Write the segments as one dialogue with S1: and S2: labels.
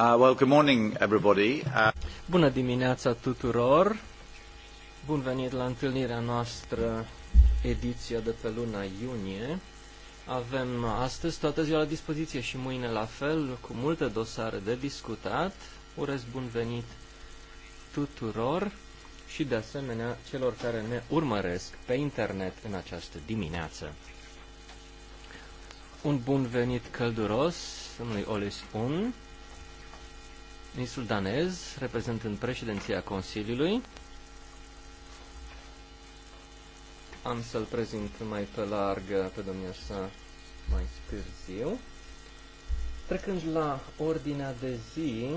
S1: Uh, well, good morning, everybody. Uh...
S2: Bună dimineața tuturor! Bun venit la întâlnirea noastră, ediția de pe luna iunie. Avem astăzi toată ziua la dispoziție și mâine la fel, cu multe dosare de discutat. Urez bun venit tuturor și de asemenea celor care ne urmăresc pe internet în această dimineață. Un bun venit călduros domnului Olis 1 ministrul danez, reprezentând președinția Consiliului. Am să-l prezint mai pe larg pe domnia sa mai târziu. Trecând la ordinea de zi,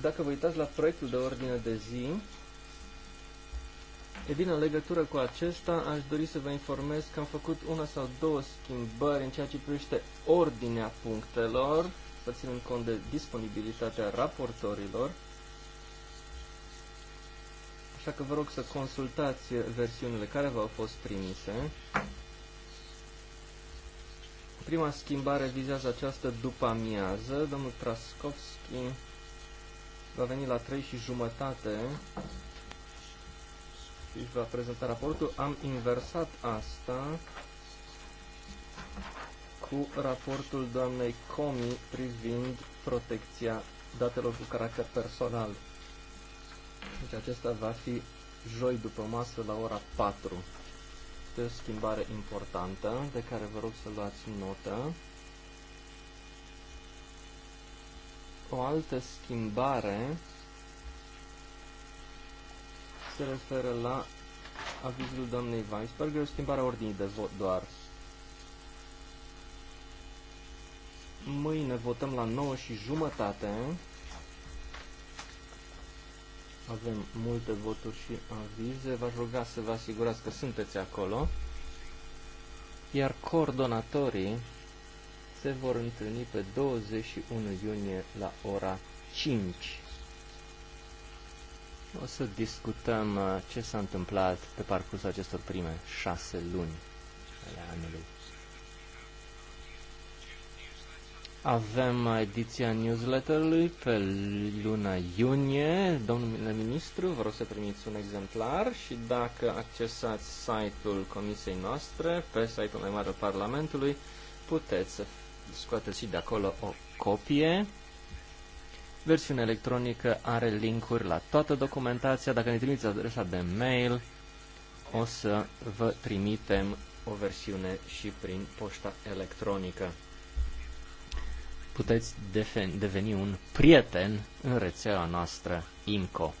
S2: dacă vă uitați la proiectul de ordine de zi, e bine, în legătură cu acesta, aș dori să vă informez că am făcut una sau două schimbări în ceea ce privește ordinea punctelor să ținem cont de disponibilitatea raportorilor, așa că vă rog să consultați versiunile care v-au fost trimise. Prima schimbare vizează această după amiază. Domnul Traskovski va veni la 3 și jumătate și va prezenta raportul. Am inversat asta cu raportul doamnei Comi privind protecția datelor cu caracter personal. Deci acesta va fi joi după masă la ora 4. Este o schimbare importantă de care vă rog să luați notă. O altă schimbare se referă la avizul doamnei schimbare a ordinii de vot doar. Mâine votăm la 9 și jumătate. Avem multe voturi și avize. V-aș ruga să vă asigurați că sunteți acolo. Iar coordonatorii se vor întâlni pe 21 iunie la ora 5. O să discutăm uh, ce s-a întâmplat pe parcursul acestor prime șase luni ale anului. Avem ediția newsletterului pe luna iunie. Domnule ministru, vă rog să primiți un exemplar și dacă accesați site-ul comisiei noastre, pe site-ul mai mare al Parlamentului, puteți să scoateți și de acolo o copie. Versiunea electronică are linkuri la toată documentația. Dacă ne trimiți adresa de mail, o să vă trimitem o versiune și prin poșta electronică puteți deveni un prieten în rețeaua noastră IMCO.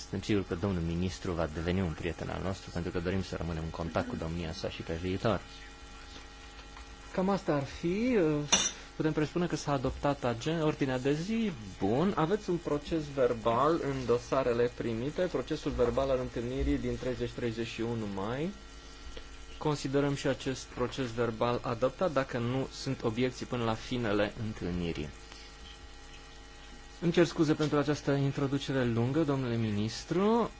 S2: Suntem sigur că domnul ministru va deveni un prieten al nostru pentru că dorim să rămânem în contact cu domnia sa și pe viitor. Cam asta ar fi. Uh, putem presupune că s-a adoptat agen, ordinea de zi. Bun. Aveți un proces verbal în dosarele primite, procesul verbal al întâlnirii din 30-31 mai. Considerăm și acest proces verbal adoptat dacă nu sunt obiecții până la finele întâlnirii. Îmi cer scuze pentru această introducere lungă, domnule ministru,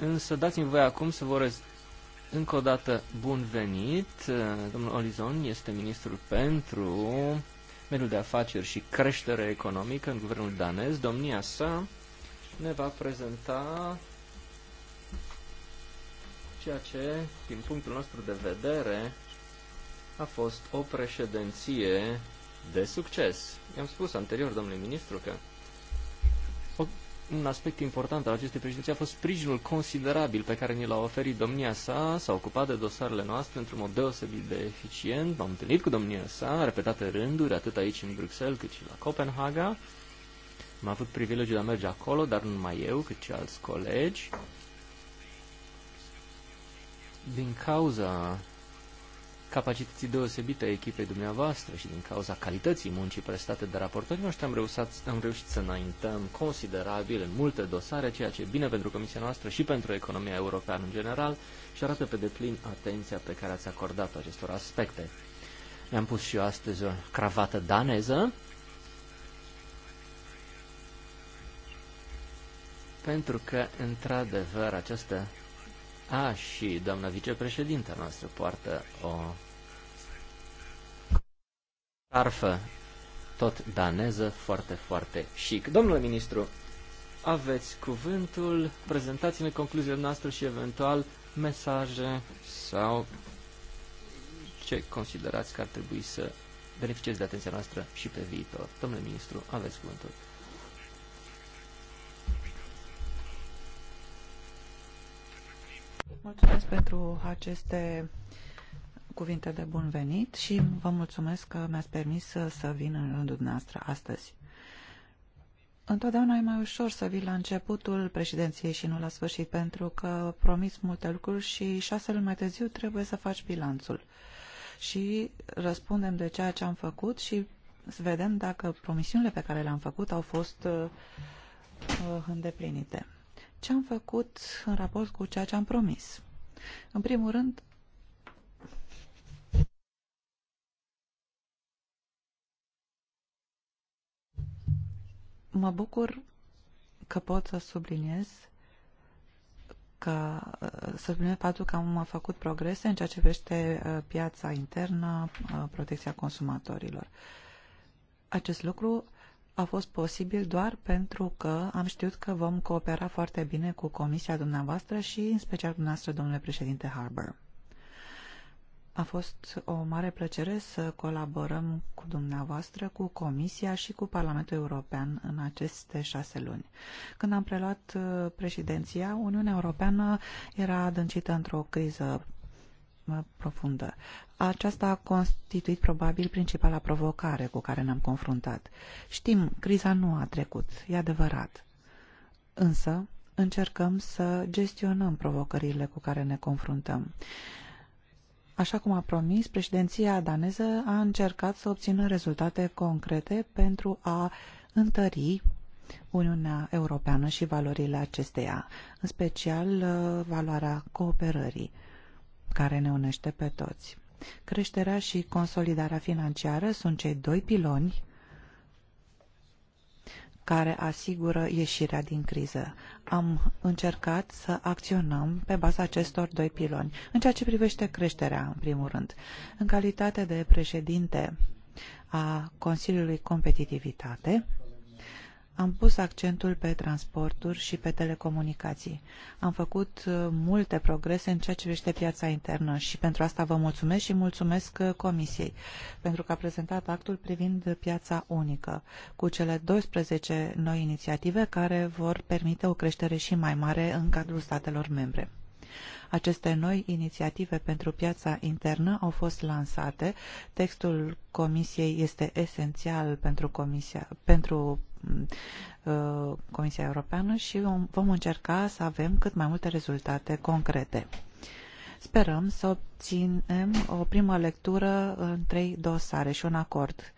S2: însă dați-mi voi acum să vă urez încă o dată bun venit. Domnul Olizon este ministrul pentru mediul de afaceri și creștere economică în guvernul danez. Domnia sa ne va prezenta ceea ce, din punctul nostru de vedere, a fost o președinție de succes. I-am spus anterior, domnule ministru, că un aspect important al acestei președinții a fost sprijinul considerabil pe care ni l-a oferit domnia sa, s-a ocupat de dosarele noastre într-un mod deosebit de eficient, m-am întâlnit cu domnia sa, repetate rânduri, atât aici în Bruxelles cât și la Copenhaga. Am avut privilegiul de a merge acolo, dar nu numai eu, cât și alți colegi din cauza capacității deosebite a echipei dumneavoastră și din cauza calității muncii prestate de raportorii noștri am reușit, am reușit să înaintăm considerabil în multe dosare, ceea ce e bine pentru Comisia noastră și pentru economia europeană în general și arată pe deplin atenția pe care ați acordat acestor aspecte. Mi-am pus și eu astăzi o cravată daneză pentru că, într-adevăr, această a, și doamna vicepreședinta noastră poartă o carfă tot daneză, foarte, foarte chic. Domnule ministru, aveți cuvântul, prezentați-ne concluziile noastre și eventual mesaje sau ce considerați că ar trebui să beneficieze de atenția noastră și pe viitor. Domnule ministru, aveți cuvântul.
S3: Mulțumesc pentru aceste cuvinte de bun venit și vă mulțumesc că mi-ați permis să, să vin în rândul dumneavoastră astăzi. Întotdeauna e mai ușor să vii la începutul președinției și nu la sfârșit, pentru că promis multe lucruri și șase luni mai târziu trebuie să faci bilanțul. Și răspundem de ceea ce am făcut și să vedem dacă promisiunile pe care le-am făcut au fost uh, uh îndeplinite ce am făcut în raport cu ceea ce am promis. În primul rând, mă bucur că pot să subliniez că să spunem faptul că am făcut progrese în ceea ce vește uh, piața internă, uh, protecția consumatorilor. Acest lucru a fost posibil doar pentru că am știut că vom coopera foarte bine cu comisia dumneavoastră și în special dumneavoastră, domnule președinte Harbour. A fost o mare plăcere să colaborăm cu dumneavoastră, cu Comisia și cu Parlamentul European în aceste șase luni. Când am preluat uh, președinția, Uniunea Europeană era adâncită într-o criză profundă. Aceasta a constituit probabil principala provocare cu care ne-am confruntat. Știm, criza nu a trecut, e adevărat. Însă, încercăm să gestionăm provocările cu care ne confruntăm. Așa cum a promis, președinția daneză a încercat să obțină rezultate concrete pentru a întări Uniunea Europeană și valorile acesteia, în special uh, valoarea cooperării care ne unește pe toți. Creșterea și consolidarea financiară sunt cei doi piloni care asigură ieșirea din criză. Am încercat să acționăm pe baza acestor doi piloni. În ceea ce privește creșterea, în primul rând, în calitate de președinte a Consiliului Competitivitate, am pus accentul pe transporturi și pe telecomunicații. Am făcut uh, multe progrese în ceea ce privește piața internă și pentru asta vă mulțumesc și mulțumesc uh, Comisiei pentru că a prezentat actul privind piața unică cu cele 12 noi inițiative care vor permite o creștere și mai mare în cadrul statelor membre. Aceste noi inițiative pentru piața internă au fost lansate. Textul Comisiei este esențial pentru, comisia, pentru mm, uh, Comisia Europeană și vom încerca să avem cât mai multe rezultate concrete. Sperăm să obținem o primă lectură în trei dosare și un acord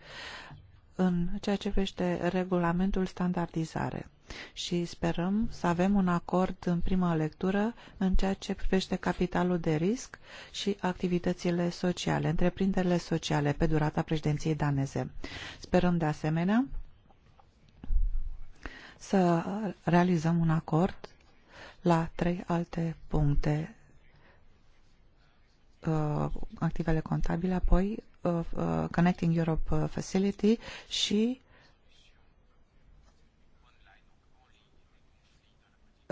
S3: în ceea ce privește regulamentul standardizare și sperăm să avem un acord în prima lectură în ceea ce privește capitalul de risc și activitățile sociale, întreprinderile sociale pe durata președinției daneze. Sperăm de asemenea să realizăm un acord la trei alte puncte uh, activele contabile, apoi uh, uh, Connecting Europe Facility și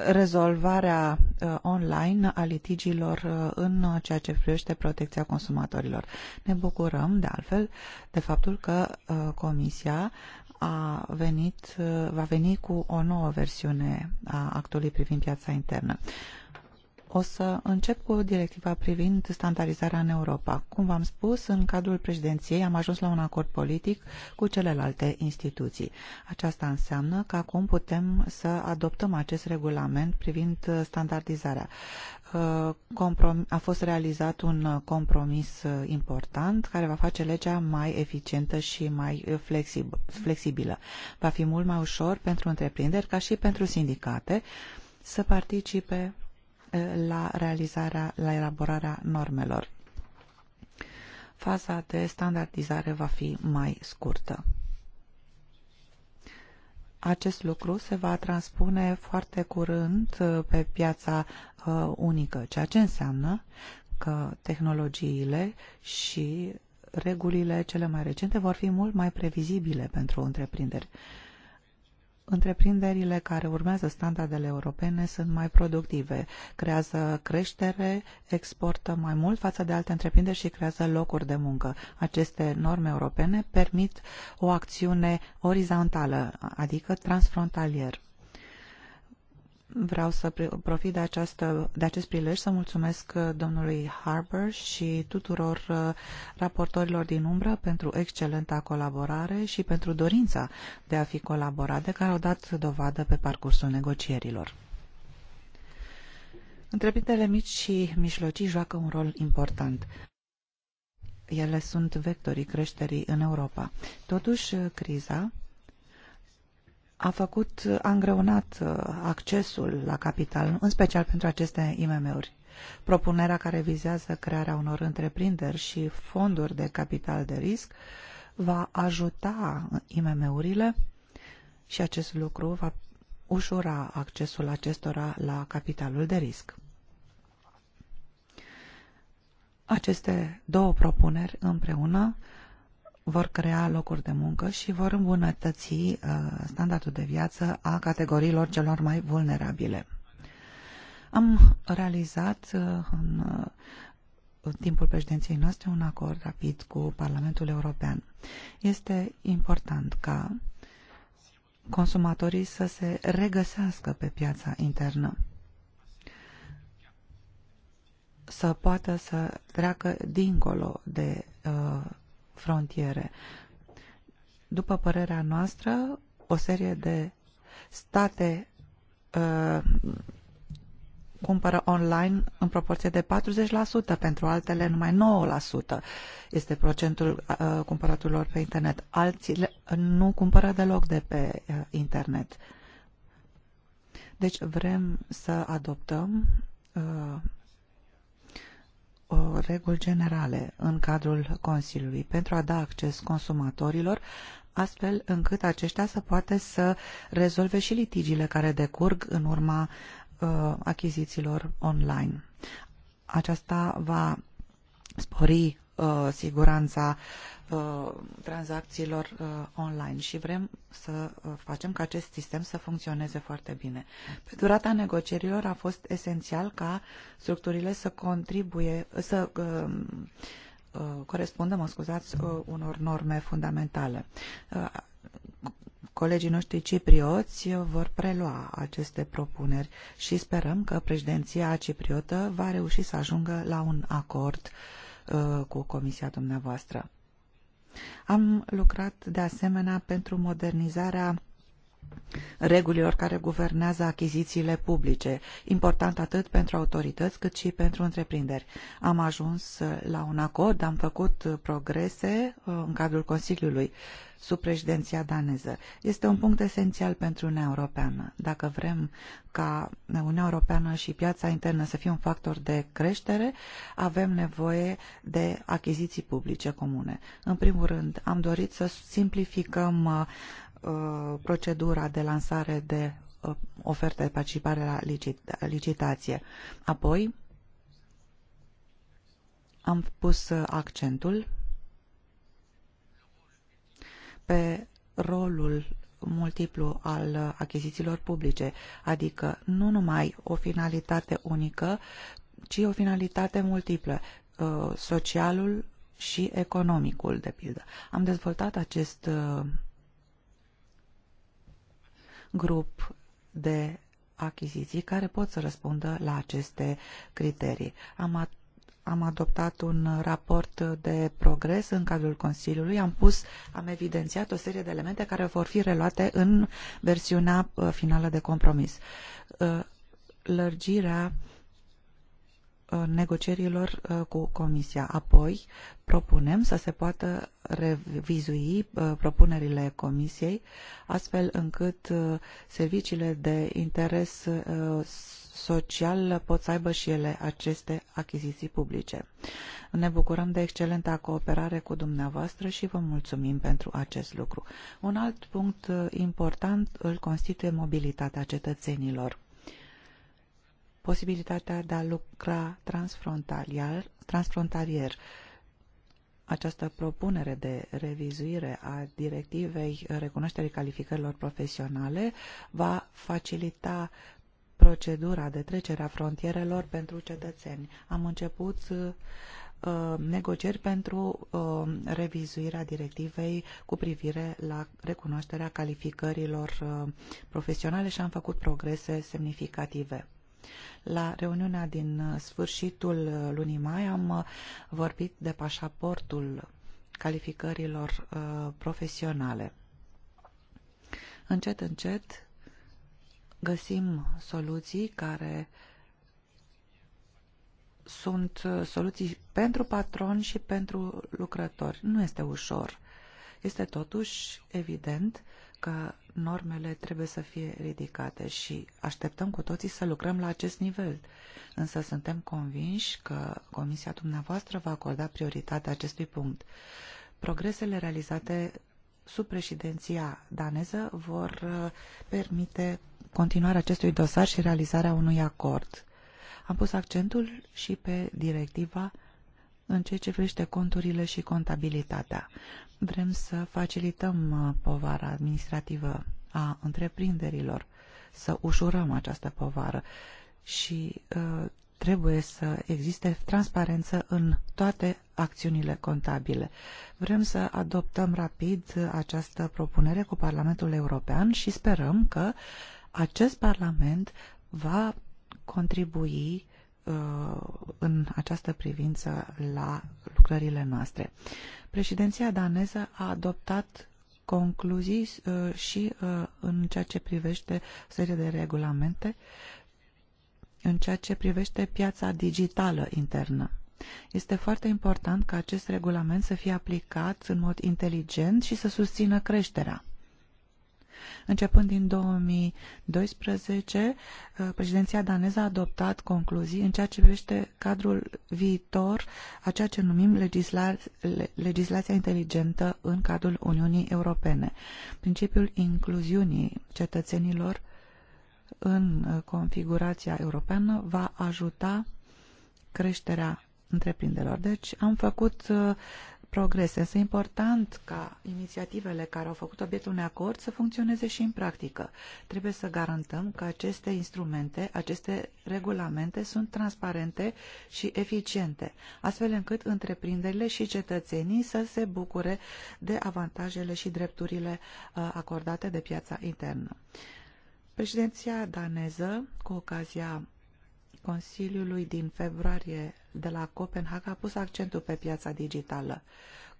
S3: rezolvarea uh, online a litigiilor uh, în ceea ce privește protecția consumatorilor. Ne bucurăm, de altfel, de faptul că uh, Comisia a venit, va veni cu o nouă versiune a actului privind piața internă. O să încep cu directiva privind standardizarea în Europa. Cum v-am spus, în cadrul președinției am ajuns la un acord politic cu celelalte instituții. Aceasta înseamnă că acum putem să adoptăm acest regulament privind standardizarea. Uh, a fost realizat un compromis uh, important care va face legea mai eficientă și mai uh, flexibilă. Va fi mult mai ușor pentru întreprinderi ca și pentru sindicate să participe la realizarea, la elaborarea normelor. Faza de standardizare va fi mai scurtă. Acest lucru se va transpune foarte curând uh, pe piața uh, unică, ceea ce înseamnă că tehnologiile și regulile cele mai recente vor fi mult mai previzibile pentru întreprinderi. Întreprinderile care urmează standardele europene sunt mai productive, creează creștere, exportă mai mult față de alte întreprinderi și creează locuri de muncă. Aceste norme europene permit o acțiune orizontală, adică transfrontalier. Vreau să profit de, această, de acest prilej să mulțumesc uh, domnului Harper și tuturor uh, raportorilor din umbră pentru excelenta colaborare și pentru dorința de a fi colaborat, de care au dat dovadă pe parcursul negocierilor. Întreprinderile mici și mijlocii joacă un rol important. Ele sunt vectorii creșterii în Europa. Totuși, uh, criza a făcut, a îngreunat uh, accesul la capital, în special pentru aceste IMM-uri. Propunerea care vizează crearea unor întreprinderi și fonduri de capital de risc va ajuta IMM-urile și acest lucru va ușura accesul acestora la capitalul de risc. Aceste două propuneri împreună vor crea locuri de muncă și vor îmbunătăți uh, standardul de viață a categoriilor celor mai vulnerabile. Am realizat uh, în în uh, timpul președinției noastre un acord rapid cu Parlamentul European. Este important ca consumatorii să se regăsească pe piața internă, să poată să treacă dincolo de uh, frontiere. După părerea noastră, o serie de state uh, cumpără online în proporție de 40%, pentru altele numai 9% este procentul uh, cumpărăturilor pe internet. Alții nu cumpără deloc de pe uh, internet. Deci vrem să adoptăm uh, Uh, reguli generale în cadrul Consiliului pentru a da acces consumatorilor, astfel încât aceștia să poată să rezolve și litigiile care decurg în urma uh, achizițiilor online. Aceasta va spori Uh, siguranța uh, tranzacțiilor uh, online și vrem să facem ca acest sistem să funcționeze foarte bine. Pe durata negocierilor a fost esențial ca structurile să contribuie, să corespundă, mă scuzați, unor norme fundamentale. Colegii noștri ciprioți vor prelua aceste propuneri și sperăm că președinția cipriotă va reuși să ajungă la un acord uh, Uh, cu comisia dumneavoastră. Am lucrat de asemenea pentru modernizarea regulilor care guvernează achizițiile publice, important atât pentru autorități cât și pentru întreprinderi. Am ajuns la un acord, am făcut progrese uh, în cadrul Consiliului sub președinția daneză. Este un punct esențial pentru Uniunea Europeană. Dacă vrem ca Uniunea Europeană și piața internă să fie un factor de creștere, avem nevoie de achiziții publice comune. În primul rând, am dorit să simplificăm uh, Uh, procedura de lansare de uh, oferte de participare la licitație. Apoi am pus uh, accentul pe rolul multiplu al achizițiilor publice, adică nu numai o finalitate unică, ci o finalitate multiplă, socialul și economicul, de pildă. Am dezvoltat acest grup de achiziții care pot să răspundă la aceste criterii. Am, am adoptat un raport de progres în cadrul Consiliului, am pus, am evidențiat o serie de elemente care vor fi reluate în versiunea uh, finală de compromis. Uh, lărgirea Uh, negocierilor uh, cu Comisia. Apoi propunem să se poată revizui uh, propunerile Comisiei, astfel încât serviciile de interes social pot să aibă și ele aceste achiziții publice. Ne bucurăm de excelenta cooperare cu dumneavoastră și vă mulțumim pentru acest lucru. Un alt punct important îl constituie mobilitatea cetățenilor posibilitatea de a lucra transfrontalier, transfrontalier. Această propunere de revizuire a directivei recunoașterii calificărilor profesionale va facilita procedura de trecere a frontierelor pentru cetățeni. Am început uh, negocieri pentru uh, revizuirea directivei cu privire la recunoașterea calificărilor uh, profesionale și am făcut progrese semnificative. La reuniunea din uh, sfârșitul uh, lunii mai am uh, vorbit de pașaportul calificărilor profesionale. Încet, încet găsim soluții care sunt soluții pentru patron și pentru lucrători. Nu este ușor. Este totuși evident că normele trebuie să fie ridicate și așteptăm cu toții să lucrăm la acest nivel. Însă suntem convinși că Comisia dumneavoastră va acorda prioritate acestui punct. Progresele realizate sub președinția daneză vor uh, permite continuarea acestui dosar și realizarea unui acord. Am pus accentul și pe directiva în ceea ce privește conturile și contabilitatea. Vrem să facilităm uh, povara administrativă a întreprinderilor, să ușurăm această povară și uh, trebuie să existe transparență în toate acțiunile contabile. Vrem să adoptăm rapid această propunere cu Parlamentul European și sperăm că acest Parlament va contribui uh, în această privință la lucrările noastre. Președinția daneză a adoptat concluzii uh, și uh, în ceea ce privește serie de regulamente, în ceea ce privește piața digitală internă. Este foarte important ca acest regulament să fie aplicat în mod inteligent și să susțină creșterea. Începând din 2012, eh, președinția daneză a adoptat concluzii în ceea ce privește cadrul viitor a ceea ce numim legisla legislația inteligentă în cadrul Uniunii Europene. Principiul incluziunii cetățenilor în eh, configurația europeană va ajuta creșterea întreprinderilor. Deci am făcut eh, Progresează însă e important ca inițiativele care au făcut obiectul unui acord să funcționeze și în practică. Trebuie să garantăm că aceste instrumente, aceste regulamente sunt transparente și eficiente, astfel încât întreprinderile și cetățenii să se bucure de avantajele și drepturile uh, acordate de piața internă. Președinția daneză, cu ocazia Consiliului din februarie de la Copenhaga a pus accentul pe piața digitală.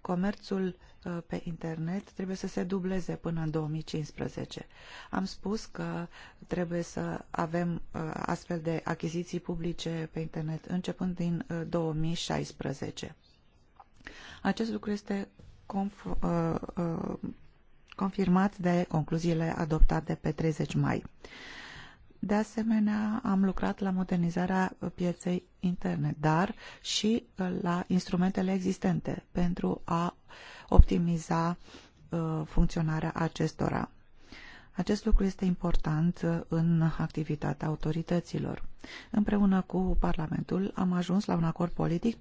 S3: Comerțul uh, pe internet trebuie să se dubleze până în 2015. Am spus că trebuie să avem uh, astfel de achiziții publice pe internet începând din 2016. Uh, Acest lucru este confirmat de concluziile adoptate pe 30 mai. De asemenea, am lucrat la modernizarea pieței interne, dar și uh, la instrumentele existente pentru a optimiza uh, funcționarea acestora. Acest lucru este important uh, în activitatea autorităților. Împreună cu Parlamentul am ajuns la un acord politic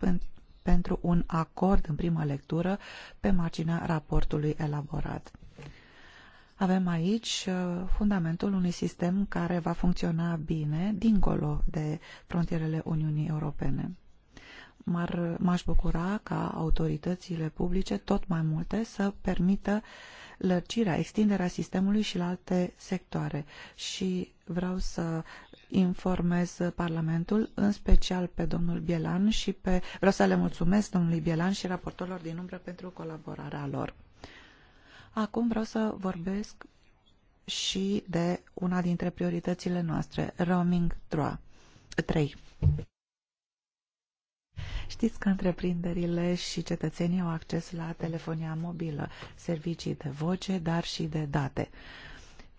S3: pentru un acord în primă lectură pe marginea raportului elaborat. Avem aici uh, fundamentul unui sistem care va funcționa bine dincolo de frontierele Uniunii Europene. M-aș bucura ca autoritățile publice tot mai multe să permită lărcirea, extinderea sistemului și la alte sectoare. Și vreau să informez Parlamentul, în special pe domnul Bielan și pe... Vreau să le mulțumesc domnului Bielan și raportorilor din umbră pentru colaborarea lor. Acum vreau să vorbesc și de una dintre prioritățile noastre, roaming 3. Știți că întreprinderile și cetățenii au acces la telefonia mobilă, servicii de voce, dar și de date.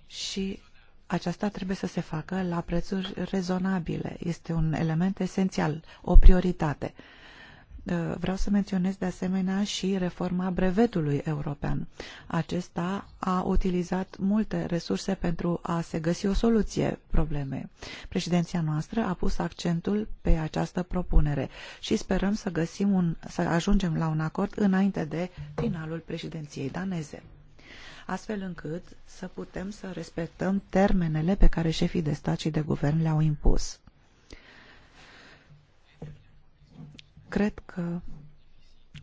S3: Și aceasta trebuie să se facă la prețuri rezonabile. Este un element esențial, o prioritate. Eh, vreau să menționez de asemenea și reforma brevetului european. Acesta a utilizat multe resurse pentru a se găsi o soluție problemei. Președinția noastră a pus accentul pe această propunere și sperăm să, găsim un, să ajungem la un acord înainte de finalul președinției daneze astfel încât să putem să respectăm termenele pe care șefii de stat și de guvern le-au impus. Cred că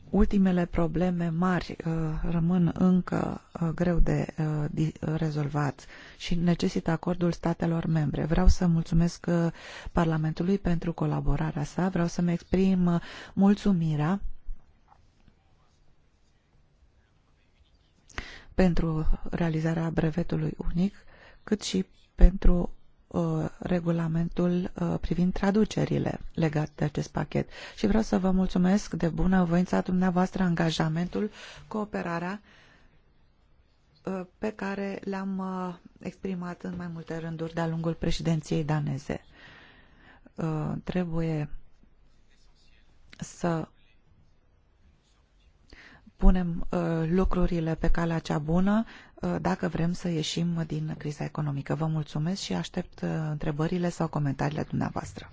S3: ultimele probleme mari uh, rămân încă uh, greu de uh, rezolvat și necesită acordul statelor membre. Vreau să mulțumesc Parlamentului pentru colaborarea sa, vreau să-mi exprim mulțumirea pentru realizarea brevetului unic, cât și pentru Uh, regulamentul uh, privind traducerile legate de acest pachet. Și vreau să vă mulțumesc de bună voința dumneavoastră, angajamentul, cooperarea uh, pe care le-am exprimat în mai multe rânduri de-a lungul președinției daneze. Trebuie să punem lucrurile pe calea cea bună, Uh, dacă vrem să ieșim din criza economică. Vă mulțumesc și aștept uh, întrebările sau comentariile dumneavoastră.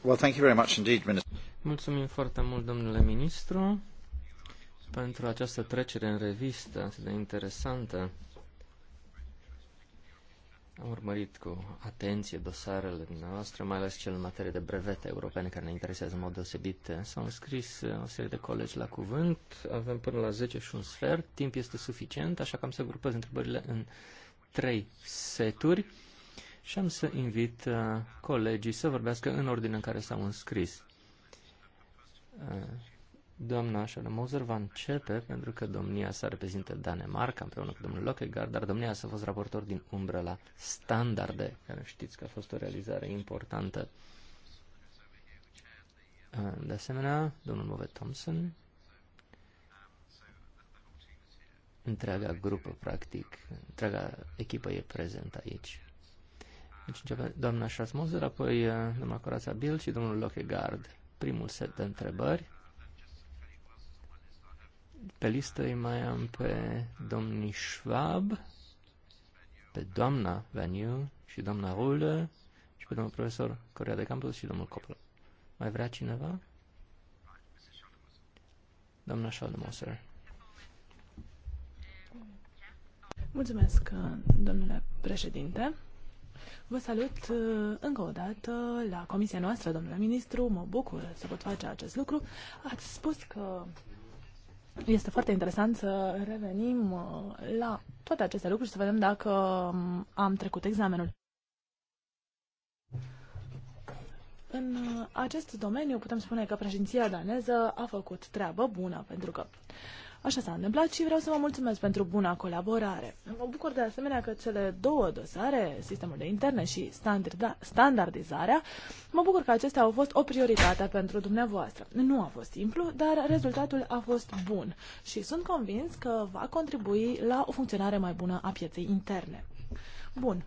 S1: Well, thank you very much indeed,
S2: Mulțumim foarte mult, domnule ministru, pentru această trecere în revistă atât de interesantă. Am urmărit cu atenție dosarele noastre, mai ales cel în materie de brevete europene care ne interesează în mod deosebit. S-au înscris uh, o serie de colegi la cuvânt, avem până la 10 și un sfert, timp este suficient, așa că am să grupez întrebările în trei seturi și am să invit uh, colegii să vorbească în ordine în care s-au înscris. Uh, Doamna Moser va începe pentru că domnia sa reprezintă Danemarca împreună cu domnul Lockegaard, dar domnia sa a fost raportor din umbră la standarde, care știți că a fost o realizare importantă. De asemenea, domnul Move Thompson, întreaga grupă, practic, întreaga echipă e prezentă aici. Deci începe doamna Schasmoser, apoi eh, doamna Corața Bill și domnul Lockegaard. Primul set de întrebări. Pe listă îi mai am pe domnii Schwab, pe doamna Veniu și doamna Rulă și pe domnul profesor Corea de Campus și domnul Copla. Mai vrea cineva? Doamna Schaldemoser.
S4: Mulțumesc, domnule președinte. Vă salut uh, încă o dată la comisia noastră, domnule ministru. Mă bucur să pot face acest lucru. Ați spus că este foarte interesant să revenim uh, la toate aceste lucruri și să vedem dacă um, am trecut examenul. În uh, acest domeniu putem spune că președinția daneză a făcut treabă bună, pentru că Așa s-a întâmplat și vreau să vă mulțumesc pentru buna colaborare. Mă bucur de asemenea că cele două dosare, sistemul de interne și standardizarea, mă bucur că acestea au fost o prioritate pentru dumneavoastră. Nu a fost simplu, dar rezultatul a fost bun și sunt convins că va contribui la o funcționare mai bună a pieței interne. Bun,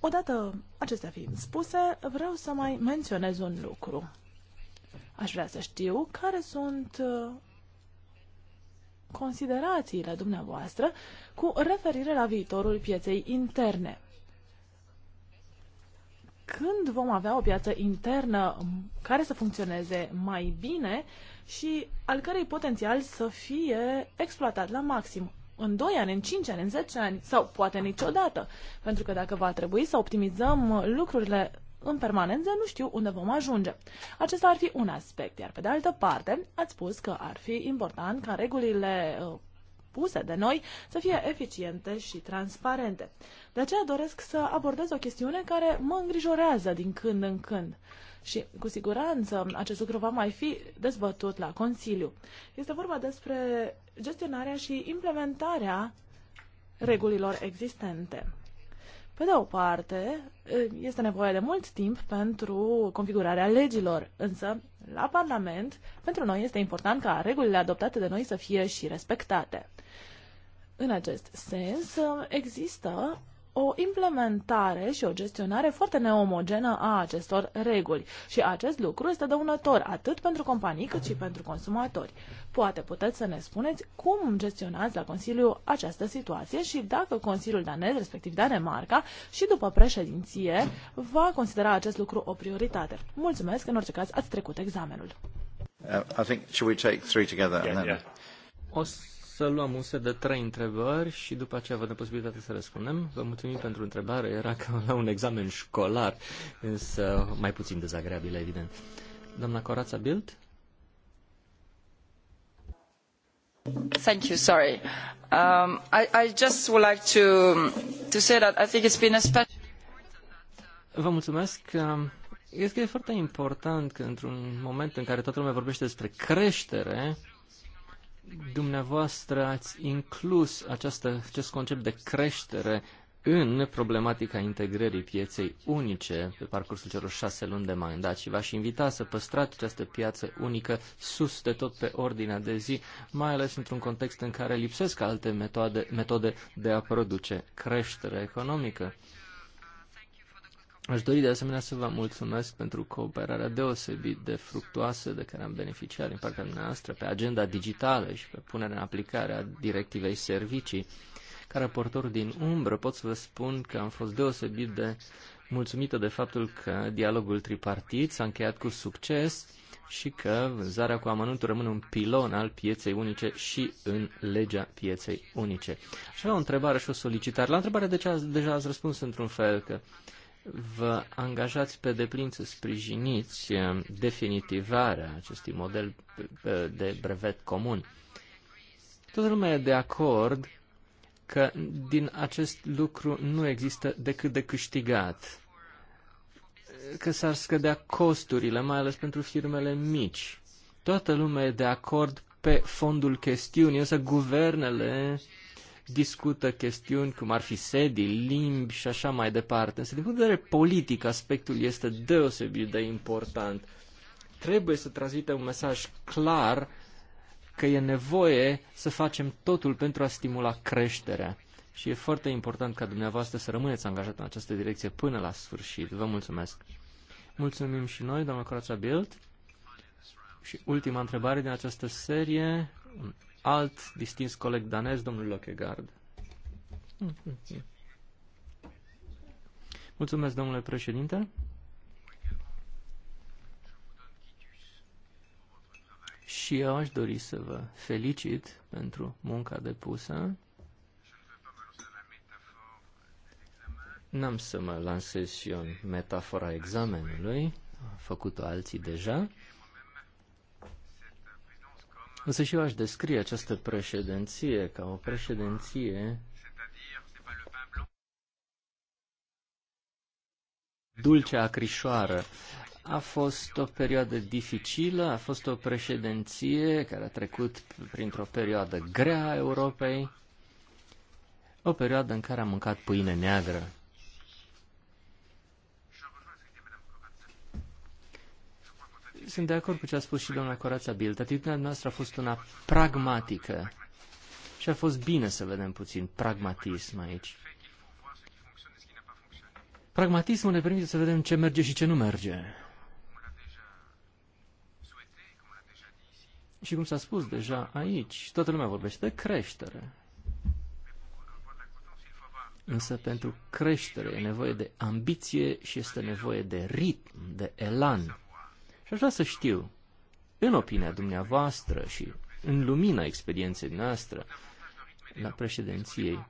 S4: Odată acestea fiind spuse, vreau să mai menționez un lucru. Aș vrea să știu care sunt uh, considerațiile dumneavoastră cu referire la viitorul pieței interne. Când vom avea o piață internă care să funcționeze mai bine și al cărei potențial să fie exploatat la maxim? în 2 ani, în 5 ani, în 10 ani sau poate niciodată. Pentru că dacă va trebui să optimizăm lucrurile în permanență, nu știu unde vom ajunge. Acesta ar fi un aspect, iar pe de altă parte, ați spus că ar fi important ca regulile uh, puse de noi să fie eficiente și transparente. De aceea doresc să abordez o chestiune care mă îngrijorează din când în când. Și cu siguranță acest lucru va mai fi dezbătut la Consiliu. Este vorba despre gestionarea și implementarea regulilor existente. Pe de o parte, este nevoie de mult timp pentru configurarea legilor, însă la Parlament, pentru noi este important ca regulile adoptate de noi să fie și respectate. În acest sens, există o implementare și o gestionare foarte neomogenă a acestor reguli și acest lucru este dăunător atât pentru companii cât și pentru consumatori. Poate puteți să ne spuneți cum gestionați la Consiliu această situație și dacă Consiliul danez, respectiv Danemarca, și după președinție va considera acest lucru o prioritate. Mulțumesc, în orice caz ați trecut examenul.
S1: Uh, I think, should we take three together? Yeah, and then... yeah.
S2: O să luăm un set de trei întrebări și după aceea vă dăm posibilitatea să răspundem. Vă mulțumim pentru întrebare. Era ca la un examen școlar, însă mai puțin dezagreabil, evident. Doamna Corața Bild?
S3: Thank you, sorry. Um, I, I just would like to, to say that I think it's been a special...
S2: Vă mulțumesc. Cred că e foarte important că într-un moment în care toată lumea vorbește despre creștere, Dumneavoastră ați inclus această, acest concept de creștere în problematica integrării pieței unice pe parcursul celor șase luni de mandat și v-aș invita să păstrați această piață unică sus de tot pe ordinea de zi, mai ales într-un context în care lipsesc alte metode, metode de a produce creștere economică. Aș dori de asemenea să vă mulțumesc pentru cooperarea deosebit de fructuoasă de care am beneficiat din partea noastră pe agenda digitală și pe punerea în aplicare a directivei servicii. Ca raportor din umbră pot să vă spun că am fost deosebit de mulțumită de faptul că dialogul tripartit s-a încheiat cu succes și că vânzarea cu amănuntul rămâne un pilon al pieței unice și în legea pieței unice. Așa o întrebare și o solicitare. La întrebare de ce ați, deja ați răspuns într-un fel că vă angajați pe deplin să sprijiniți eh, definitivarea acestui model eh, de brevet comun. Toată lumea e de acord că din acest lucru nu există decât de câștigat, că s-ar scădea costurile, mai ales pentru firmele mici. Toată lumea e de acord pe fondul chestiunii, însă guvernele discută chestiuni cum ar fi sedii, limbi și așa mai departe. Însă, din punct de vedere politic, aspectul este deosebit de important. Trebuie să transmitem un mesaj clar că e nevoie să facem totul pentru a stimula creșterea. Și e foarte important ca dumneavoastră să rămâneți angajat în această direcție până la sfârșit. Vă mulțumesc! Mulțumim și noi, doamna Corața Bild. Și ultima întrebare din această serie, alt distins coleg danez, domnul Lockegard. Mulțumesc, domnule președinte. Și eu aș dori să vă felicit pentru munca depusă. N-am să mă lansez și eu în metafora examenului, am făcut-o alții deja. Însă și eu aș descrie această președinție ca o președinție dulce acrișoară. A fost o perioadă dificilă, a fost o președinție care a trecut printr-o perioadă grea a Europei, o perioadă în care a mâncat pâine neagră. Sunt de acord cu ce a spus și doamna Corața Bild. Atitudinea noastră a fost una pragmatică și a fost bine să vedem puțin pragmatism aici. Pragmatismul ne permite să vedem ce merge și ce nu merge. Și cum s-a spus deja aici, toată lumea vorbește de creștere. Însă pentru creștere e nevoie de ambiție și este nevoie de ritm, de elan. Și aș vrea să știu, în opinia dumneavoastră și în lumina experienței noastre la președinției,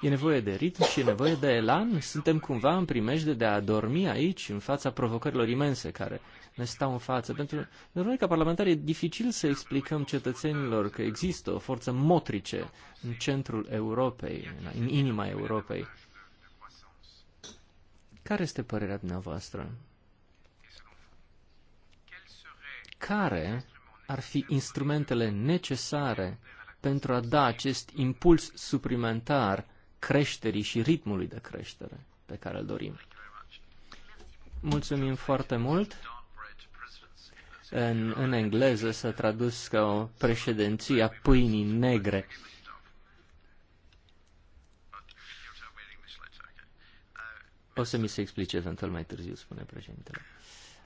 S2: e nevoie de ritm și e nevoie de elan? Suntem cumva în primejde de a dormi aici, în fața provocărilor imense care ne stau în față. Pentru, noi, ca parlamentari, e dificil să explicăm cetățenilor că există o forță motrice în centrul Europei, în inima Europei. Care este părerea dumneavoastră? care ar fi instrumentele necesare pentru a da acest impuls suplimentar creșterii și ritmului de creștere pe care îl dorim. Mulțumim foarte mult. În, în engleză s-a tradus ca o președinție a pâinii negre. O să mi se explice eventual mai târziu, spune președintele.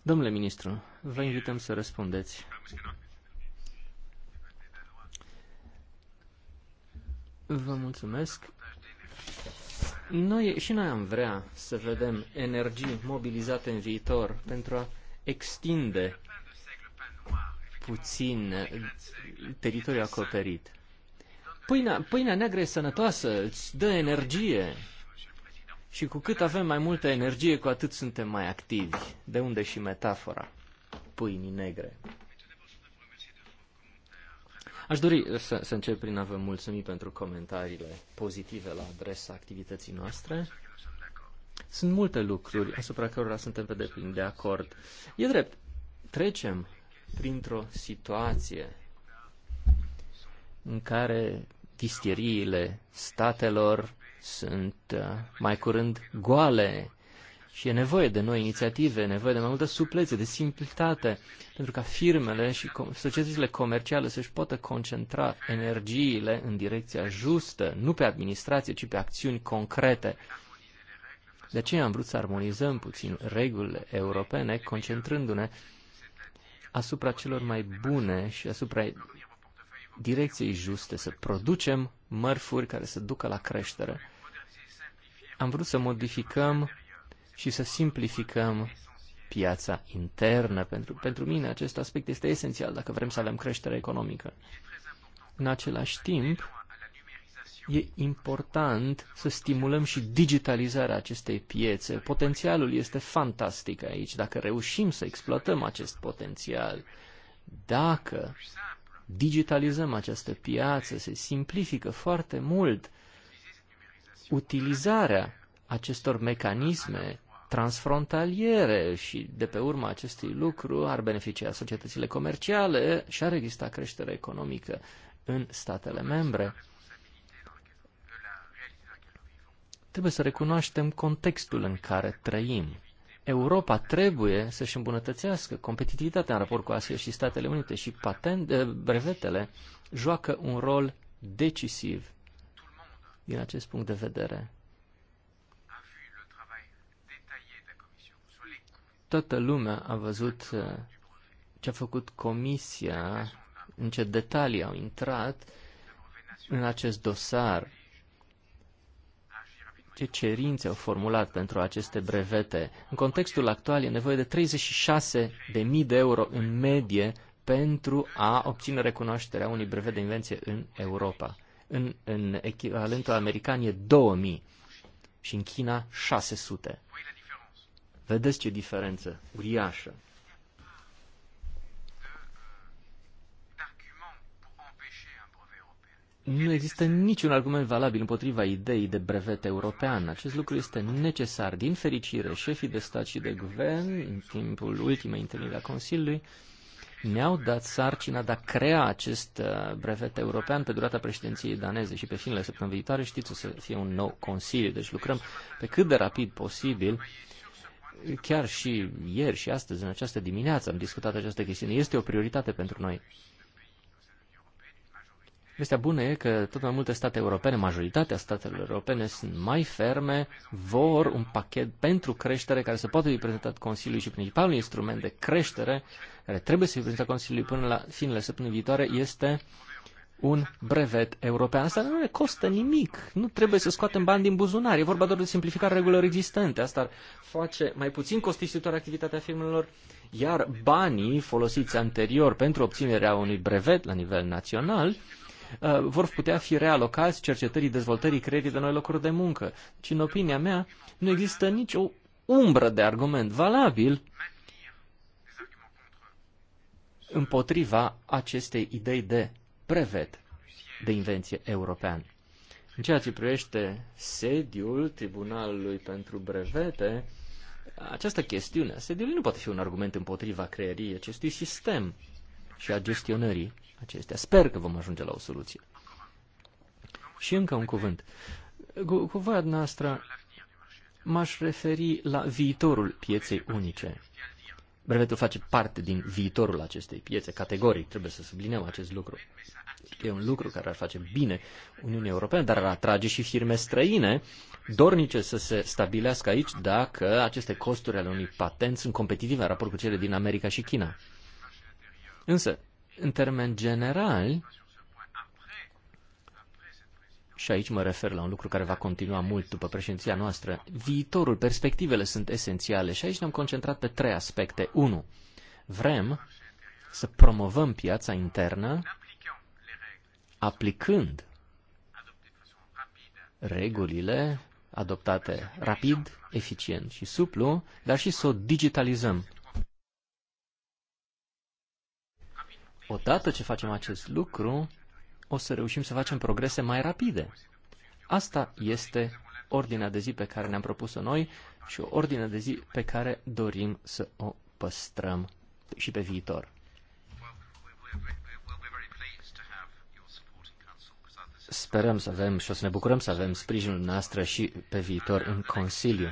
S2: Domnule ministru, vă invităm să răspundeți. Vă mulțumesc. Noi și noi am vrea să vedem energii mobilizate în viitor pentru a extinde puțin teritoriul acoperit. Pâinea, pâinea neagră e sănătoasă, îți dă energie, și cu cât avem mai multă energie, cu atât suntem mai activi. De unde și metafora pâinii negre. Aș dori să, să încep prin a vă mulțumi pentru comentariile pozitive la adresa activității noastre. Sunt multe lucruri asupra cărora suntem pe deplin de acord. E drept, trecem printr-o situație în care distieriile statelor sunt uh, mai curând goale și e nevoie de noi inițiative, e nevoie de mai multă suplețe, de simplitate, pentru ca firmele și societățile comerciale să-și poată concentra energiile în direcția justă, nu pe administrație, ci pe acțiuni concrete. De aceea am vrut să armonizăm puțin regulile europene, concentrându-ne asupra celor mai bune și asupra direcției juste, să producem mărfuri care să ducă la creștere am vrut să modificăm și să simplificăm piața internă. Pentru, pentru mine acest aspect este esențial dacă vrem să avem creștere economică. În același timp, e important să stimulăm și digitalizarea acestei piețe. Potențialul este fantastic aici. Dacă reușim să exploatăm acest potențial, dacă digitalizăm această piață, se simplifică foarte mult utilizarea acestor mecanisme transfrontaliere și de pe urma acestui lucru ar beneficia societățile comerciale și ar exista creștere economică în statele membre. Trebuie să recunoaștem contextul în care trăim. Europa trebuie să-și îmbunătățească competitivitatea în raport cu Asia și Statele Unite și patent, eh, brevetele joacă un rol decisiv din acest punct de vedere. Toată lumea a văzut uh, ce a făcut comisia, în ce detalii au intrat în acest dosar, ce cerințe au formulat pentru aceste brevete. În contextul actual e nevoie de 36.000 de euro în medie pentru a obține recunoașterea unui brevet de invenție în Europa. În, în echivalentul american e 2000 și în China 600. Vedeți ce diferență uriașă. Nu există niciun argument valabil împotriva ideii de brevet european. Acest lucru este necesar. Din fericire, șefii de stat și de guvern, în timpul ultimei întâlniri a Consiliului, ne-au dat sarcina de a crea acest uh, brevet european pe durata președinției daneze și pe finele săptămânii viitoare știți o să fie un nou consiliu, deci lucrăm pe cât de rapid posibil chiar și ieri și astăzi, în această dimineață, am discutat această chestiune. Este o prioritate pentru noi. Vestea bună e că tot mai multe state europene, majoritatea statelor europene sunt mai ferme, vor un pachet pentru creștere care să poată fi prezentat Consiliului și principalul instrument de creștere uh, care trebuie să fie prezentat Consiliului până la finele săptămânii viitoare, este un brevet european. Asta nu ne costă nimic. Nu trebuie să scoatem bani din buzunar. E vorba doar de simplificarea regulilor existente. Asta ar face mai puțin costisitoare activitatea firmelor, iar banii folosiți anterior pentru obținerea unui brevet la nivel național uh, vor putea fi realocați cercetării, dezvoltării, creierii de noi locuri de muncă. Și în opinia mea, nu există nicio umbră de argument valabil împotriva acestei idei de brevet, de invenție european. În ceea ce privește sediul Tribunalului pentru Brevete, această chestiune a sediului nu poate fi un argument împotriva creierii acestui sistem și a gestionării acestea. Sper că vom ajunge la o soluție. Și încă un cuvânt. Cu, cu voia noastră m-aș referi la viitorul pieței unice. Brevetul face parte din viitorul acestei piețe, categoric, trebuie să subliniem acest lucru. E un lucru care ar face bine Uniunii Europene, dar ar atrage și firme străine dornice să se stabilească aici dacă aceste costuri ale unui patent sunt competitive în raport cu cele din America și China. Însă, în termen general, și aici mă refer la un lucru care va continua mult după președinția noastră, viitorul, perspectivele sunt esențiale și aici ne-am concentrat pe trei aspecte. 1. Vrem să promovăm piața internă aplicând regulile adoptate rapid, eficient și suplu, dar și să o digitalizăm. Odată ce facem acest lucru, o să reușim să facem progrese mai rapide. Asta este ordinea de zi pe care ne-am propus-o noi și o ordine de zi pe care dorim să o păstrăm și pe viitor. Sperăm să avem și o să ne bucurăm să avem sprijinul noastră și pe viitor în Consiliu.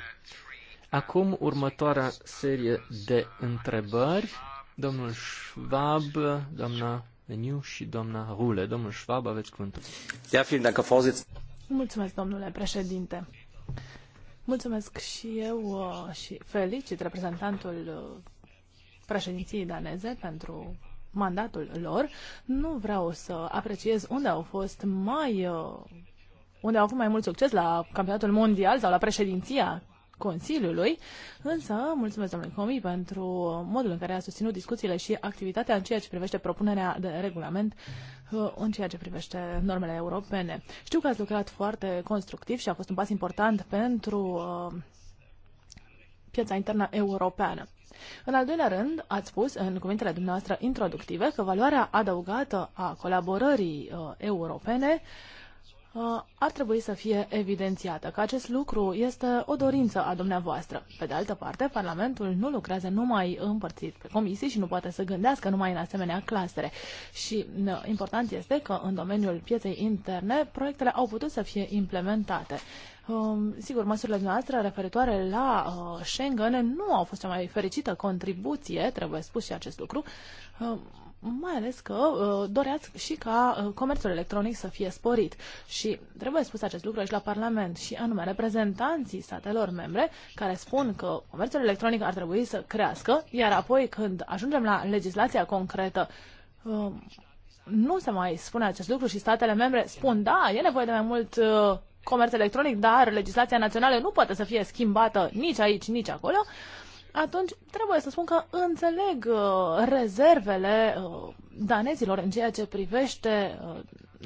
S2: Acum următoarea serie de întrebări. Domnul Schwab, doamna și doamna Rule. Domnul Schwab, aveți cuvântul.
S4: Mulțumesc, domnule președinte. Mulțumesc și eu uh, și felicit reprezentantul uh, președinției daneze pentru mandatul lor. Nu vreau să apreciez unde au fost mai uh, unde au avut mai mult succes la campionatul mondial sau la președinția Consiliului, însă mulțumesc domnului Comi pentru modul în care a susținut discuțiile și activitatea în ceea ce privește propunerea de regulament uh, în ceea ce privește normele europene. Știu că ați lucrat foarte constructiv și a fost un pas important pentru uh, piața internă europeană. În al doilea rând, ați spus în cuvintele dumneavoastră introductive că valoarea adăugată a colaborării uh, europene uh, ar trebui să fie evidențiată, că acest lucru este o dorință a dumneavoastră. Pe de altă parte, Parlamentul nu lucrează numai împărțit pe comisii și nu poate să gândească numai în asemenea clasere. Și important este că în domeniul pieței interne proiectele au putut să fie implementate. Um, sigur, măsurile noastre referitoare la uh, Schengen nu au fost cea mai fericită contribuție, trebuie spus și acest lucru, um, mai ales că uh, doreați și ca uh, comerțul electronic să fie sporit. Și trebuie spus acest lucru și la Parlament, și anume reprezentanții statelor membre care spun că comerțul electronic ar trebui să crească, iar apoi când ajungem la legislația concretă, uh, nu se mai spune acest lucru și statele membre spun, da, e nevoie de mai mult uh, comerț electronic, dar legislația națională nu poate să fie schimbată nici aici, nici acolo atunci trebuie să spun că înțeleg uh, rezervele uh, danezilor în ceea ce privește uh,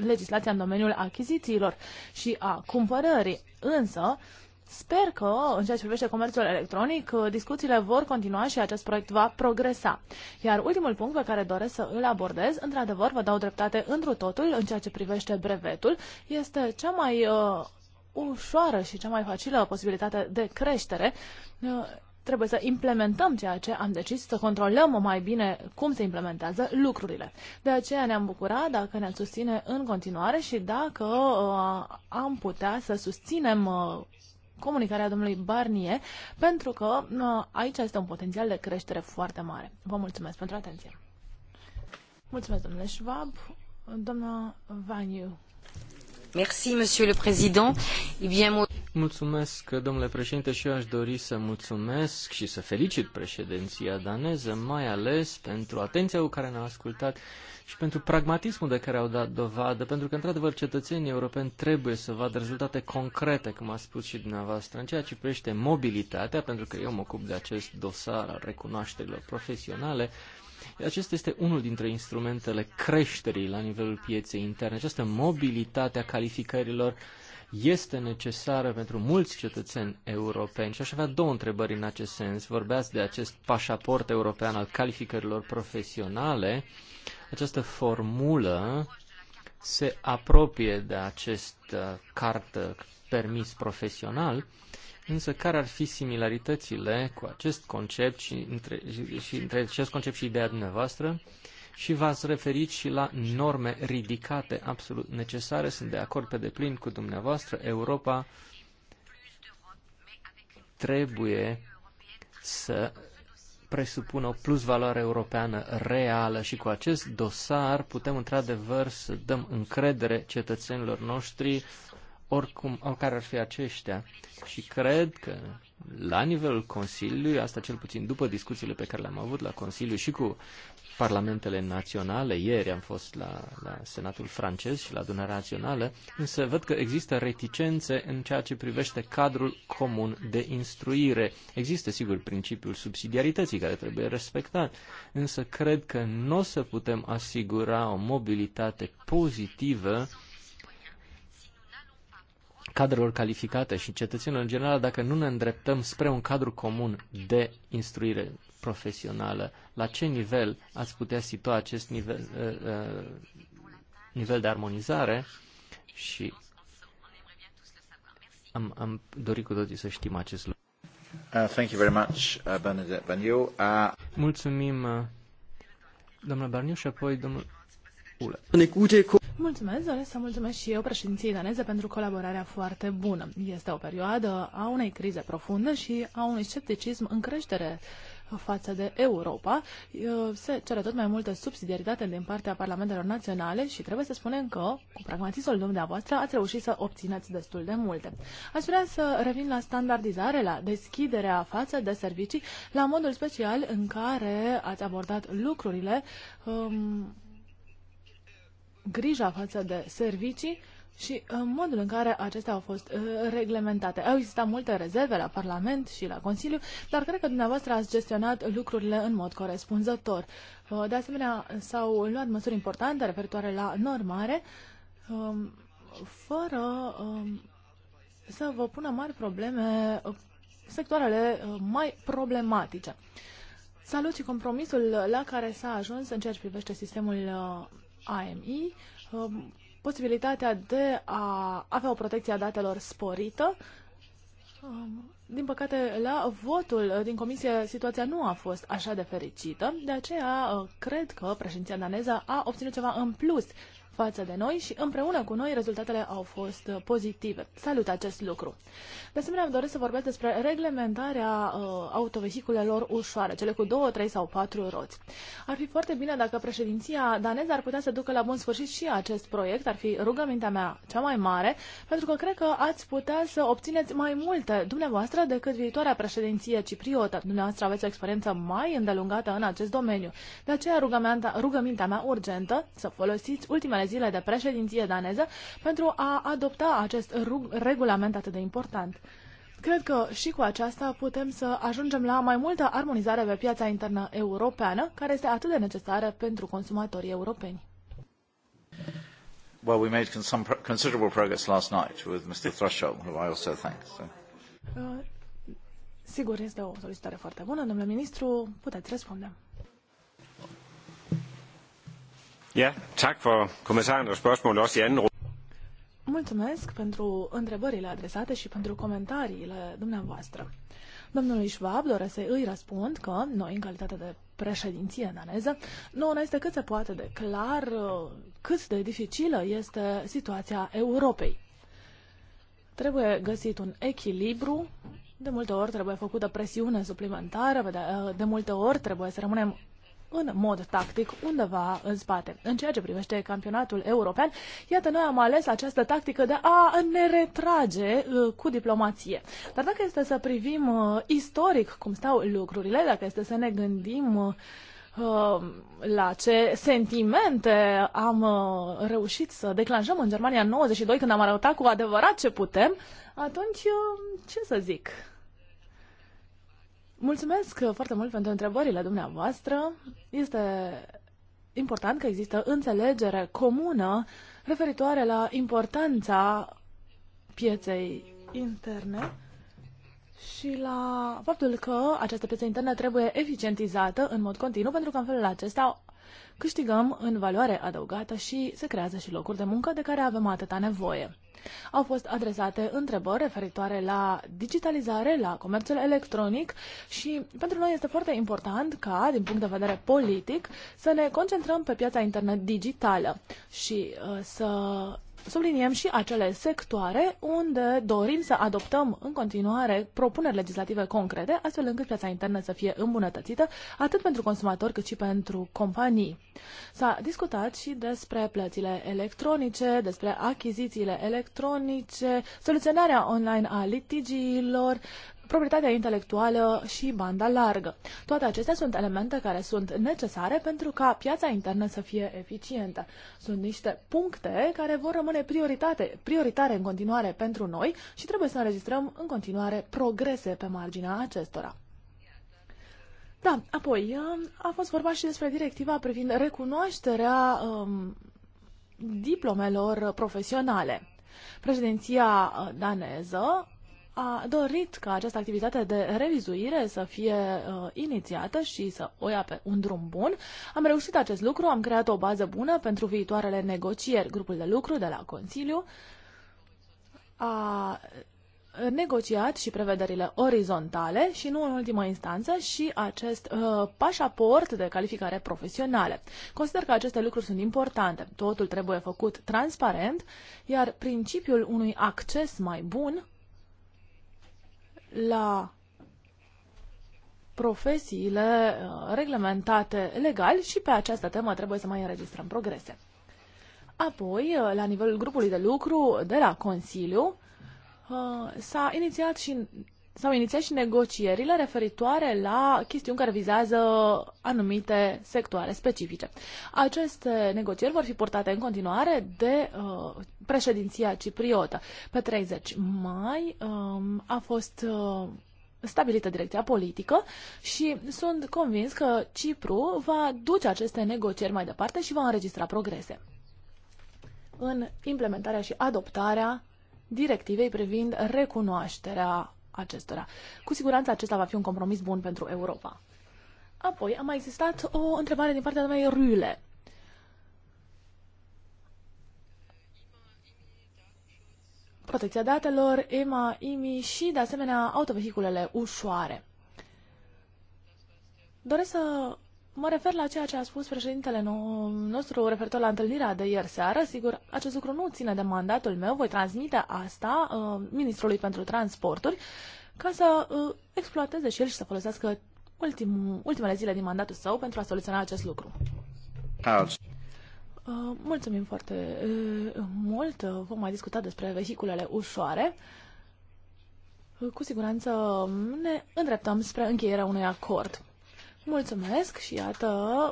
S4: legislația în domeniul achizițiilor și a cumpărării. Însă, Sper că, în ceea ce privește comerțul electronic, uh, discuțiile vor continua și acest proiect va progresa. Iar ultimul punct pe care doresc să îl abordez, într-adevăr, vă dau dreptate întru totul în ceea ce privește brevetul, este cea mai uh, ușoară și cea mai facilă posibilitate de creștere. Uh, trebuie să implementăm ceea ce am decis, să controlăm mai bine cum se implementează lucrurile. De aceea ne-am bucurat dacă ne am susține în continuare și dacă uh, am putea să susținem uh, comunicarea domnului Barnie, pentru că uh, aici este un potențial de creștere foarte mare. Vă mulțumesc pentru atenție. Mulțumesc, domnule Schwab. Doamna Vaniu.
S2: Eh mulțumesc, domnule președinte, și eu aș dori să mulțumesc și să felicit președinția daneză, mai ales pentru atenția cu care ne-a ascultat și pentru pragmatismul de care au dat dovadă, pentru că, într-adevăr, cetățenii europeni trebuie să vadă rezultate concrete, cum a spus și dumneavoastră, în ceea ce privește mobilitatea, pentru că eu mă ocup de acest dosar al recunoașterilor profesionale, acesta este unul dintre instrumentele creșterii la nivelul pieței interne. Această mobilitate a calificărilor este necesară pentru mulți cetățeni europeni. Și aș avea două întrebări în acest sens. Vorbeați de acest pașaport european al calificărilor profesionale. Această formulă se apropie de acest uh, cartă uh, permis profesional Însă care ar fi similaritățile cu acest concept și între, și, și între acest concept și ideea dumneavoastră? Și v-ați referit și la norme ridicate absolut necesare. Sunt de acord pe deplin cu dumneavoastră. Europa trebuie să presupună o plusvaloare europeană reală și cu acest dosar putem într-adevăr să dăm încredere cetățenilor noștri oricum, care ar fi aceștia. Și cred că la nivelul Consiliului, asta cel puțin după discuțiile pe care le-am avut la Consiliu și cu parlamentele naționale, ieri am fost la, la Senatul francez și la adunarea națională, însă văd că există reticențe în ceea ce privește cadrul comun de instruire. Există, sigur, principiul subsidiarității care trebuie respectat, însă cred că nu o să putem asigura o mobilitate pozitivă cadrelor calificate și cetățenilor în general dacă nu ne îndreptăm spre un cadru comun de instruire profesională? La ce nivel ați putea situa acest nivel, uh, uh, nivel de armonizare? Și am, am dorit cu toții să știm acest lucru. Uh, thank you very much, uh, Bernadette Baniu. Uh... Mulțumim, uh, doamna Barniu, și apoi domnul
S4: Mulțumesc, doresc să mulțumesc și eu președinției daneze pentru colaborarea foarte bună. Este o perioadă a unei crize profunde și a unui scepticism în creștere față de Europa. Se cere tot mai multă subsidiaritate din partea parlamentelor naționale și trebuie să spunem că, cu pragmatismul dumneavoastră, ați reușit să obțineți destul de multe. Aș vrea să revin la standardizare, la deschiderea față de servicii, la modul special în care ați abordat lucrurile um, grija față de servicii și în modul în care acestea au fost uh, reglementate. Au existat multe rezerve la Parlament și la Consiliu, dar cred că dumneavoastră ați gestionat lucrurile în mod corespunzător. Uh, de asemenea, s-au luat măsuri importante referitoare la normare, um, fără um, să vă pună mari probleme uh, sectoarele mai problematice. Salut și compromisul la care s-a ajuns în ceea ce privește sistemul AMI um, posibilitatea de a avea o protecție a datelor sporită. Um, din păcate, la votul din comisie situația nu a fost așa de fericită, de aceea uh, cred că președinția daneză a obținut ceva în plus față de noi și împreună cu noi rezultatele au fost pozitive. Salut acest lucru! De asemenea, am doresc să vorbesc despre reglementarea uh, autovehiculelor ușoare, cele cu două, trei sau patru roți. Ar fi foarte bine dacă președinția daneză ar putea să ducă la bun sfârșit și acest proiect, ar fi rugămintea mea cea mai mare, pentru că cred că ați putea să obțineți mai multe dumneavoastră decât viitoarea președinție cipriotă. Dumneavoastră aveți o experiență mai îndelungată în acest domeniu. De aceea rugămintea, rugămintea mea urgentă să folosiți ultimele zile de președinție daneză pentru a adopta acest regulament atât de important. Cred că și cu aceasta putem să ajungem la mai multă armonizare pe piața internă europeană, care este atât de necesară pentru consumatorii europeni.
S1: Well, we made some considerable progress last night with Mr. Threshold, who I also thank. So.
S4: Uh, sigur, este o solicitare foarte bună, domnule ministru, puteți răspunde. Mulțumesc pentru întrebările adresate și pentru comentariile dumneavoastră. Domnului Schwab doresc să îi răspund că noi, în calitate de președinție daneză, nu ne este cât se poate de clar uh, cât de dificilă este situația Europei. Trebuie găsit un echilibru, de multe ori trebuie făcută presiune suplimentară, de uh, multe ori trebuie să rămânem în mod tactic undeva în spate. În ceea ce privește campionatul european, iată, noi am ales această tactică de a ne retrage uh, cu diplomație. Dar dacă este să privim uh, istoric cum stau lucrurile, dacă este să ne gândim uh, la ce sentimente am uh, reușit să declanșăm în Germania în 92 când am arătat cu adevărat ce putem, atunci uh, ce să zic? Mulțumesc uh, foarte mult pentru întrebările dumneavoastră. Este important că există înțelegere comună referitoare la importanța pieței interne și la faptul că această piață internă trebuie eficientizată în mod continuu, pentru că în felul acesta câștigăm în valoare adăugată și se creează și locuri de muncă de care avem atâta nevoie. Au fost adresate întrebări referitoare la digitalizare, la comerțul electronic și pentru noi este foarte important ca, din punct de vedere politic, să ne concentrăm pe piața internet digitală și uh, să subliniem și acele sectoare unde dorim să adoptăm în continuare propuneri legislative concrete, astfel încât piața internă să fie îmbunătățită, atât pentru consumatori cât și pentru companii. S-a discutat și despre plățile electronice, despre achizițiile electronice, soluționarea online a litigiilor, proprietatea intelectuală și banda largă. Toate acestea sunt elemente care sunt necesare pentru ca piața internă să fie eficientă. Sunt niște puncte care vor rămâne prioritate, prioritare în continuare pentru noi și trebuie să înregistrăm în continuare progrese pe marginea acestora. Da, apoi um, a fost vorba și despre directiva privind recunoașterea um, diplomelor profesionale. Președinția uh, daneză a dorit ca această activitate de revizuire să fie uh, inițiată și să o ia pe un drum bun. Am reușit acest lucru, am creat o bază bună pentru viitoarele negocieri. Grupul de lucru de la Consiliu a negociat și prevederile orizontale și nu în ultima instanță și acest uh, pașaport de calificare profesională. Consider că aceste lucruri sunt importante. Totul trebuie făcut transparent, iar principiul unui acces mai bun la profesiile uh, reglementate legal și pe această temă trebuie să mai înregistrăm progrese. Apoi, uh, la nivelul grupului de lucru de la Consiliu, uh, s-a inițiat și s-au inițiat și negocierile referitoare la chestiuni care vizează anumite sectoare specifice. Aceste negocieri vor fi portate în continuare de uh, președinția cipriotă. Pe 30 mai um, a fost uh, stabilită direcția politică și sunt convins că Cipru va duce aceste negocieri mai departe și va înregistra progrese în implementarea și adoptarea directivei privind recunoașterea acestora. Cu siguranță acesta va fi un compromis bun pentru Europa. Apoi a mai existat o întrebare din partea mea Rüle. Protecția datelor, EMA, IMI și, de asemenea, autovehiculele ușoare. Doresc să Mă refer la ceea ce a spus președintele nostru referitor la întâlnirea de ieri seară. Sigur, acest lucru nu ține de mandatul meu. Voi transmite asta uh, ministrului pentru transporturi ca să uh, exploateze și el și să folosească ultim, ultimele zile din mandatul său pentru a soluționa acest lucru. Uh, mulțumim foarte uh, mult. Vom mai discuta despre vehiculele ușoare. Cu siguranță ne îndreptăm spre încheierea unui acord. Mulțumesc și iată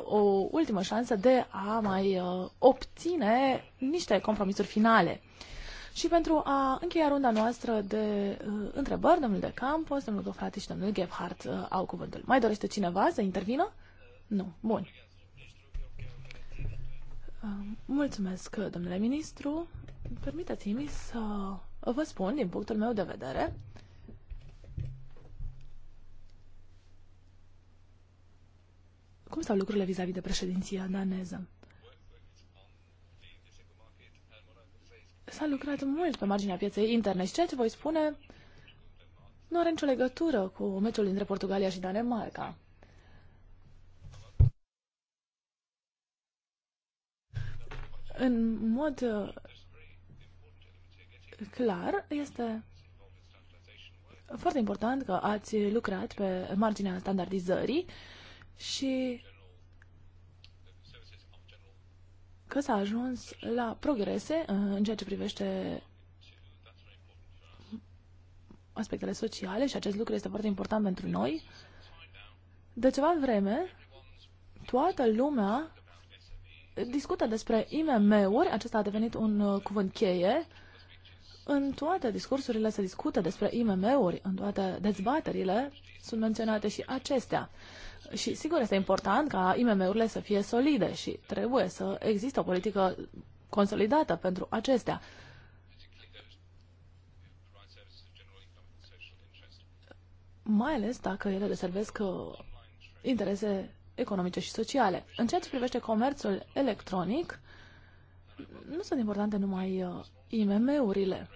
S4: o ultimă șansă de a mai uh, obține niște compromisuri finale. Și pentru a încheia runda noastră de uh, întrebări, domnul de Campos, domnul Gofrati și domnul Gebhardt uh, au cuvântul. Mai dorește cineva să intervină? Nu. Bun. Uh, mulțumesc, domnule ministru. Permiteți-mi să vă spun, din punctul meu de vedere, Cum stau lucrurile vis-a-vis -vis de președinția daneză? S-a lucrat mult pe marginea pieței interne și ceea ce voi spune nu are nicio legătură cu meciul dintre Portugalia și Danemarca. În mod uh, clar, este foarte important că ați lucrat pe marginea standardizării și că s-a ajuns la progrese uh, în ceea ce privește aspectele sociale și acest lucru este foarte important pentru noi. De ceva vreme, toată lumea discută despre IMM-uri, acesta a devenit un uh, cuvânt cheie. În toate discursurile se discută despre IMM-uri, în toate dezbaterile sunt menționate și acestea. Și sigur este important ca IMM-urile să fie solide și trebuie să existe o politică consolidată pentru acestea. Mai ales dacă ele deservesc uh, interese economice și sociale. În ceea ce privește comerțul electronic, nu sunt importante numai uh, IMM-urile.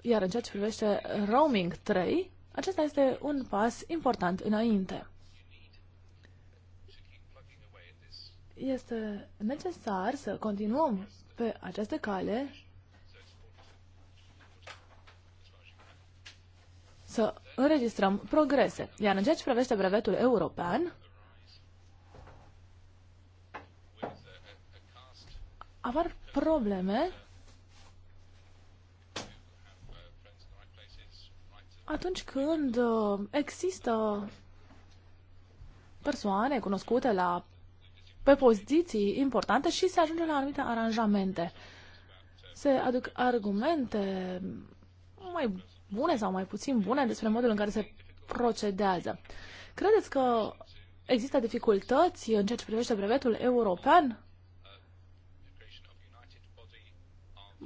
S4: Iar în ceea ce privește roaming 3, acesta este un pas important înainte. este necesar să continuăm pe această cale, să înregistrăm progrese. Iar în ceea ce privește brevetul european, apar probleme atunci când uh, există persoane cunoscute la pe poziții importante și se ajunge la anumite aranjamente. Se aduc argumente mai bune sau mai puțin bune despre modul în care se procedează. Credeți că există dificultăți în ceea ce privește brevetul european?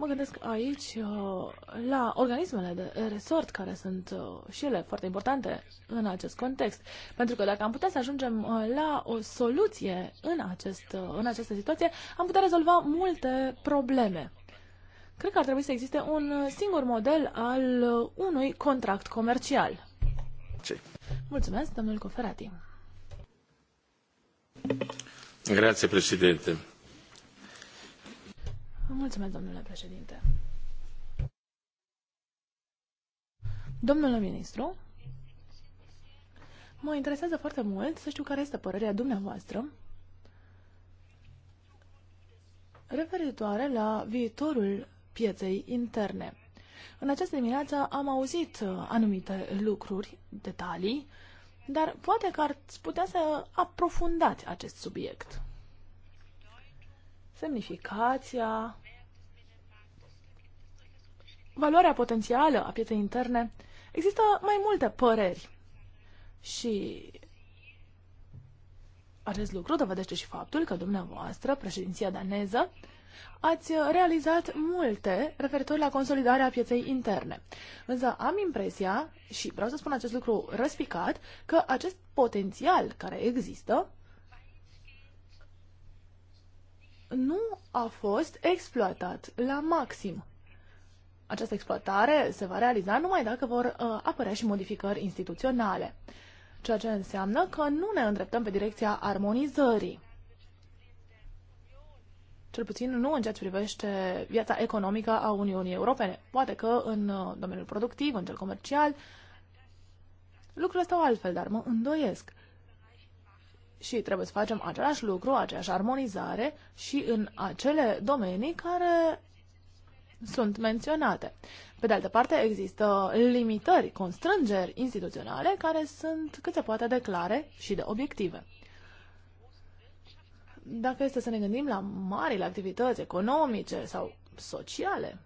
S4: Mă gândesc aici uh, la organismele de resort, care sunt uh, și ele foarte importante în acest context. Pentru că dacă am putea să ajungem uh, la o soluție în, acest, în această situație, am putea rezolva multe probleme. Cred că ar trebui să existe un singur model al unui contract comercial. Ce? Mulțumesc, domnul Coferati.
S2: Grazie, președinte.
S4: Mulțumesc, domnule președinte. Domnule ministru, mă interesează foarte mult să știu care este părerea dumneavoastră referitoare la viitorul pieței interne. În această dimineață am auzit uh, anumite lucruri, detalii, dar poate că ar putea să aprofundați acest subiect semnificația, valoarea potențială a pieței interne, există mai multe păreri. Și acest lucru dovedește și faptul că dumneavoastră, președinția daneză, ați realizat multe referitor la consolidarea pieței interne. Însă am impresia, și vreau să spun acest lucru răspicat, că acest potențial care există nu a fost exploatat la maxim. Această exploatare se va realiza numai dacă vor uh, apărea și modificări instituționale, ceea ce înseamnă că nu ne îndreptăm pe direcția armonizării. Cel puțin nu în ceea ce privește viața economică a Uniunii Europene. Poate că în uh, domeniul productiv, în cel comercial, lucrurile stau altfel, dar mă îndoiesc și trebuie să facem același lucru, aceeași armonizare și în acele domenii care sunt menționate. Pe de altă parte, există limitări, constrângeri instituționale care sunt cât se poate clare și de obiective. Dacă este să ne gândim la marile activități economice sau sociale,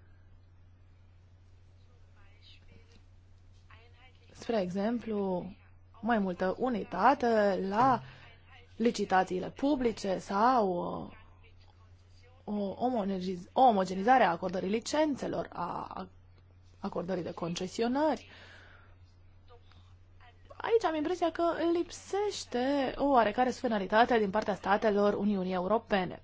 S4: spre exemplu, mai multă unitate la licitațiile publice sau uh, o omogenizare a acordării licențelor, a acordării de concesionări. Aici am impresia că lipsește o oarecare suveranitate din partea statelor Uniunii Europene.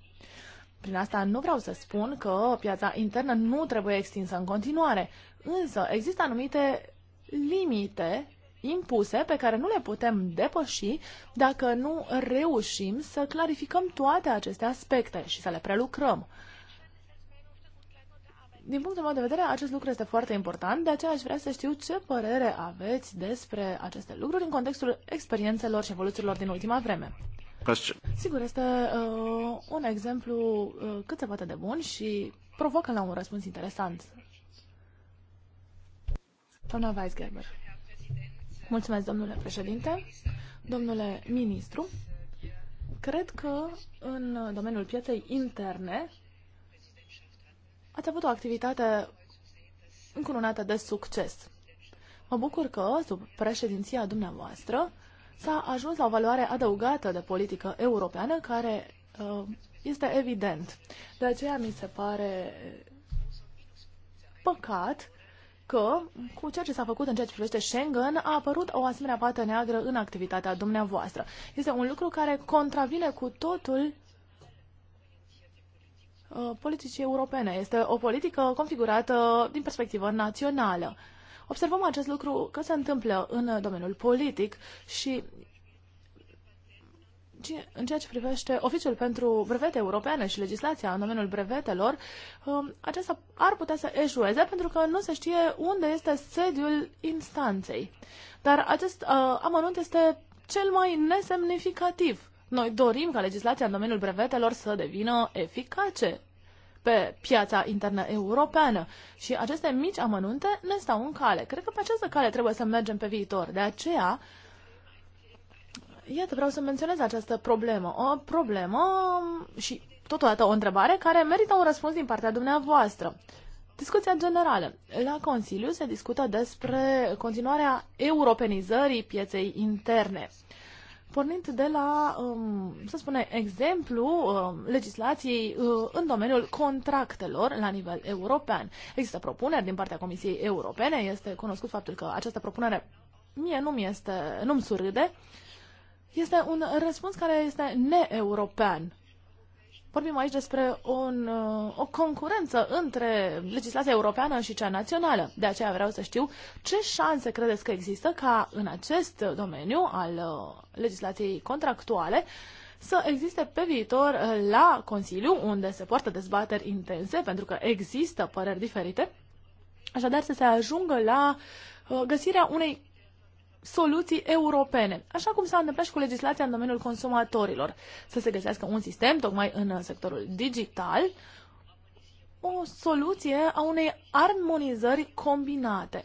S4: Prin asta nu vreau să spun că piața internă nu trebuie extinsă în continuare, însă există anumite limite impuse pe care nu le putem depăși dacă nu reușim să clarificăm toate aceste aspecte și să le prelucrăm. Din punctul meu de vedere, acest lucru este foarte important, de aceea aș vrea să știu ce părere aveți despre aceste lucruri în contextul experiențelor și evoluțiilor din ultima vreme. Sigur, este uh, un exemplu uh, cât se poate de bun și provoacă la un răspuns interesant. Doamna Weisgerber. Mulțumesc, domnule președinte. Domnule ministru, cred că în domeniul pieței interne ați avut o activitate încununată de succes. Mă bucur că, sub președinția dumneavoastră, s-a ajuns la o valoare adăugată de politică europeană care uh, este evident. De aceea mi se pare păcat că cu ceea ce s-a făcut în ceea ce privește Schengen a apărut o asemenea pată neagră în activitatea dumneavoastră. Este un lucru care contravine cu totul uh, politicii europene. Este o politică configurată din perspectivă națională. Observăm acest lucru că se întâmplă în domeniul politic și în ceea ce privește oficiul pentru brevete europene și legislația în domeniul brevetelor, um, acesta ar putea să eșueze pentru că nu se știe unde este sediul instanței. Dar acest uh, amănunt este cel mai nesemnificativ. Noi dorim ca legislația în domeniul brevetelor să devină eficace pe piața internă europeană și aceste mici amănunte ne stau în cale. Cred că pe această cale trebuie să mergem pe viitor. De aceea, Iată, vreau să menționez această problemă. O problemă și totodată o întrebare care merită un răspuns din partea dumneavoastră. Discuția generală. La Consiliu se discută despre continuarea europenizării pieței interne. Pornind de la, um, să spunem, exemplu um, legislației uh, în domeniul contractelor la nivel european. Există propuneri din partea Comisiei Europene, este cunoscut faptul că această propunere mie nu-mi este, nu-mi surâde, este un răspuns care este neeuropean. Vorbim aici despre un, uh, o concurență între legislația europeană și cea națională. De aceea vreau să știu ce șanse credeți că există ca în acest domeniu al uh, legislației contractuale să existe pe viitor uh, la Consiliu, unde se poartă dezbateri intense, pentru că există păreri diferite, așadar să se ajungă la găsirea unei soluții europene, așa cum s-a întâmplat și cu legislația în domeniul consumatorilor. Să se găsească un sistem, tocmai în sectorul digital, o soluție a unei armonizări combinate.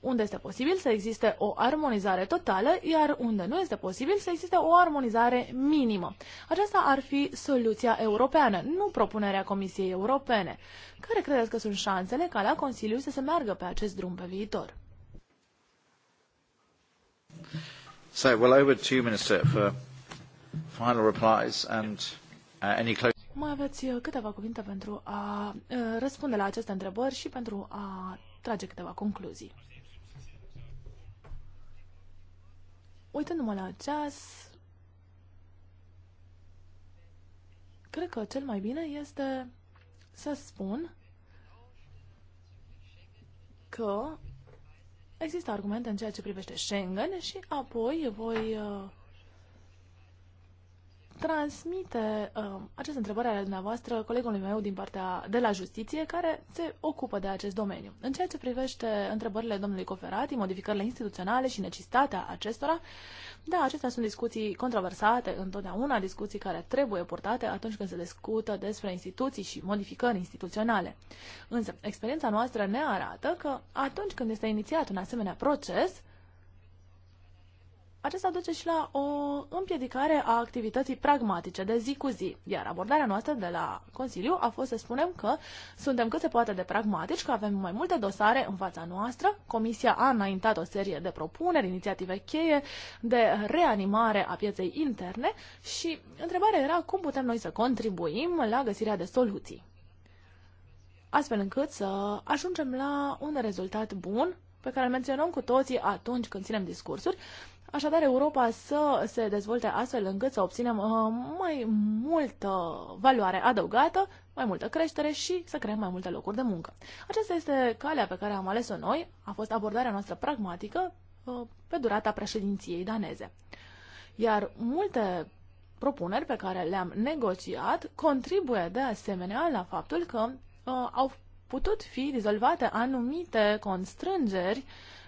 S4: Unde este posibil să existe o armonizare totală, iar unde nu este posibil să existe o armonizare minimă. Aceasta ar fi soluția europeană, nu propunerea Comisiei Europene. Care credeți că sunt șansele ca la Consiliu să se meargă pe acest drum pe viitor?
S1: So, well over to you, Minister, for final replies and uh, any
S4: Mai aveți uh, câteva cuvinte pentru a uh, răspunde la aceste întrebări și pentru a trage câteva concluzii. Uitându-mă la ceas, cred că cel mai bine este să spun că Există argumente în ceea ce privește Schengen și apoi voi uh, transmite uh, această întrebare ale dumneavoastră colegului meu din partea de la justiție, care se ocupă de acest domeniu. În ceea ce privește întrebările domnului Coferati, modificările instituționale și necesitatea acestora, da, acestea sunt discuții controversate întotdeauna, discuții care trebuie purtate atunci când se discută despre instituții și modificări instituționale. Însă, experiența noastră ne arată că atunci când este inițiat un asemenea proces, acesta duce și la o împiedicare a activității pragmatice de zi cu zi. Iar abordarea noastră de la Consiliu a fost să spunem că suntem cât se poate de pragmatici, că avem mai multe dosare în fața noastră. Comisia a înaintat o serie de propuneri, inițiative cheie de reanimare a pieței interne și întrebarea era cum putem noi să contribuim la găsirea de soluții. Astfel încât să ajungem la un rezultat bun pe care îl menționăm cu toții atunci când ținem discursuri, Așadar, Europa să se dezvolte astfel încât să obținem uh, mai multă valoare adăugată, mai multă creștere și să creăm mai multe locuri de muncă. Aceasta este calea pe care am ales-o noi, a fost abordarea noastră pragmatică uh, pe durata președinției daneze. Iar multe propuneri pe care le-am negociat contribuie de asemenea la faptul că uh, au putut fi dizolvate anumite constrângeri uh,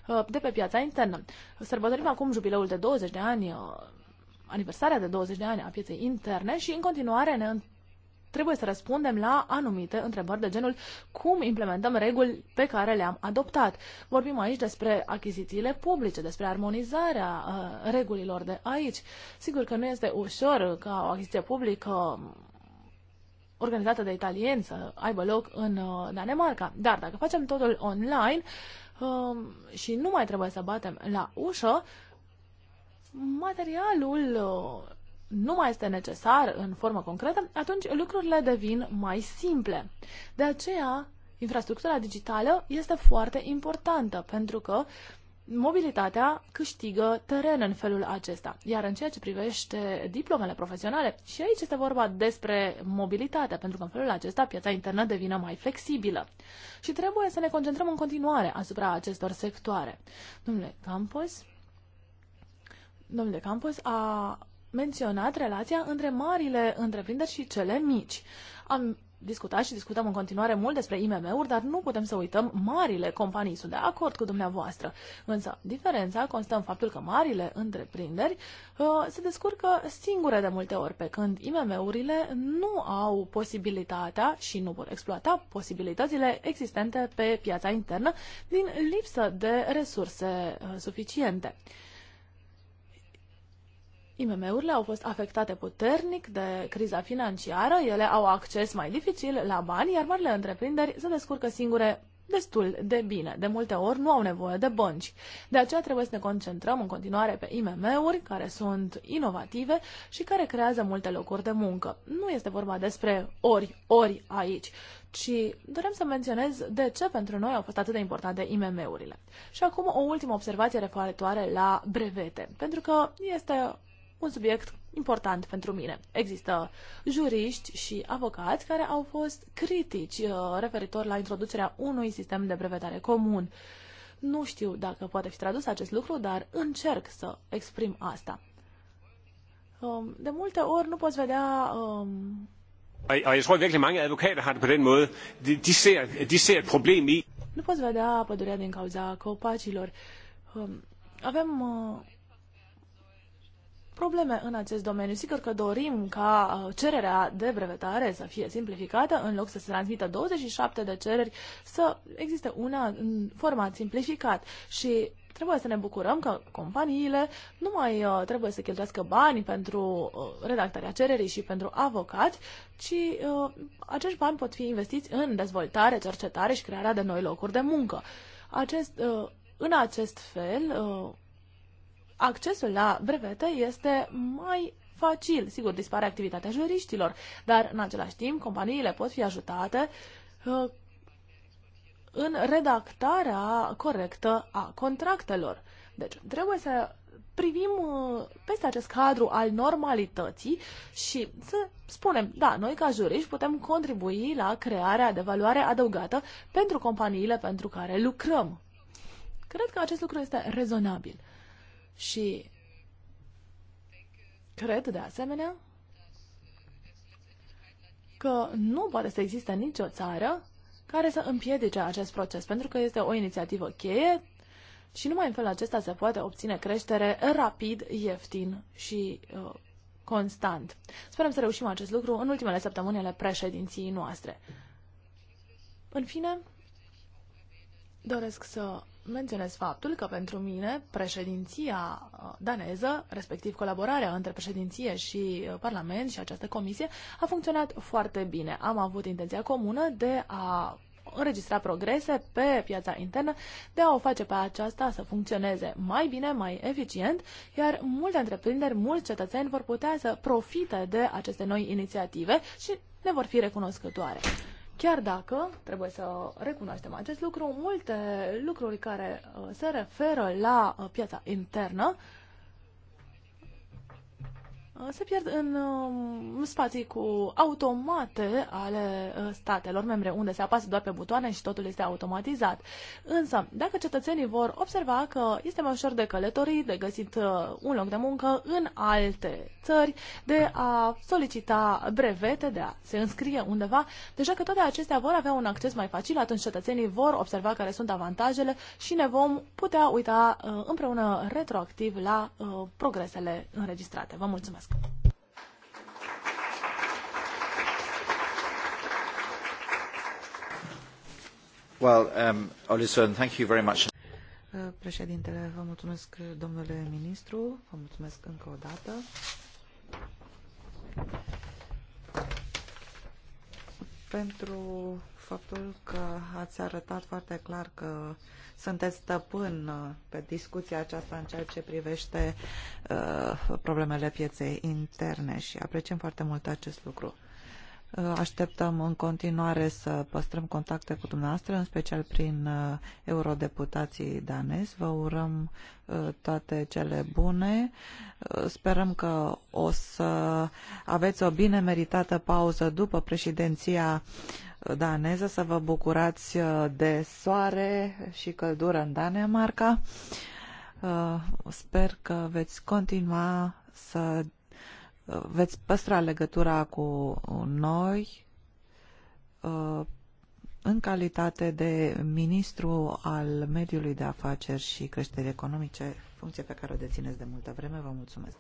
S4: Uh, de pe piața internă. Sărbătorim acum jubileul de 20 de ani, uh, aniversarea de 20 de ani a pieței interne și în continuare ne trebuie să răspundem la anumite întrebări de genul cum implementăm reguli pe care le-am adoptat. Vorbim aici despre achizițiile publice, despre armonizarea uh, regulilor de aici. Sigur că nu este ușor ca o achiziție publică organizată de italieni să aibă loc în uh, Danemarca. Dar dacă facem totul online, Um, și nu mai trebuie să batem la ușă, materialul uh, nu mai este necesar în formă concretă, atunci lucrurile devin mai simple. De aceea, infrastructura digitală este foarte importantă, pentru că mobilitatea câștigă teren în felul acesta. Iar în ceea ce privește diplomele profesionale, și aici este vorba despre mobilitatea pentru că în felul acesta piața internă devine mai flexibilă. Și trebuie să ne concentrăm în continuare asupra acestor sectoare. Domnule Campos, domnule Campos a menționat relația între marile întreprinderi și cele mici. Am discutat și discutăm în continuare mult despre IMM-uri, dar nu putem să uităm marile companii. Sunt de acord cu dumneavoastră. Însă, diferența constă în faptul că marile întreprinderi uh, se descurcă singure de multe ori, pe când IMM-urile nu au posibilitatea și nu vor exploata posibilitățile existente pe piața internă din lipsă de resurse uh, suficiente. IMM-urile au fost afectate puternic de criza financiară, ele au acces mai dificil la bani, iar marile întreprinderi se descurcă singure destul de bine. De multe ori nu au nevoie de bănci. De aceea trebuie să ne concentrăm în continuare pe IMM-uri care sunt inovative și care creează multe locuri de muncă. Nu este vorba despre ori, ori aici, ci dorem să menționez de ce pentru noi au fost atât de importante IMM-urile. Și acum o ultimă observație referitoare la brevete, pentru că este un subiect important pentru mine. Există juriști și avocați care au fost critici uh, referitor la introducerea unui sistem de brevetare comun. Nu știu dacă poate fi tradus acest lucru, dar încerc să exprim asta. Um, de multe ori nu poți vedea um...
S2: og, og jeg tror virkelig mange advokater har det på den måde. De, de, ser, de ser et problem i.
S4: Nu poți vedea pădurea din cauza copacilor. Um, avem uh, probleme în acest domeniu. Sigur că dorim ca uh, cererea de brevetare să fie simplificată, în loc să se transmită 27 de cereri, să existe una în format simplificat și trebuie să ne bucurăm că companiile nu mai uh, trebuie să cheltuiască bani pentru uh, redactarea cererii și pentru avocați, ci uh, acești bani pot fi investiți în dezvoltare, cercetare și crearea de noi locuri de muncă. Acest, uh, în acest fel, uh, accesul la brevete este mai facil. Sigur, dispare activitatea juriștilor, dar în același timp companiile pot fi ajutate uh, în redactarea corectă a contractelor. Deci, trebuie să privim uh, peste acest cadru al normalității și să spunem, da, noi ca juriști putem contribui la crearea de valoare adăugată pentru companiile pentru care lucrăm. Cred că acest lucru este rezonabil. Și cred de asemenea că nu poate să existe nicio țară care să împiedice acest proces, pentru că este o inițiativă cheie și numai în felul acesta se poate obține creștere rapid, ieftin și uh, constant. Sperăm să reușim acest lucru în ultimele săptămâni ale președinției noastre. În fine, doresc să menționez faptul că pentru mine președinția uh, daneză, respectiv colaborarea între președinție și uh, Parlament și această comisie, a funcționat foarte bine. Am avut intenția comună de a înregistra progrese pe piața internă, de a o face pe aceasta să funcționeze mai bine, mai eficient, iar multe întreprinderi, mulți cetățeni vor putea să profite de aceste noi inițiative și ne vor fi recunoscătoare. Chiar dacă, trebuie să recunoaștem acest lucru, multe lucruri care uh, se referă la uh, piața internă se pierd în, um, în spații cu automate ale uh, statelor membre, unde se apasă doar pe butoane și totul este automatizat. Însă, dacă cetățenii vor observa că este mai ușor de călătorit, de găsit uh, un loc de muncă în alte țări, de a solicita brevete, de a se înscrie undeva, deja că toate acestea vor avea un acces mai facil, atunci cetățenii vor observa care sunt avantajele și ne vom putea uita uh, împreună retroactiv la progresele înregistrate. Vă mulțumesc!
S1: Well, um, Olison, thank you very much.
S3: Uh, președintele, vă mulțumesc, domnule ministru, vă mulțumesc încă o dată. Pentru faptul că ați arătat foarte clar că sunteți stăpân uh, pe discuția aceasta în ceea ce privește uh, problemele pieței interne și apreciem foarte mult acest lucru. Uh, așteptăm în continuare să păstrăm contacte cu dumneavoastră, în special prin uh, eurodeputații danezi. Vă urăm uh, toate cele bune. Sperăm că o să aveți o bine meritată pauză după președinția daneză, să vă bucurați de soare și căldură în Danemarca. Sper că veți continua să Uh, veți păstra legătura cu noi uh, în calitate de ministru al mediului de afaceri și creșterii economice, funcție pe care o dețineți de multă vreme. Vă mulțumesc!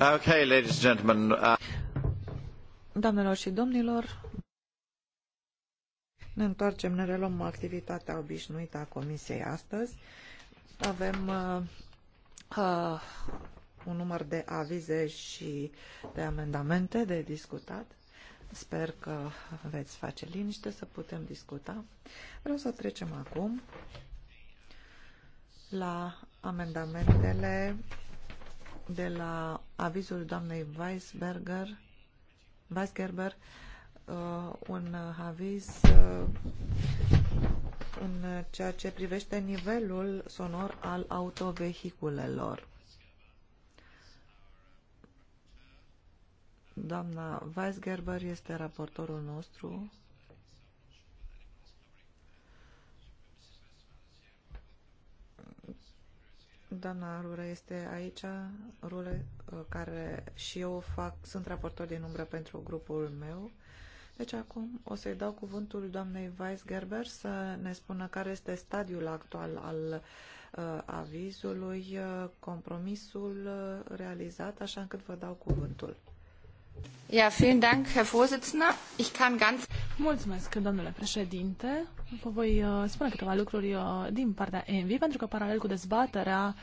S1: Okay, ladies and gentlemen. Uh...
S3: Doamnelor și domnilor, ne întoarcem, ne reluăm activitatea obișnuită a Comisiei astăzi. Avem uh, uh, un număr de avize și de amendamente de discutat. Sper că veți face liniște să putem discuta. Vreau să trecem acum la amendamentele de la avizul doamnei Weisberger, Weisgerber, uh, un aviz uh, în ceea ce privește nivelul sonor al autovehiculelor. Doamna Weisgerber este raportorul nostru Doamna Rură este aici, Rule, uh, care și eu fac, sunt raportor din umbră pentru grupul meu. Deci acum o să-i dau cuvântul doamnei Gerber să ne spună care este stadiul actual al uh, avizului, uh, compromisul uh, realizat, așa încât vă dau cuvântul. Ja, vielen Dank, Herr Vorsitzender. Ich kann
S4: ganz... Mulțumesc, domnule președinte. Vă voi uh, spune câteva lucruri uh, din partea ENVI, pentru că paralel cu dezbaterea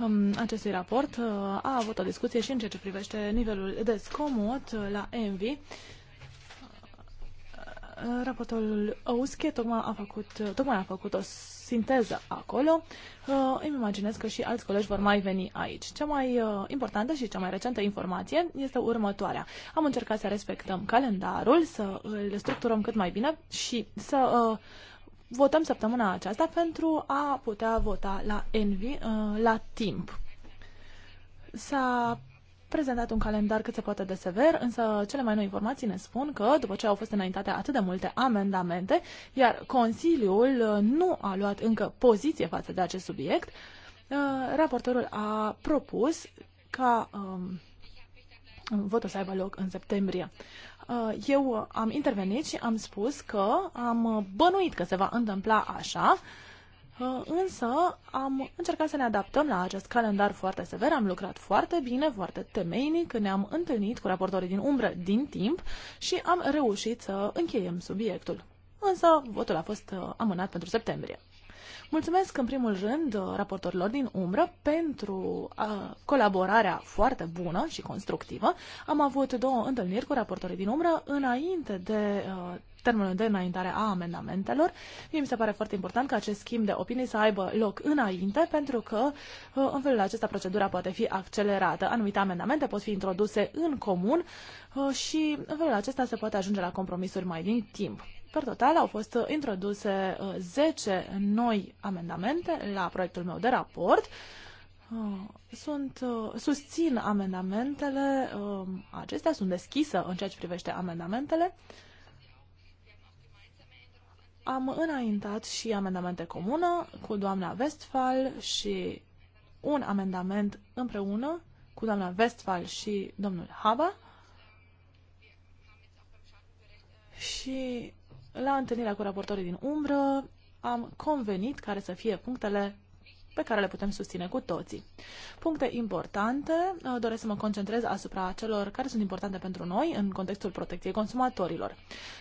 S4: um, acestui raport uh, a avut o discuție și în ceea ce privește nivelul de scomod uh, la ENVI raportorul Ouschie tocmai a făcut, tocmai a făcut o sinteză acolo. Uh, îmi imaginez că și alți colegi vor mai veni aici. Cea mai uh, importantă și cea mai recentă informație este următoarea. Am încercat să respectăm calendarul, să îl structurăm cât mai bine și să uh, votăm săptămâna aceasta pentru a putea vota la Envi uh, la timp. S-a prezentat un calendar cât se poate de sever, însă cele mai noi informații ne spun că, după ce au fost înaintate atât de multe amendamente, iar Consiliul uh, nu a luat încă poziție față de acest subiect, uh, raportorul a propus ca um, votul să aibă loc în septembrie. Uh, eu am intervenit și am spus că am bănuit că se va întâmpla așa, Uh, însă am încercat să ne adaptăm la acest calendar foarte sever, am lucrat foarte bine, foarte temeinic, ne-am întâlnit cu raportorii din umbră din timp și am reușit să încheiem subiectul. Însă votul a fost uh, amânat pentru septembrie. Mulțumesc în primul rând raportorilor din umbră pentru a, colaborarea foarte bună și constructivă. Am avut două întâlniri cu raportorii din umbră înainte de a, termenul de înaintare a amendamentelor. Mie mi se pare foarte important ca acest schimb de opinii să aibă loc înainte, pentru că în felul acesta procedura poate fi accelerată. Anumite amendamente pot fi introduse în comun și în felul acesta se poate ajunge la compromisuri mai din timp. Per total au fost uh, introduse 10 uh, noi amendamente la proiectul meu de raport. Uh, sunt, susțin amendamentele, acestea sunt deschisă în ceea ce privește amendamentele. Am înaintat și amendamente comună cu doamna Westphal și un amendament împreună cu doamna Westphal și domnul Haba. Și la întâlnirea cu raportorii din umbră am convenit care să fie punctele pe care le putem susține cu toții. Puncte importante, uh, doresc să mă concentrez asupra celor care sunt importante pentru noi în contextul protecției consumatorilor.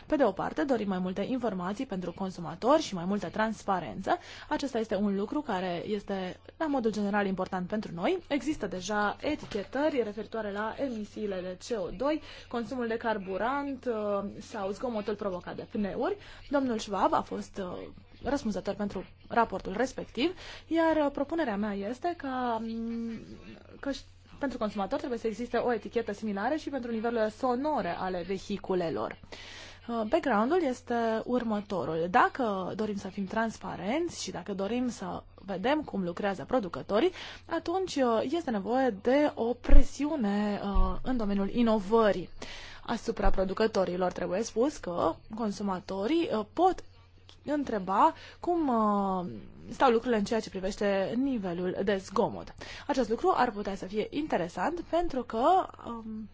S4: Pe de o parte, dorim mai multe informații pentru consumatori și mai multă transparență. Acesta este un lucru care este, la modul general, important pentru noi. Există deja etichetări referitoare la emisiile de CO2, consumul de carburant uh, sau zgomotul provocat de pneuri. Domnul Schwab a fost uh, răspunzător pentru raportul respectiv, iar uh, propunerea mea este ca, mm, că pentru consumator trebuie să existe o etichetă similară și pentru nivelurile sonore ale vehiculelor. Uh, background-ul este următorul. Dacă dorim să fim transparenți și dacă dorim să vedem cum lucrează producătorii, atunci uh, este nevoie de o presiune în domeniul inovării asupra producătorilor. Trebuie spus că consumatorii pot întreba cum uh, stau lucrurile în ceea ce privește nivelul de zgomot. Acest lucru ar putea să fie interesant pentru că um,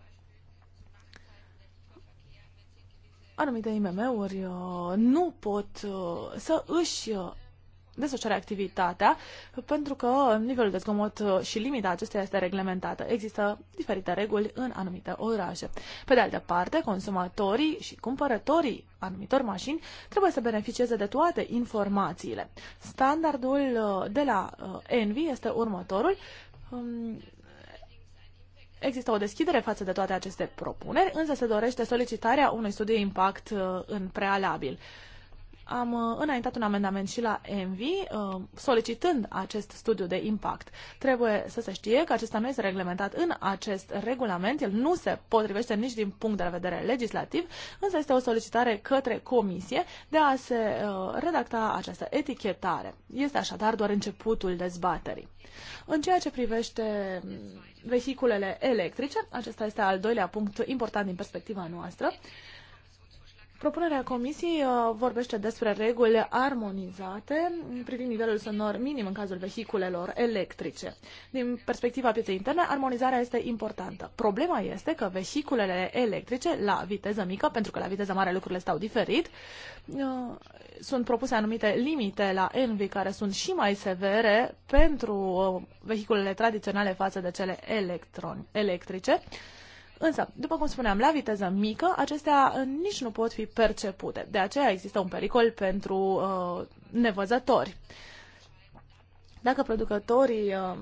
S4: anumite IMM-uri uh, nu pot uh, să își uh, desfășoare activitatea, pentru că nivelul de zgomot uh, și limita acesteia este reglementată. Există diferite reguli în anumite orașe. Pe de altă parte, consumatorii și cumpărătorii anumitor mașini trebuie să beneficieze de toate informațiile. Standardul uh, de la uh, Envi este următorul. Um, există o deschidere față de toate aceste propuneri, însă se dorește solicitarea unui studiu impact în prealabil am uh, înaintat un amendament și la ENVI uh, solicitând acest studiu de impact. Trebuie să se știe că acesta nu este reglementat în acest regulament, el nu se potrivește nici din punct de vedere legislativ, însă este o solicitare către comisie de a se uh, redacta această etichetare. Este așadar doar începutul dezbaterii. În ceea ce privește mm, vehiculele electrice, acesta este al doilea punct important din perspectiva noastră, Propunerea Comisiei uh, vorbește despre reguli armonizate privind nivelul sonor minim în cazul vehiculelor electrice. Din perspectiva pieței interne, armonizarea este importantă. Problema este că vehiculele electrice la viteză mică, pentru că la viteză mare lucrurile stau diferit, uh, sunt propuse anumite limite la ENVI care sunt și mai severe pentru uh, vehiculele tradiționale față de cele electron, electrice Însă, după cum spuneam, la viteză mică, acestea uh, nici nu pot fi percepute. De aceea există un pericol pentru uh, nevăzători. Dacă producătorii uh,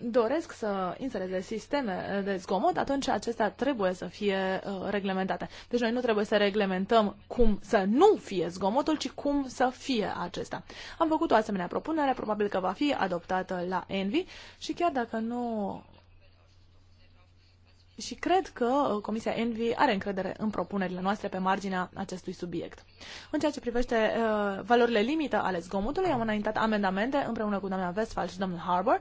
S4: doresc să insereze sisteme de zgomot, atunci acestea trebuie să fie uh, reglementate. Deci noi nu trebuie să reglementăm cum să nu fie zgomotul, ci cum să fie acesta. Am făcut o asemenea propunere, probabil că va fi adoptată la Envi și chiar dacă nu și cred că uh, Comisia Envi are încredere în propunerile noastre pe marginea acestui subiect. În ceea ce privește uh, valorile limită ale zgomotului, am înaintat amendamente împreună cu doamna Westphal și domnul Harbour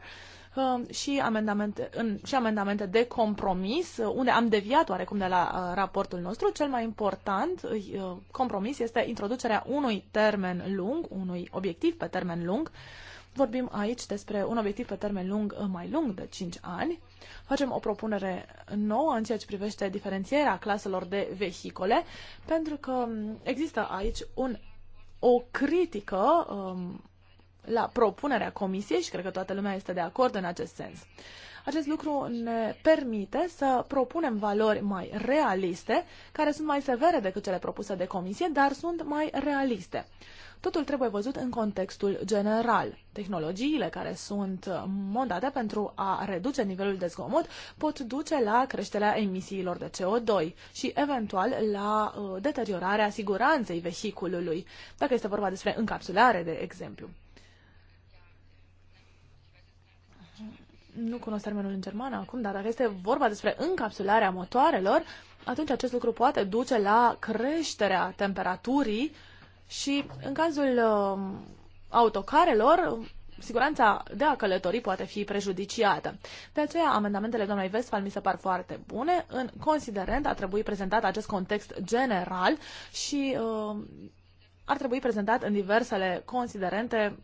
S4: uh, și amendamente, în, și amendamente de compromis, uh, unde am deviat oarecum de la uh, raportul nostru. Cel mai important uh, compromis este introducerea unui termen lung, unui obiectiv pe termen lung, uh, Vorbim aici despre un obiectiv pe termen lung, mai lung de 5 ani. Facem o propunere nouă în ceea ce privește diferențierea claselor de vehicole, pentru că există aici un, o critică um, la propunerea comisiei și cred că toată lumea este de acord în acest sens. Acest lucru ne permite să propunem valori mai realiste, care sunt mai severe decât cele propuse de comisie, dar sunt mai realiste. Totul trebuie văzut în contextul general. Tehnologiile care sunt uh, montate pentru a reduce nivelul de zgomot pot duce la creșterea emisiilor de CO2 și eventual la uh, deteriorarea siguranței vehiculului, dacă este vorba despre încapsulare, de exemplu. nu cunosc termenul în germană acum, dar dacă este vorba despre încapsularea motoarelor, atunci acest lucru poate duce la creșterea temperaturii și în cazul uh, autocarelor, siguranța de a călători poate fi prejudiciată. De aceea, amendamentele doamnei Vestfal mi se par foarte bune. În considerent a trebui prezentat acest context general și uh, ar trebui prezentat în diversele considerente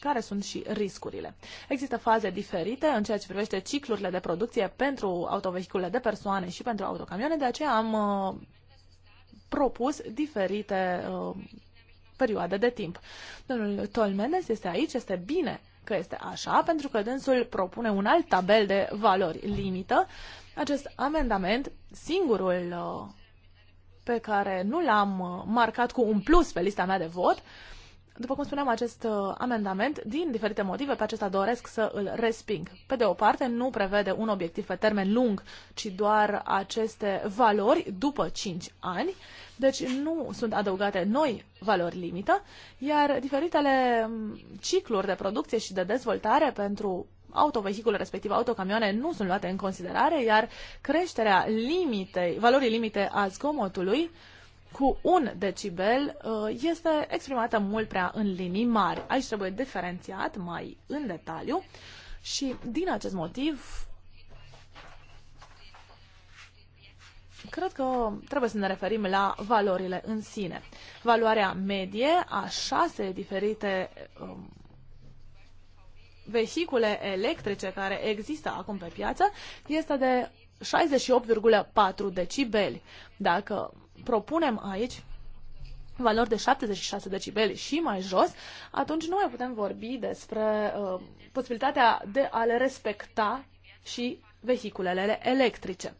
S4: care sunt și riscurile. Există faze diferite în ceea ce privește ciclurile de producție pentru autovehicule de persoane și pentru autocamioane, de aceea am uh, propus diferite uh, perioadă de timp. Domnul Tolmenes este aici, este bine că este așa, pentru că dânsul propune un alt tabel de valori limită. Acest amendament, singurul uh, pe care nu l-am uh, marcat cu un plus pe lista mea de vot, după cum spuneam, acest uh, amendament, din diferite motive, pe acesta doresc să îl resping. Pe de o parte, nu prevede un obiectiv pe termen lung, ci doar aceste valori după 5 ani, deci nu sunt adăugate noi valori limită, iar diferitele mm, cicluri de producție și de dezvoltare pentru autovehicule, respectiv autocamioane, nu sunt luate în considerare, iar creșterea limitei, valorii limite a zgomotului cu un decibel uh, este exprimată mult prea în linii mari. Aici trebuie diferențiat mai în detaliu și din acest motiv cred că trebuie să ne referim la valorile în sine. Valoarea medie a șase diferite um, vehicule electrice care există acum pe piață este de 68,4 decibeli. Dacă propunem aici valori de 76 decibeli și mai jos, atunci nu mai putem vorbi despre uh, posibilitatea de a le respecta și vehiculele electrice.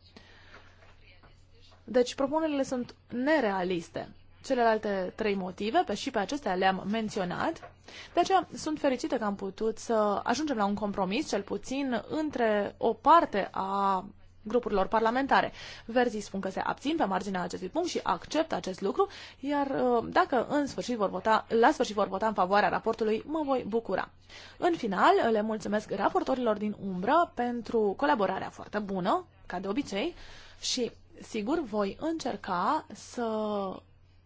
S4: Deci propunerile sunt nerealiste. Celelalte trei motive, pe și pe acestea le-am menționat. De aceea sunt fericită că am putut să ajungem la un compromis, cel puțin între o parte a grupurilor parlamentare. Verzii spun că se abțin pe marginea acestui punct și acceptă acest lucru, iar uh, dacă în sfârșit vor vota, la sfârșit vor vota în favoarea raportului, mă voi bucura. În final, le mulțumesc raportorilor din umbră pentru colaborarea foarte bună, ca de obicei, și sigur voi încerca să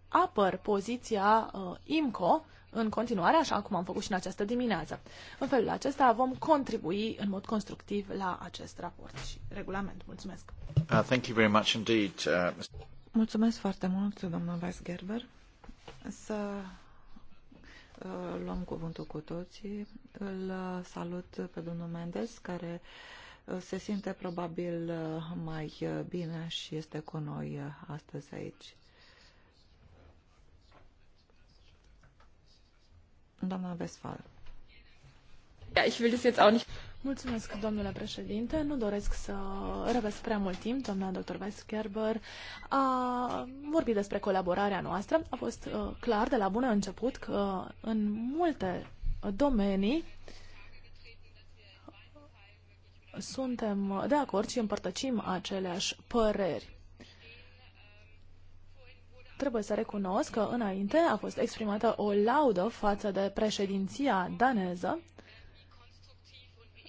S4: apăr poziția uh, IMCO în continuare, așa cum am făcut și în această dimineață. În felul acesta vom contribui în mod constructiv la acest raport și regulament.
S3: Mulțumesc!
S1: Uh, thank you very much indeed, uh...
S3: Mulțumesc foarte mult, doamna Weisgerber. Să uh, luăm cuvântul cu toții. Îl uh, salut pe domnul Mendes, care uh, se simte probabil mai bine și este cu noi astăzi aici. Doamna Westphal.
S4: Ja, Mulțumesc, domnule președinte. Nu doresc să răbesc prea mult timp. Doamna dr. Weisgerber a vorbit despre colaborarea noastră. A fost uh, clar de la bun început că în multe domenii suntem de acord și împărtăcim aceleași păreri. Trebuie să recunosc că înainte a fost exprimată o laudă față de președinția daneză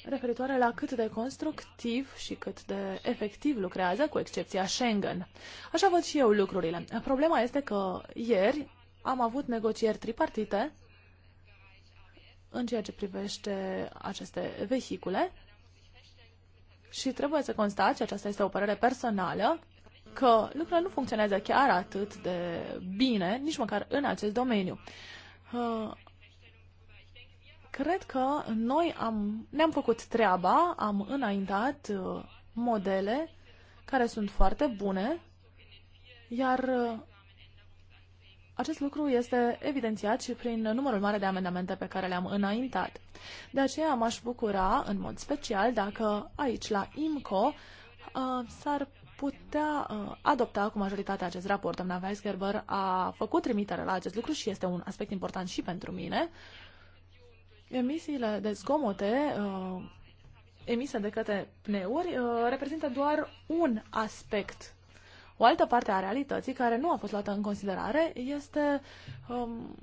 S4: referitoare la cât de constructiv și cât de efectiv lucrează, cu excepția Schengen. Așa văd și eu lucrurile. Problema este că ieri am avut negocieri tripartite în ceea ce privește aceste vehicule și trebuie să constat, și aceasta este o părere personală, că lucrurile nu funcționează chiar atât de bine, nici măcar în acest domeniu. Cred că noi am, ne-am făcut treaba, am înaintat uh, modele care sunt foarte bune, iar uh, acest lucru este evidențiat și prin numărul mare de amendamente pe care le-am înaintat. De aceea m-aș bucura în mod special dacă aici la IMCO uh, s-ar putea uh, adopta cu majoritatea acest raport. Doamna Weisgerber a făcut trimitere la acest lucru și este un aspect important și pentru mine. Emisiile de zgomote uh, emise de către pneuri uh, reprezintă doar un aspect. O altă parte a realității care nu a fost luată în considerare este um,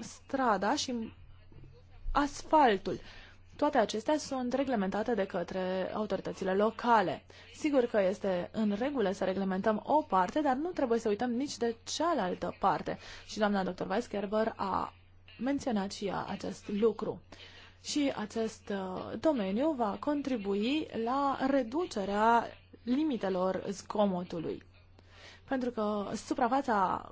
S4: strada și asfaltul. Uh, toate acestea sunt reglementate de către autoritățile locale. Sigur că este în regulă să reglementăm o parte, dar nu trebuie să uităm nici de cealaltă parte. Și doamna dr. Weiskerber a menționat și ea acest lucru. Și acest uh, domeniu va contribui la reducerea limitelor zgomotului. Pentru că suprafața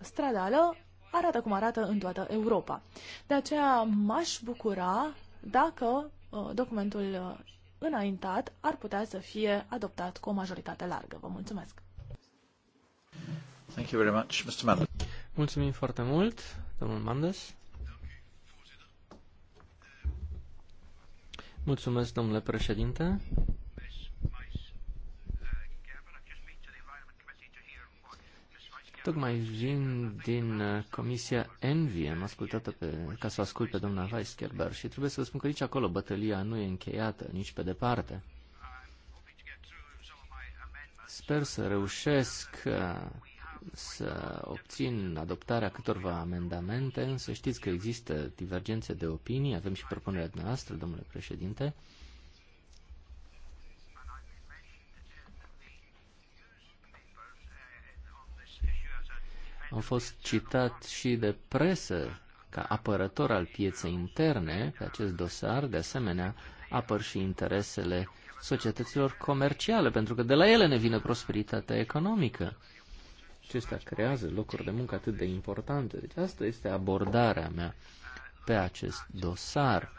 S4: stradală arată cum arată în toată Europa. De aceea m-aș bucura dacă uh, documentul uh, înaintat ar putea să fie adoptat cu o majoritate largă. Vă mulțumesc!
S2: Thank you very much, Mr. Mendes. Mulțumim foarte mult, domnul Mandes. Mulțumesc, domnule președinte. Tocmai vin din uh, Comisia Envy, am ascultat pe, ca să ascult pe doamna Weisgerber și trebuie să vă spun că nici acolo bătălia nu e încheiată, nici pe departe. Sper să reușesc uh, să obțin adoptarea câtorva amendamente, însă știți că există divergențe de opinii, avem și propunerea noastră, domnule președinte. A fost citat și de presă ca apărător al pieței interne pe acest dosar. De asemenea, apăr și interesele societăților comerciale, pentru că de la ele ne vine prosperitatea economică. Acestea creează locuri de muncă atât de importante. Deci asta este abordarea mea pe acest dosar.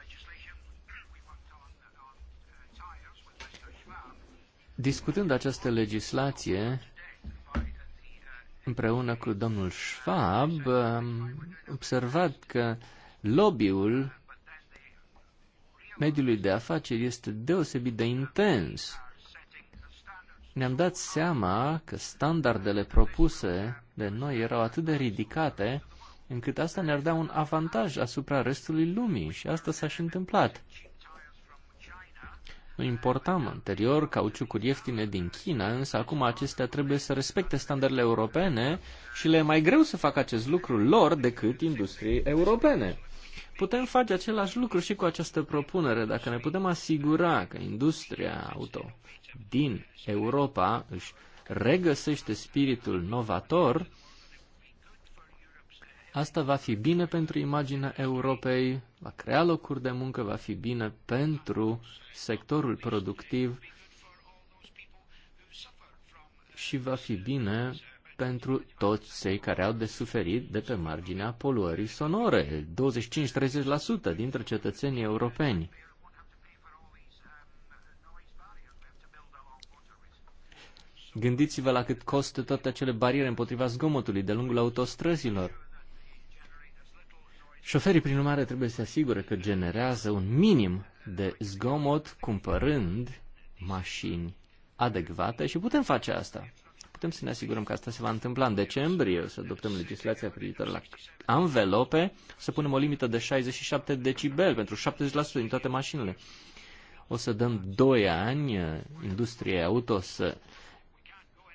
S2: Discutând această legislație, împreună cu domnul Schwab, am observat că lobby-ul mediului de afaceri este deosebit de intens. Ne-am dat seama că standardele propuse de noi erau atât de ridicate, încât asta ne-ar da un avantaj asupra restului lumii și asta s-a și întâmplat. Noi importam anterior cauciucuri ieftine din China, însă acum acestea trebuie să respecte standardele europene și le e mai greu să facă acest lucru lor decât industriei europene. Putem face același lucru și cu această propunere dacă ne putem asigura că industria auto din Europa își regăsește spiritul novator, Asta va fi bine pentru imaginea Europei, va crea locuri de muncă, va fi bine pentru sectorul productiv și va fi bine pentru toți cei care au de suferit de pe marginea poluării sonore, 25-30% dintre cetățenii europeni. Gândiți-vă la cât costă toate acele bariere împotriva zgomotului de lungul autostrăzilor. Șoferii, prin urmare, trebuie să se asigure că generează un minim de zgomot cumpărând mașini adecvate și putem face asta. Putem să ne asigurăm că asta se va întâmpla în decembrie, o să adoptăm legislația privitor la anvelope, să punem o limită de 67 decibel pentru 70% din toate mașinile. O să dăm 2 ani uh, industriei auto să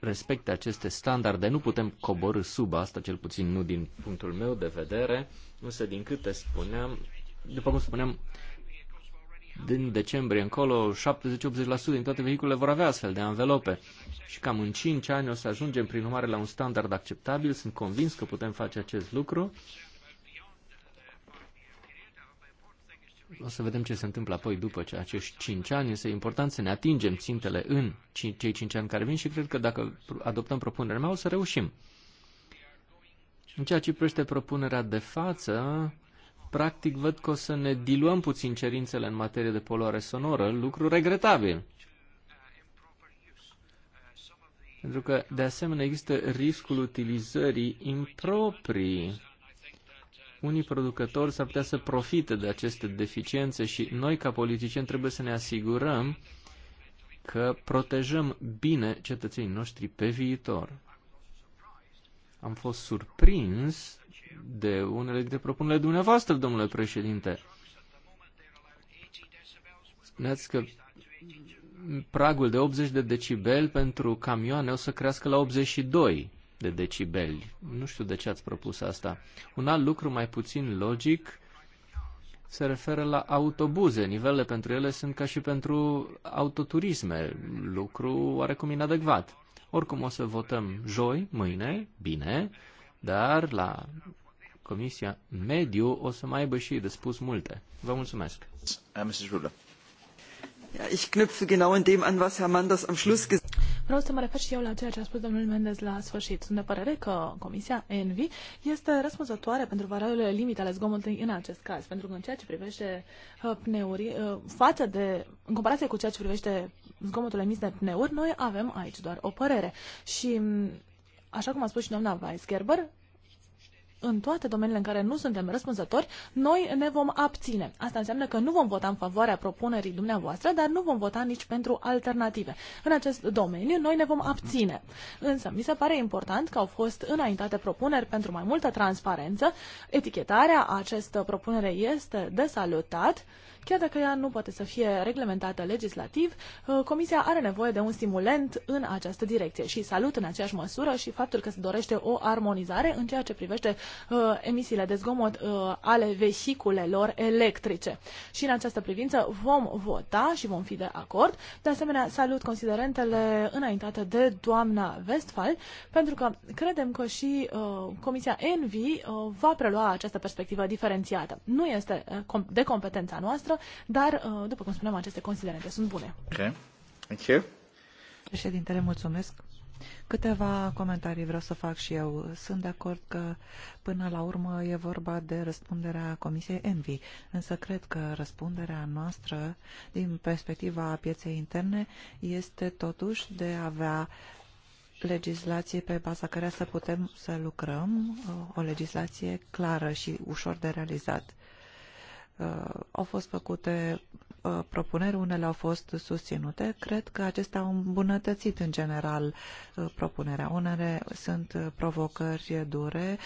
S2: respecte aceste standarde. Nu putem coborâ sub asta, cel puțin nu din punctul meu de vedere, însă din câte spuneam, după cum spuneam, din decembrie încolo, 70-80% din toate vehiculele vor avea astfel de anvelope. Și cam în 5 ani o să ajungem, prin urmare, la un standard acceptabil. Sunt convins că putem face acest lucru. O să vedem ce se întâmplă apoi după ce acești 5 ani, este important să ne atingem țintele în cei 5 ani care vin și cred că dacă adoptăm propunerea mea o să reușim. În ceea ce privește propunerea de față, practic văd că o să ne diluăm puțin cerințele în materie de poluare sonoră, lucru regretabil. Pentru că, de asemenea, există riscul utilizării improprii unii producători s-ar putea să profite de aceste deficiențe și noi, ca politicieni, trebuie să ne asigurăm că protejăm bine cetățenii noștri pe viitor. Am fost surprins de unele dintre propunerile dumneavoastră, domnule președinte. Spuneați că pragul de 80 de decibel pentru camioane o să crească la 82 de decibeli. Nu știu de ce ați propus asta. Un alt lucru mai puțin logic se referă la autobuze. Nivelele pentru ele sunt ca și pentru autoturisme, lucru oarecum inadecvat. Oricum o să votăm joi, mâine, bine, dar la Comisia Mediu o să mai aibă și de spus multe. Vă mulțumesc. Uh, ja, ich knüpfe genau in dem an, was Herr Manders am Schluss gesagt hat.
S4: Vreau să mă refer și eu la ceea ce a spus domnul Mendez la sfârșit. Sunt de părere că Comisia ENVI este răspunzătoare pentru valorile limite ale zgomotului în acest caz, pentru că în ceea ce privește uh, pneuri, uh, față de, în comparație cu ceea ce privește zgomotul emis de pneuri, noi avem aici doar o părere. Și mm, Așa cum a spus și doamna Weisgerber, în toate domeniile în care nu suntem răspunzători, noi ne vom abține. Asta înseamnă că nu vom vota în favoarea propunerii dumneavoastră, dar nu vom vota nici pentru alternative. În acest domeniu noi ne vom abține. Însă mi se pare important că au fost înaintate propuneri pentru mai multă transparență. Etichetarea acestă propunere este de salutat Chiar dacă ea nu poate să fie reglementată legislativ, uh, Comisia are nevoie de un stimulent în această direcție și salut în aceeași măsură și faptul că se dorește o armonizare în ceea ce privește uh, emisiile de zgomot uh, ale vehiculelor electrice. Și în această privință vom vota și vom fi de acord. De asemenea, salut considerentele înaintate de doamna Westphal, pentru că credem că și Comisia Envi va prelua această perspectivă diferențiată. Nu este de competența noastră, dar, uh, după cum spuneam, aceste considerente sunt bune.
S2: Ok, Thank you.
S3: Președintele, mulțumesc. Câteva comentarii vreau să fac și eu. Sunt de acord că până la urmă e vorba de răspunderea Comisiei Envi, însă cred că răspunderea noastră din perspectiva pieței interne este totuși de a avea legislație pe baza care să putem să lucrăm, uh, o legislație clară și ușor de realizat. Uh, au fost făcute uh, propuneri, unele au fost susținute. Cred că acestea au îmbunătățit în general uh, propunerea. Unele sunt provocări dure,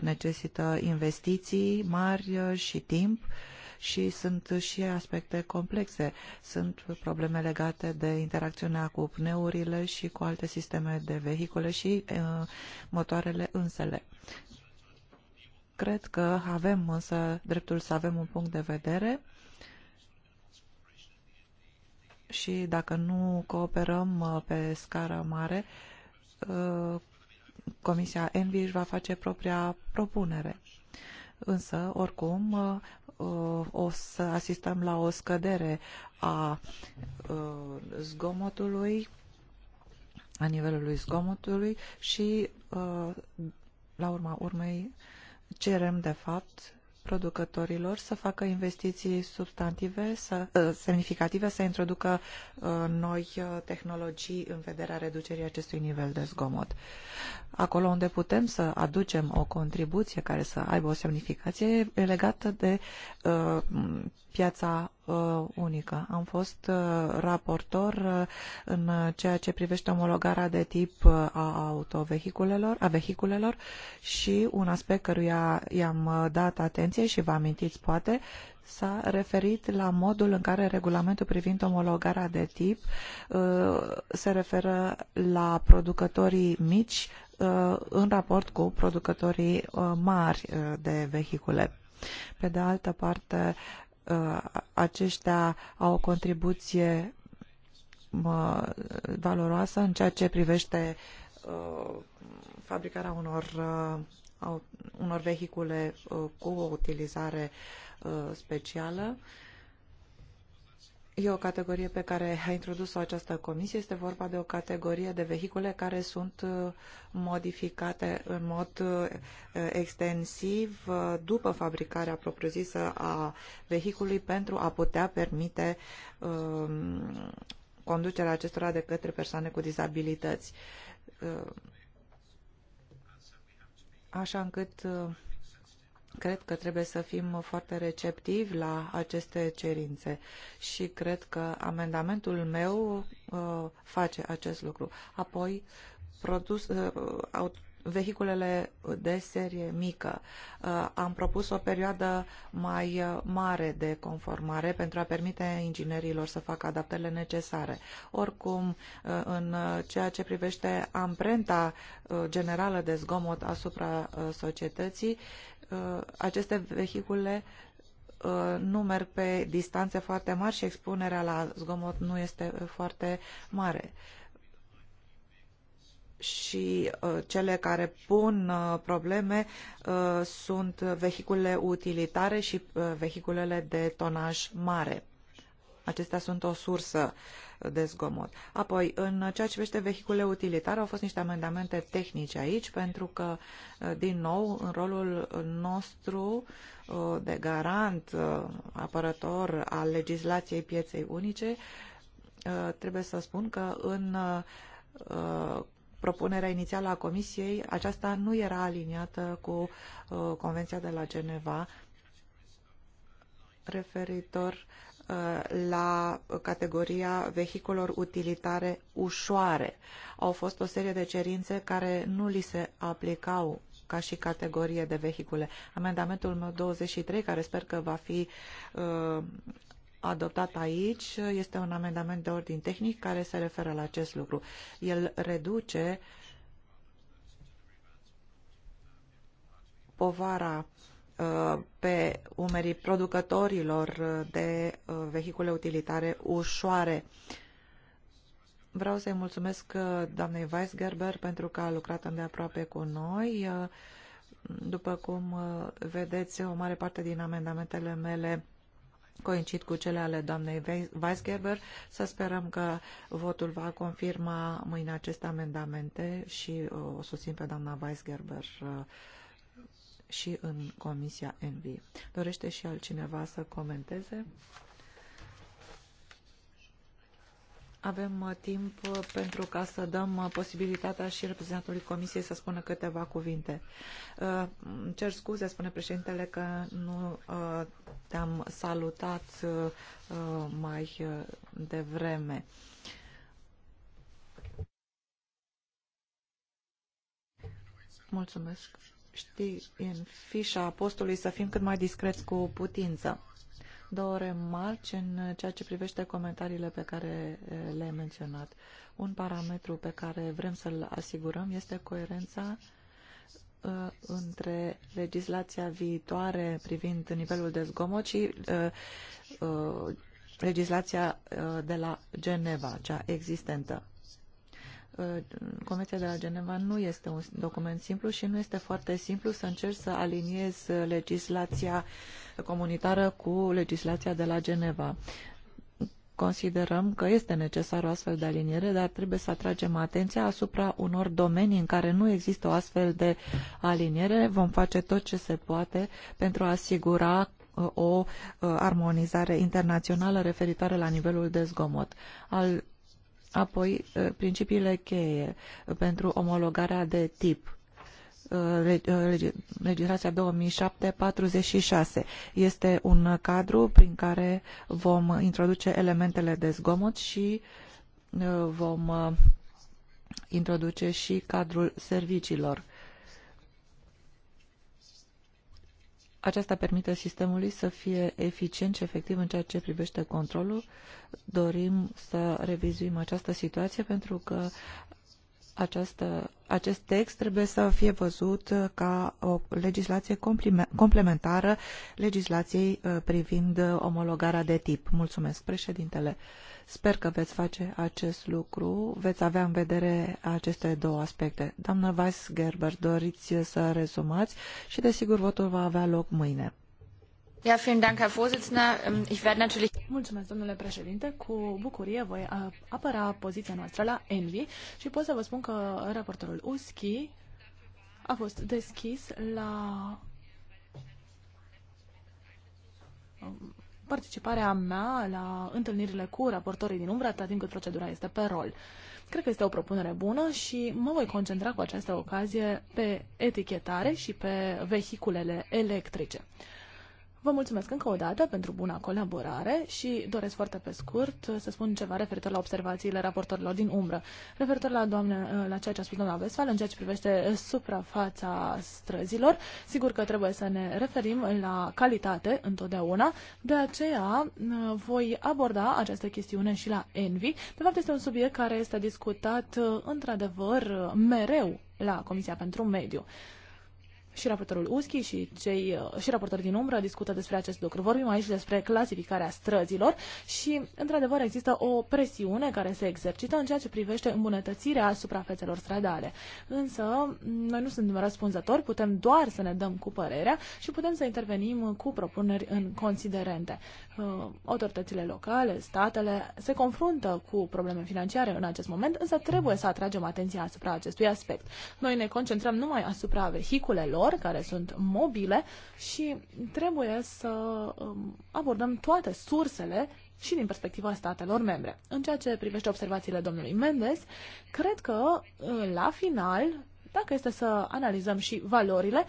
S3: necesită investiții mari și timp și sunt și aspecte complexe. Sunt probleme legate de interacțiunea cu pneurile și cu alte sisteme de vehicule și motoarele însele. Cred că avem însă dreptul să avem un punct de vedere și dacă nu cooperăm uh, pe scară mare, uh, Comisia Envi va face propria propunere. Însă, oricum, uh, o să asistăm la o scădere a zgomotului, a nivelului zgomotului și, la urma urmei, cerem, de fapt, producătorilor să facă investiții substantive, să, ă, semnificative, să introducă ă, noi ă, tehnologii în vederea reducerii acestui nivel de zgomot. Acolo unde putem să aducem o contribuție care să aibă o semnificație legată de piața Uh, unică. Am fost uh, raportor uh, în ceea ce privește omologarea de tip a autovehiculelor, a vehiculelor și un aspect căruia i-am dat atenție și vă amintiți poate, s-a referit la modul în care regulamentul privind omologarea de tip se referă la producătorii mici în raport cu producătorii mari de vehicule. Pe de altă parte, Uh, aceștia au o contribuție valoroasă în ceea ce privește uh, fabricarea unor, uh, unor vehicule cu o utilizare specială E o categorie pe care a introdus-o această comisie. Este vorba de o categorie de vehicule care sunt uh, modificate în mod uh, extensiv uh, după fabricarea propriu-zisă a vehicului pentru a putea permite um, conducerea acestora de către persoane cu dizabilități. Așa încât Cred că trebuie să fim foarte receptivi la aceste cerințe și cred că amendamentul meu uh, face acest lucru. Apoi, produs, uh, vehiculele de serie mică. Uh, am propus o perioadă mai mare de conformare pentru a permite inginerilor să facă adaptările necesare. Oricum, în ceea ce privește amprenta generală de zgomot asupra societății, Uh, aceste vehicule uh, nu merg pe distanțe foarte mari și expunerea la zgomot nu este uh, foarte mare. Și cele care pun probleme sunt vehiculele utilitare și vehiculele de tonaj mare Acestea sunt o sursă de zgomot. Apoi, în ceea ce privește vehicule utilitare, au fost niște amendamente tehnice aici, pentru că, uh, din nou, în rolul nostru uh, de garant, uh, apărător al legislației pieței unice, trebuie să spun că în propunerea inițială a Comisiei, aceasta nu era aliniată cu Convenția de la Geneva referitor Uh, la categoria vehiculor utilitare ușoare. Au fost o serie de cerințe care nu li se aplicau ca și categorie de vehicule. Amendamentul meu 23, care sper că va fi uh, adoptat aici, este un amendament de ordin tehnic care se referă la acest lucru. El reduce povara uh, Uh, pe umerii producătorilor de uh, vehicule utilitare ușoare. Vreau să-i mulțumesc uh, doamnei Weisgerber pentru că a lucrat îndeaproape cu noi. După cum vedeți, o mare parte din amendamentele mele coincid cu cele ale doamnei Weisgerber. Să sperăm că votul va confirma mâine aceste amendamente și o susțin pe doamna Weisgerber și în Comisia Envi. Dorește și altcineva să comenteze? Avem uh, timp uh, pentru ca să dăm uh, posibilitatea și reprezentantului Comisiei să spună câteva cuvinte. Cer scuze, spune președintele, că nu te-am salutat mai devreme. Mulțumesc știi, în fișa postului să fim cât mai discreți cu putință. Două remarci în ceea ce privește comentariile pe care eh, le-ai menționat. Un parametru pe care vrem să-l asigurăm este coerența eh, între legislația viitoare privind nivelul de zgomot și uh, uh, legislația de la Geneva, cea existentă. Convenția de la Geneva nu este un document simplu și nu este foarte simplu să încerci să aliniezi legislația comunitară cu legislația de la Geneva. Considerăm că este necesar o astfel de aliniere, dar trebuie să atragem atenția asupra unor domenii în care nu există o astfel de aliniere. Vom face tot ce se poate pentru a asigura uh, o uh, armonizare internațională referitoare la nivelul de zgomot. Al Apoi, eh, principiile cheie pentru omologarea de tip. Eh, eh, legislația 2007-46 este un cadru prin care vom introduce elementele de zgomot și vom introduce și cadrul serviciilor Aceasta permite sistemului să fie eficient și efectiv în ceea ce privește controlul. Dorim să revizuim această situație pentru că această, acest text trebuie să fie văzut ca o legislație complementară legislației uh, privind uh, omologarea de tip. Mulțumesc, președintele. Sper că veți face acest lucru, veți avea în vedere aceste două aspecte. Doamnă Weiss Gerber, doriți să rezumați și desigur votul va avea loc mâine.
S1: Ja, vielen
S4: Dank, Herr Vorsitzender. Ähm, ich werde natürlich... Mulțumesc, domnule președinte. Cu bucurie voi apăra poziția noastră la Envi și pot să vă spun că raportorul Uschi a fost deschis la participarea mea la întâlnirile cu raportorii din umbră, atât timp cât procedura este pe rol. Cred că este o propunere bună și mă voi concentra cu această ocazie pe etichetare și pe vehiculele electrice. Vă mulțumesc încă o dată pentru buna colaborare și doresc foarte pe scurt uh, să spun ceva referitor la observațiile raportorilor din umbră. Referitor la, doamne, uh, la ceea ce a spus doamna Vesfal în ceea ce privește uh, suprafața străzilor, sigur că trebuie să ne referim la calitate întotdeauna, de aceea voi aborda această chestiune și la Envi. De fapt, este un subiect care este discutat într-adevăr mereu la Comisia pentru Mediu și raportorul Uschi și, cei, uh, și raportori din umbră discută despre acest lucru. Vorbim aici despre clasificarea străzilor și, într-adevăr, există o presiune care se exercită în ceea ce privește îmbunătățirea suprafețelor stradale. Însă, noi nu suntem răspunzători, putem doar să ne dăm cu părerea și putem să intervenim cu propuneri în considerente. Uh, autoritățile locale, statele, se confruntă cu probleme financiare în acest moment, însă trebuie să atragem atenția asupra acestui aspect. Noi ne concentrăm numai asupra vehiculelor, care sunt mobile, și trebuie să um, abordăm toate sursele și din perspectiva statelor membre. În ceea ce privește observațiile domnului Mendes, cred că uh, la final dacă este să analizăm și valorile,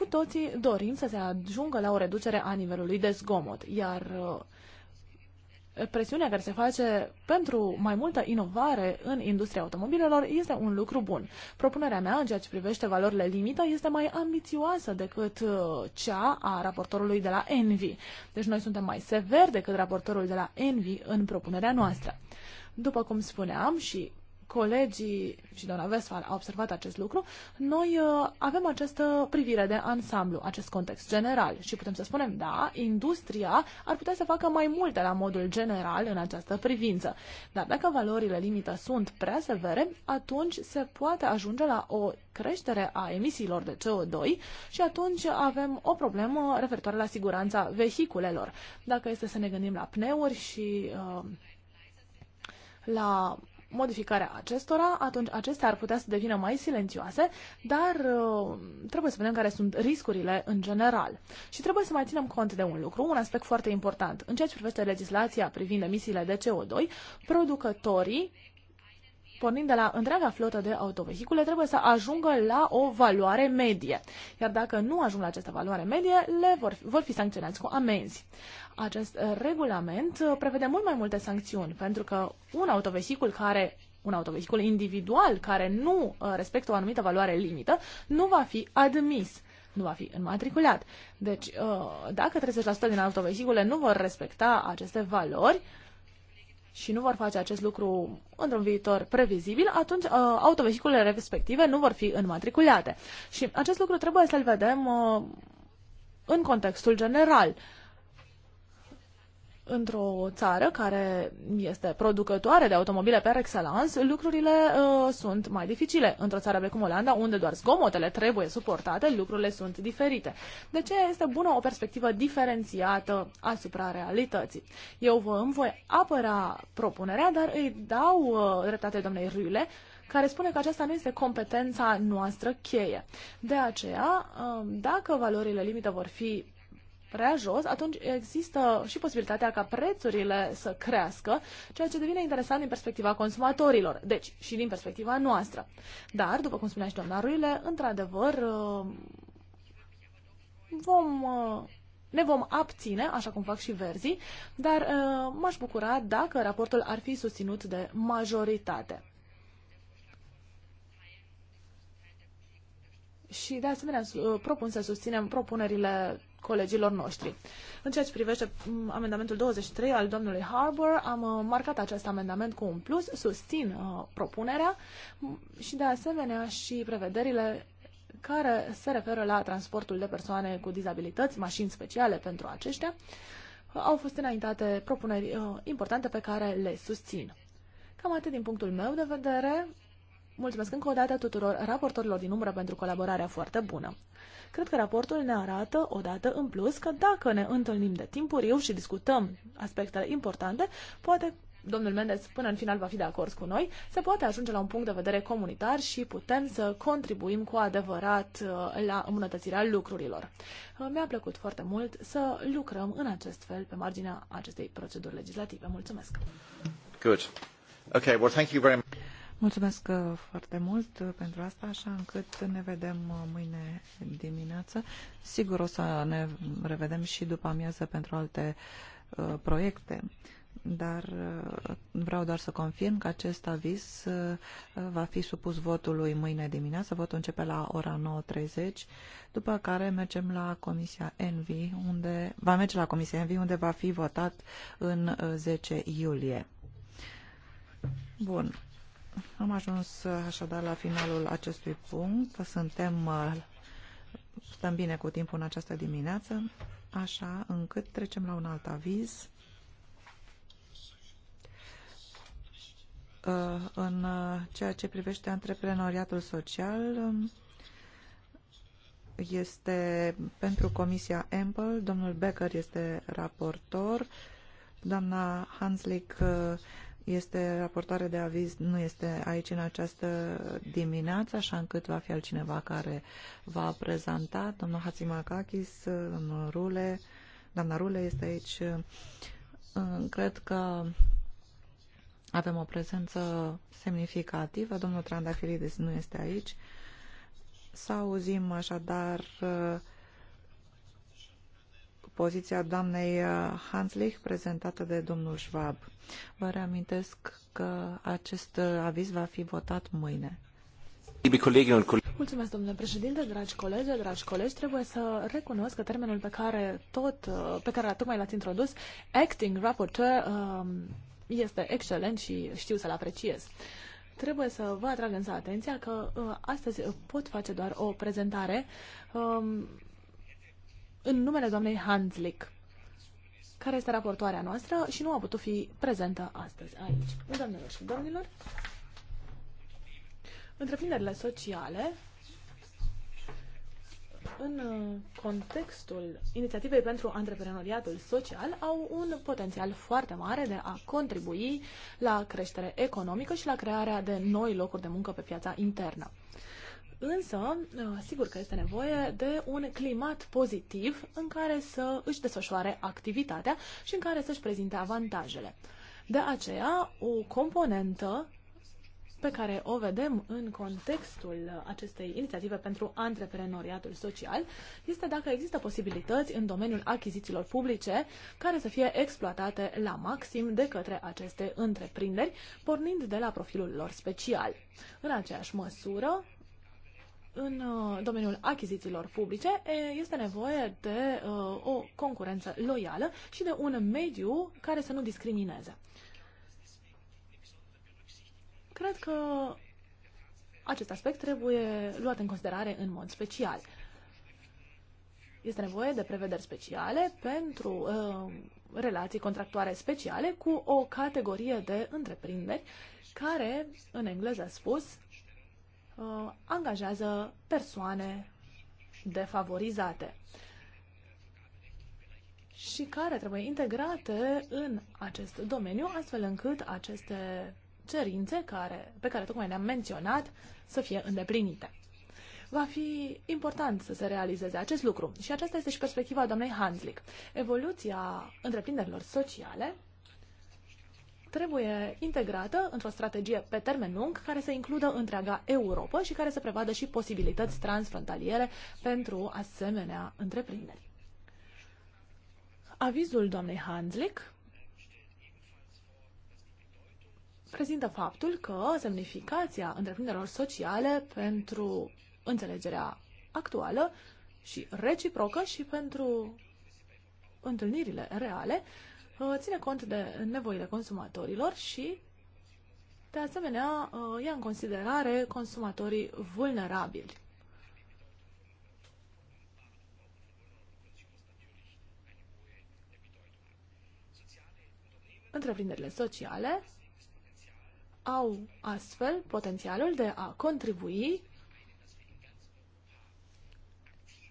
S4: cu toții dorim să se ajungă la o reducere a nivelului de zgomot, iar uh, presiunea care se face pentru mai multă inovare în industria automobilelor este un lucru bun. Propunerea mea în ceea ce privește valorile limită este mai ambițioasă decât uh, cea a raportorului de la Envy. Deci noi suntem mai severi decât raportorul de la Envy în propunerea noastră. După cum spuneam și colegii și doamna Vesfar a observat acest lucru, noi uh, avem această privire de ansamblu, acest context general și putem să spunem, da, industria ar putea să facă mai multe la modul general în această privință. Dar dacă valorile limită sunt prea severe, atunci se poate ajunge la o creștere a emisiilor de CO2 și atunci avem o problemă referitoare la siguranța vehiculelor. Dacă este să ne gândim la pneuri și uh, la modificarea acestora, atunci acestea ar putea să devină mai silențioase, dar uh, trebuie să vedem care sunt riscurile în general. Și trebuie să mai ținem cont de un lucru, un aspect foarte important. În ceea ce privește legislația privind emisiile de CO2, producătorii pornind de la întreaga flotă de autovehicule, trebuie să ajungă la o valoare medie. Iar dacă nu ajung la această valoare medie, le vor, vor fi sancționați cu amenzi. Acest uh, regulament uh, prevede mult mai multe sancțiuni, pentru că un autovehicul care un autovehicul individual care nu uh, respectă o anumită valoare limită nu va fi admis, nu va fi înmatriculat. Deci, dacă 30% din autovehicule nu vor respecta aceste valori, și nu vor face acest lucru într-un viitor previzibil, atunci autovehiculele respective nu vor fi înmatriculate. Și acest lucru trebuie să-l vedem în contextul general într-o țară care este producătoare de automobile per excellence, lucrurile uh, sunt mai dificile. Într-o țară precum Olanda, unde doar zgomotele trebuie suportate, lucrurile sunt diferite. De ce este bună o perspectivă diferențiată asupra realității? Eu vă îmi voi apăra propunerea, dar îi dau uh, dreptate domnei Rüle, care spune că aceasta nu este competența noastră cheie. De aceea, uh, dacă valorile limită vor fi prea jos, atunci există și posibilitatea ca prețurile să crească, ceea ce devine interesant din perspectiva consumatorilor, deci și din perspectiva noastră. Dar, după cum spunea și doamna Ruile, într-adevăr uh, vom uh, ne vom abține, așa cum fac și verzii, dar uh, m-aș bucura dacă raportul ar fi susținut de majoritate. Și de asemenea uh, propun să susținem propunerile colegilor noștri. În ceea ce privește mm, amendamentul 23 al domnului Harbour, am uh, marcat acest amendament cu un plus, susțin uh, propunerea mm, și de asemenea și prevederile care se referă la transportul de persoane cu dizabilități, mașini speciale pentru aceștia, uh, au fost înaintate propuneri uh, importante pe care le susțin. Cam atât din punctul meu de vedere. Mulțumesc încă o dată tuturor raportorilor din umbră pentru colaborarea foarte bună. Cred că raportul ne arată odată în plus că dacă ne întâlnim de timpuriu și discutăm aspectele importante, poate domnul Mendes până în final va fi de acord cu noi, se poate ajunge la un punct de vedere comunitar și putem să contribuim cu adevărat uh, la îmbunătățirea lucrurilor. Uh, mi-a plăcut foarte mult să lucrăm în acest fel pe marginea acestei proceduri legislative. Mulțumesc!
S1: Good. Okay, well, thank you very much.
S3: Mulțumesc uh, foarte mult uh, pentru asta, așa încât ne vedem uh, mâine dimineață. Sigur o să ne revedem și după amiază pentru alte proiecte, dar vreau doar să confirm că acest aviz va fi supus votului mâine dimineață. Votul începe la ora 9.30, după care mergem la Comisia Envi, unde va merge la Comisia Envi, unde va fi votat în 10 iulie. Bun. Am ajuns așadar la finalul acestui punct. Suntem uh, stăm bine cu timpul în această dimineață, așa încât trecem la un alt aviz. Uh, în uh, ceea ce privește antreprenoriatul social, um, este pentru Comisia Ample, domnul Becker este raportor, doamna Hanslick este raportare de aviz, nu este aici în această dimineață, așa încât va fi altcineva care va prezenta. Domnul Hatzimakakis, domnul Rule, doamna Rule este aici. Cred că avem o prezență semnificativă. Domnul Trandafilides nu este aici. Să auzim așadar uh, poziția doamnei uh, Hanslich prezentată de domnul Schwab. Vă reamintesc că acest uh, aviz va fi votat mâine. Mulțumesc, domnule
S4: președinte, dragi colegi, dragi colegi. Trebuie să recunosc că termenul pe care tot, uh, pe care tocmai l-ați introdus, acting rapporteur, um, este excelent și știu să-l apreciez trebuie să vă atrag însă atenția că astăzi pot face doar o prezentare. Um, în numele doamnei Hanslick, care este raportoarea noastră și nu a putut fi prezentă astăzi aici. Doamnelor și domnilor, întreprinderile sociale în contextul inițiativei pentru antreprenoriatul social au un potențial foarte mare de a contribui la creștere economică și la crearea de noi locuri de muncă pe piața internă. Însă, uh, sigur că este nevoie de un climat pozitiv în care să își desfășoare activitatea și în care să-și prezinte avantajele. De aceea, o componentă pe care o vedem în contextul acestei inițiative pentru antreprenoriatul social este dacă există posibilități în domeniul achizițiilor publice care să fie exploatate la maxim de către aceste întreprinderi, pornind de la profilul lor special. În aceeași măsură, în uh, domeniul achizițiilor publice este nevoie de uh, o concurență loială și de un mediu care să nu discrimineze. Cred că acest aspect trebuie luat în considerare în mod special. Este nevoie de prevederi speciale pentru uh, relații contractuale speciale cu o categorie de întreprinderi care, în engleză spus, uh, angajează persoane defavorizate și care trebuie integrate în acest domeniu, astfel încât aceste cerințe care, pe care tocmai le-am menționat să fie îndeplinite. Va fi important să se realizeze acest lucru și aceasta este și perspectiva doamnei Hanslick. Evoluția întreprinderilor sociale trebuie integrată într-o strategie pe termen lung care să includă întreaga Europa și care să prevadă și posibilități transfrontaliere pentru asemenea întreprinderi. Avizul doamnei Hanslick prezintă faptul că semnificația întreprinderilor sociale pentru înțelegerea actuală și reciprocă și pentru întâlnirile reale ține cont de nevoile consumatorilor și, de asemenea, uh, ia în considerare consumatorii vulnerabili. Întreprinderile sociale au astfel potențialul de a contribui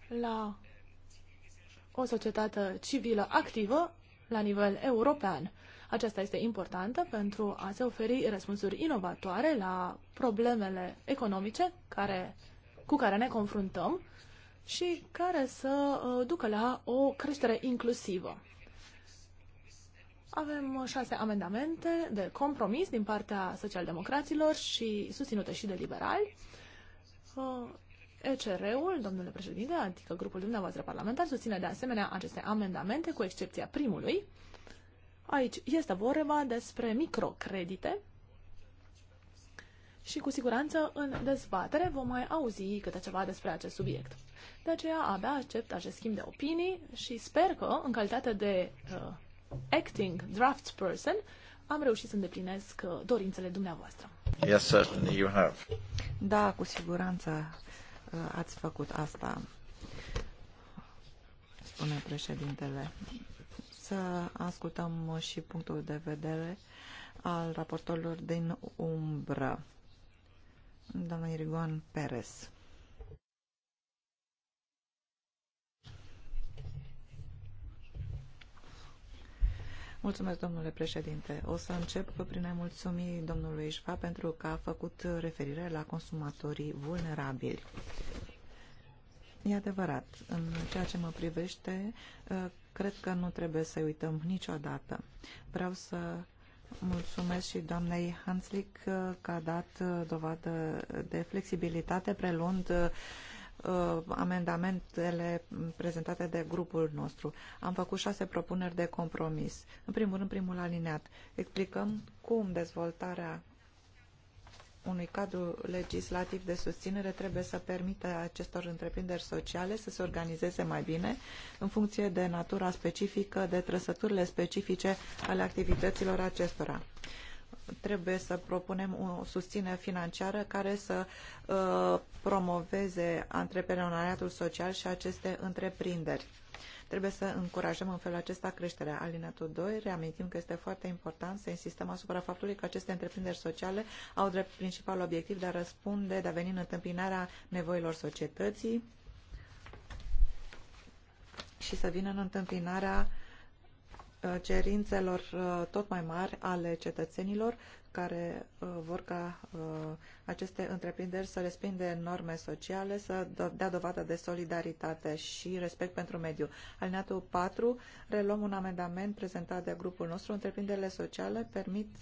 S4: la o societate civilă activă la nivel european. Aceasta este importantă pentru a se oferi răspunsuri inovatoare la problemele economice care, cu care ne confruntăm și care să uh, ducă la o creștere inclusivă. Avem șase amendamente de compromis din partea socialdemocraților și susținute și de liberali. Uh, ECR-ul, domnule președinte, adică grupul dumneavoastră parlamentar, susține de asemenea aceste amendamente, cu excepția primului. Aici este vorba despre microcredite și cu siguranță în dezbatere vom mai auzi câte ceva despre acest subiect. De aceea abia accept acest schimb de opinii și sper că, în calitate de uh, acting draft person, am reușit
S3: să îndeplinesc uh, dorințele dumneavoastră.
S1: Yes, certainly you have.
S3: Da, cu siguranță ați făcut asta, spune președintele. Să ascultăm și punctul de vedere al raportorilor din umbră. Doamna Irigoan Perez. Mulțumesc, domnule președinte. O să încep prin a mulțumi domnului Ișva pentru că a făcut referire la consumatorii vulnerabili. E adevărat, în ceea ce mă privește, ă, cred că nu trebuie să uităm niciodată. Vreau să Mulțumesc și doamnei Hanslick că a dat dovadă de flexibilitate preluând Uh, amendamentele prezentate de grupul nostru. Am făcut șase propuneri de compromis. În primul rând, primul alineat. Explicăm cum dezvoltarea unui cadru legislativ de susținere trebuie să permită acestor întreprinderi sociale să se organizeze mai bine în funcție de natura specifică, de trăsăturile specifice ale activităților acestora trebuie să propunem o susținere financiară care să uh, promoveze antreprenoriatul social și aceste întreprinderi. Trebuie să încurajăm în felul acesta creșterea. Alinatul 2, reamintim că este foarte important să insistăm asupra faptului că aceste întreprinderi sociale au drept principal obiectiv de a răspunde, de a veni în întâmpinarea nevoilor societății și să vină în întâmpinarea Uh, cerințelor uh, tot mai mari ale cetățenilor care uh, vor ca aceste întreprinderi să respinde norme sociale, să dea dovadă de solidaritate și respect pentru mediu. Alineatul 4, reluăm un amendament prezentat de grupul nostru. Întreprinderile sociale permit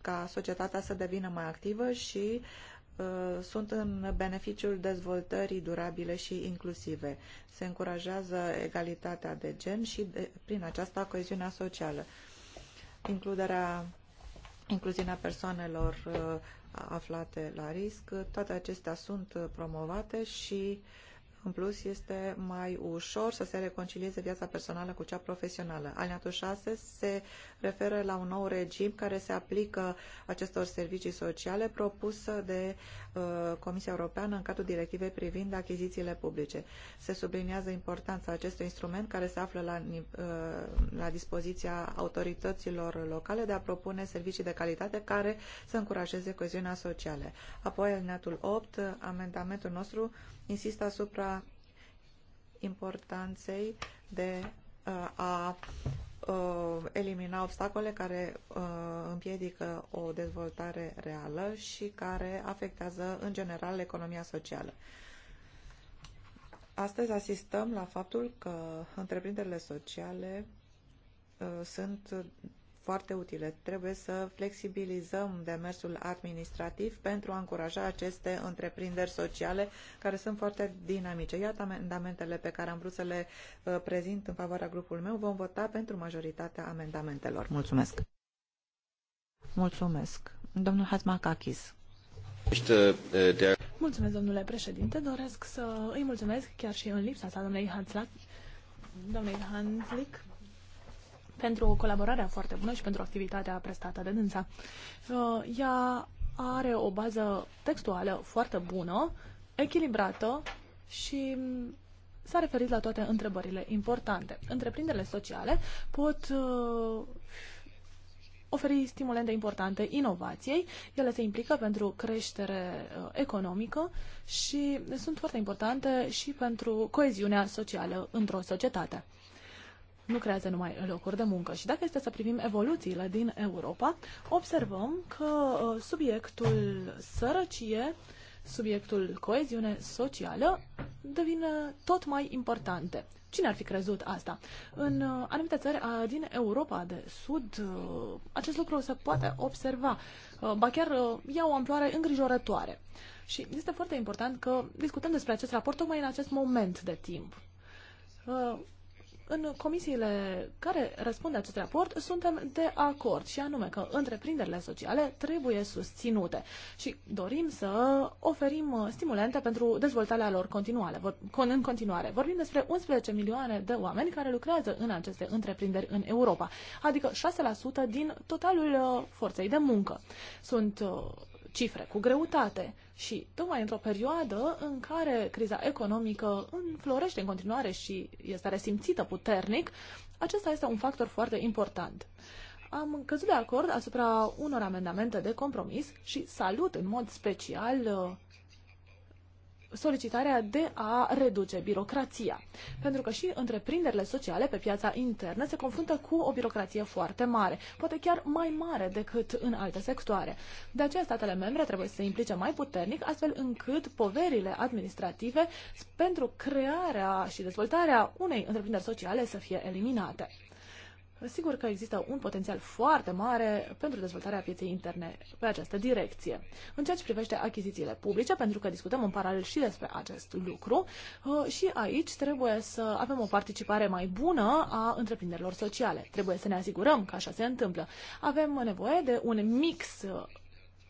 S3: ca societatea să devină mai activă și uh, Uh, sunt în beneficiul dezvoltării durabile și inclusive. Se încurajează egalitatea de gen și de, prin aceasta coeziunea socială. Includerea, incluziunea persoanelor uh, aflate la risc, toate acestea sunt uh, promovate și uh, în plus, este mai ușor să se reconcilieze viața personală cu cea profesională. Alineatul 6 se referă la un nou regim care se aplică acestor servicii sociale propusă de uh, Comisia Europeană în cadrul directivei privind achizițiile publice. Se subliniază importanța acestui instrument care se află la, uh, la dispoziția autorităților locale de a propune servicii de calitate care să încurajeze coeziunea socială. Apoi, alineatul 8, amendamentul nostru Insist asupra importanței de uh, a uh, elimina obstacole care uh, împiedică o dezvoltare reală și care afectează în general economia socială. Astăzi asistăm la faptul că întreprinderile sociale sunt foarte utile. Trebuie să flexibilizăm demersul administrativ pentru a încuraja aceste întreprinderi sociale care sunt foarte dinamice. Iată amendamentele pe care am vrut să le uh, prezint în favoarea grupului meu. Vom vota pentru majoritatea amendamentelor. Mulțumesc! Mulțumesc! Domnul Hazmakakis. Mulțumesc,
S4: domnule președinte. Doresc să îi mulțumesc chiar și în lipsa sa, domnului Hanslick, domnului Hanslick pentru colaborarea foarte bună și pentru activitatea prestată de dânsa. Uh, ea are o bază textuală foarte bună, echilibrată și mm, s-a referit la toate întrebările importante. Întreprinderile sociale pot uh, oferi stimulente importante inovației. Ele se implică pentru creștere uh, economică și sunt foarte importante și pentru coeziunea socială într-o societate nu creează numai locuri de muncă. Și dacă este să privim evoluțiile din Europa, observăm că uh, subiectul sărăcie, subiectul coeziune socială devine tot mai importante. Cine ar fi crezut asta? În uh, anumite țări din Europa de Sud, uh, acest lucru se poate observa, ba chiar ia o amploare îngrijorătoare. Și este foarte important că discutăm despre acest raport tocmai în acest moment de timp în comisiile care răspund acest raport suntem de acord și anume că întreprinderile sociale trebuie susținute și dorim să oferim stimulente pentru dezvoltarea lor continuare. în continuare. Vorbim despre 11 milioane de oameni care lucrează în aceste întreprinderi în Europa, adică 6% din totalul uh, forței de muncă. Sunt uh, cifre cu greutate și tocmai într-o perioadă în care criza economică înflorește în continuare și este resimțită puternic, acesta este un factor foarte important. Am căzut de acord asupra unor amendamente de compromis și salut în mod special uh, solicitarea de a reduce birocrația. Pentru că și întreprinderile sociale pe piața internă se confruntă cu o birocrație foarte mare, poate chiar mai mare decât în alte sectoare. De aceea, statele membre trebuie să se implice mai puternic, astfel încât poverile administrative pentru crearea și dezvoltarea unei întreprinderi sociale să fie eliminate. Sigur că există un potențial foarte mare pentru dezvoltarea pieței interne pe această direcție. În ceea ce privește achizițiile publice, pentru că discutăm în paralel și despre acest lucru, uh, și aici trebuie să avem o participare mai bună a întreprinderilor sociale. Trebuie să ne asigurăm că așa se întâmplă. Avem nevoie de un mix uh,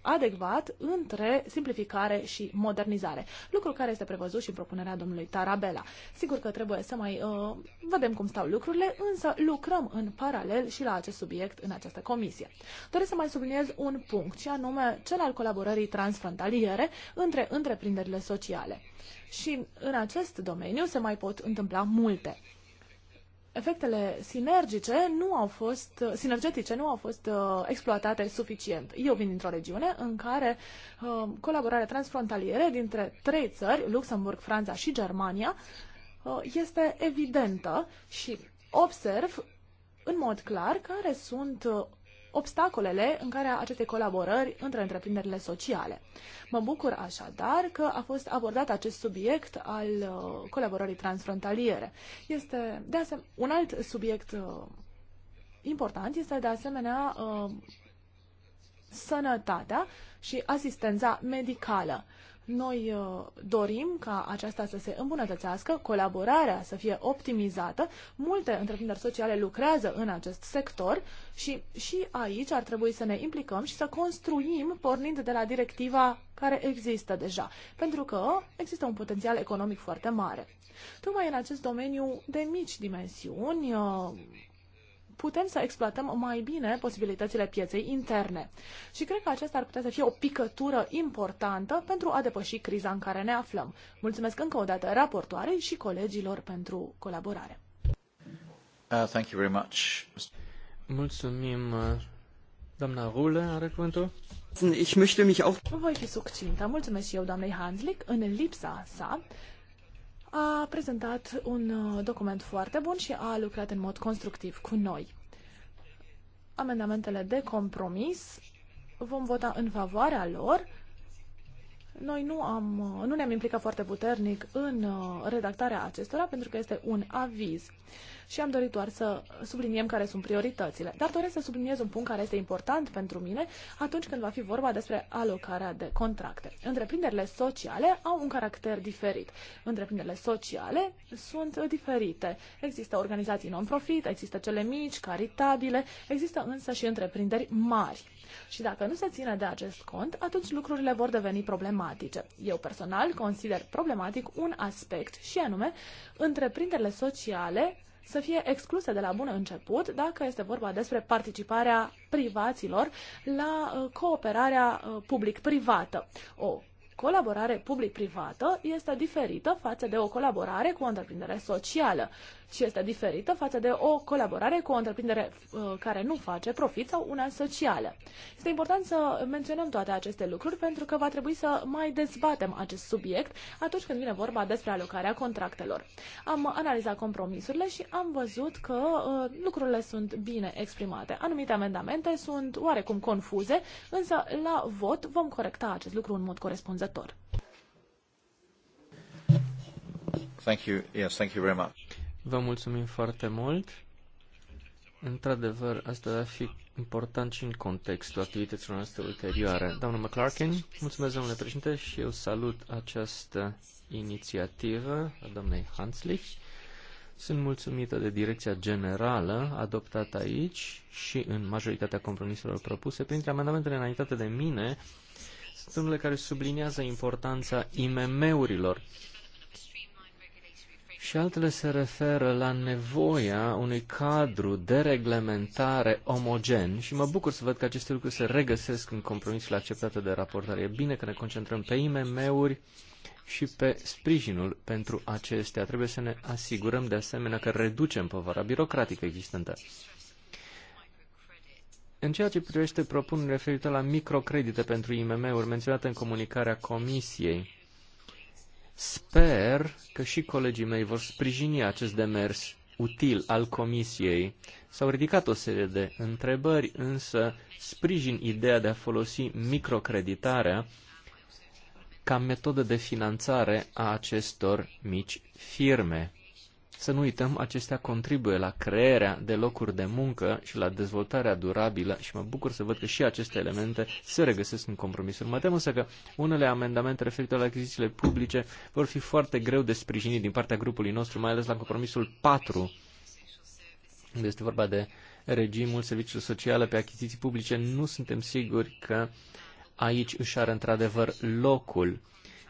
S4: adecvat între simplificare și modernizare, lucru care este prevăzut și în propunerea domnului Tarabella. Sigur că trebuie să mai uh, vedem cum stau lucrurile, însă lucrăm în paralel și la acest subiect în această comisie. Doresc să mai subliniez un punct, și anume cel al colaborării transfrontaliere între întreprinderile sociale. Și în acest domeniu se mai pot întâmpla multe efectele sinergice nu au fost, sinergetice nu au fost uh, exploatate suficient. Eu vin dintr-o regiune în care uh, colaborarea transfrontaliere dintre trei țări, Luxemburg, Franța și Germania, uh, este evidentă și observ în mod clar care sunt uh, obstacolele în care aceste colaborări între întreprinderile sociale. Mă bucur așadar că a fost abordat acest subiect al uh, colaborării transfrontaliere. Este de asemenea un alt subiect uh, important este de asemenea uh, sănătatea și asistența medicală. Noi uh, dorim ca aceasta să se îmbunătățească, colaborarea să fie optimizată. Multe întreprinderi sociale lucrează în acest sector și și aici ar trebui să ne implicăm și să construim pornind de la directiva care există deja, pentru că există un potențial economic foarte mare. Tocmai în acest domeniu de mici dimensiuni, uh, putem să exploatăm mai bine posibilitățile pieței interne. Și cred că aceasta ar putea să fie o picătură importantă pentru a depăși criza în care ne aflăm. Mulțumesc încă o dată raportoarei și colegilor pentru colaborare. Uh,
S2: thank you very much. Mulțumim. Uh, doamna Rule are cuvântul. Ich möchte mich auch...
S4: Voi fi succintă. Mulțumesc și eu, doamnei Hanslick, în lipsa sa a prezentat un uh, document foarte bun și a lucrat în mod constructiv cu noi. Amendamentele de compromis vom vota în favoarea lor. Noi nu, am, uh, nu ne-am implicat foarte puternic în uh, redactarea acestora pentru că este un aviz și am dorit doar să subliniem care sunt prioritățile. Dar doresc să subliniez un punct care este important pentru mine atunci când va fi vorba despre alocarea de contracte. Întreprinderile sociale au un caracter diferit. Întreprinderile sociale sunt diferite. Există organizații non-profit, există cele mici, caritabile, există însă și întreprinderi mari. Și dacă nu se ține de acest cont, atunci lucrurile vor deveni problematice. Eu personal consider problematic un aspect și anume întreprinderile sociale să fie excluse de la bun început dacă este vorba despre participarea privaților la uh, cooperarea uh, public-privată. O colaborare public-privată este diferită față de o colaborare cu o întreprindere socială și este diferită față de o colaborare cu o întreprindere uh, care nu face profit sau una socială. Este important să menționăm toate aceste lucruri pentru că va trebui să mai dezbatem acest subiect atunci când vine vorba despre alocarea contractelor. Am analizat compromisurile și am văzut că uh, lucrurile sunt bine exprimate. Anumite amendamente sunt oarecum confuze, însă la vot vom corecta acest lucru în mod corespunzător.
S1: Thank you. Yes, thank you very much.
S2: Vă mulțumim foarte mult. Într-adevăr, asta va fi important și în contextul activităților noastre ulterioare. Doamna McClarkin, mulțumesc, domnule președinte, și eu salut această inițiativă a doamnei Hanslich. Sunt mulțumită de direcția generală adoptată aici și în majoritatea compromisurilor propuse. Printre amendamentele înaintate de mine sunt unele care subliniază importanța IMM-urilor și altele se referă la nevoia unui cadru de reglementare omogen și mă bucur să văd că aceste lucruri se regăsesc în compromisul acceptat de raportare. E bine că ne concentrăm pe IMM-uri și pe sprijinul pentru acestea. Trebuie să ne asigurăm de asemenea că reducem povara birocratică existentă. În ceea ce privește propunerea referită la microcredite pentru IMM-uri menționate în comunicarea Comisiei, Sper că și colegii mei vor sprijini acest demers util al Comisiei. S-au ridicat o serie de întrebări, însă sprijin ideea de a folosi microcreditarea ca metodă de finanțare a acestor mici firme. Să nu uităm, acestea contribuie la crearea de locuri de muncă și la dezvoltarea durabilă și mă bucur să văd că și aceste elemente se regăsesc în compromisul. Mă tem însă că unele amendamente referitoare la achizițiile publice vor fi foarte greu de sprijinit din partea grupului nostru, mai ales la compromisul 4, unde este vorba de regimul serviciilor sociale pe achiziții publice. Nu suntem siguri că aici își are într-adevăr locul.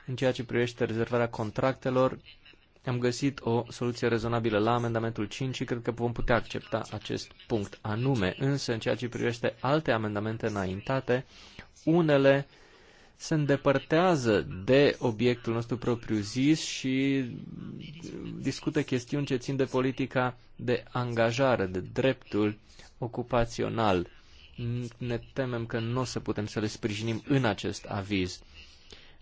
S2: În ceea ce privește rezervarea contractelor, am găsit o soluție rezonabilă la amendamentul 5 și cred că vom putea accepta acest punct anume. Însă, în ceea ce privește alte amendamente înaintate, unele se îndepărtează de obiectul nostru propriu zis și discută chestiuni ce țin de politica de angajare, de dreptul ocupațional. Ne temem că nu o să putem să le sprijinim în acest aviz.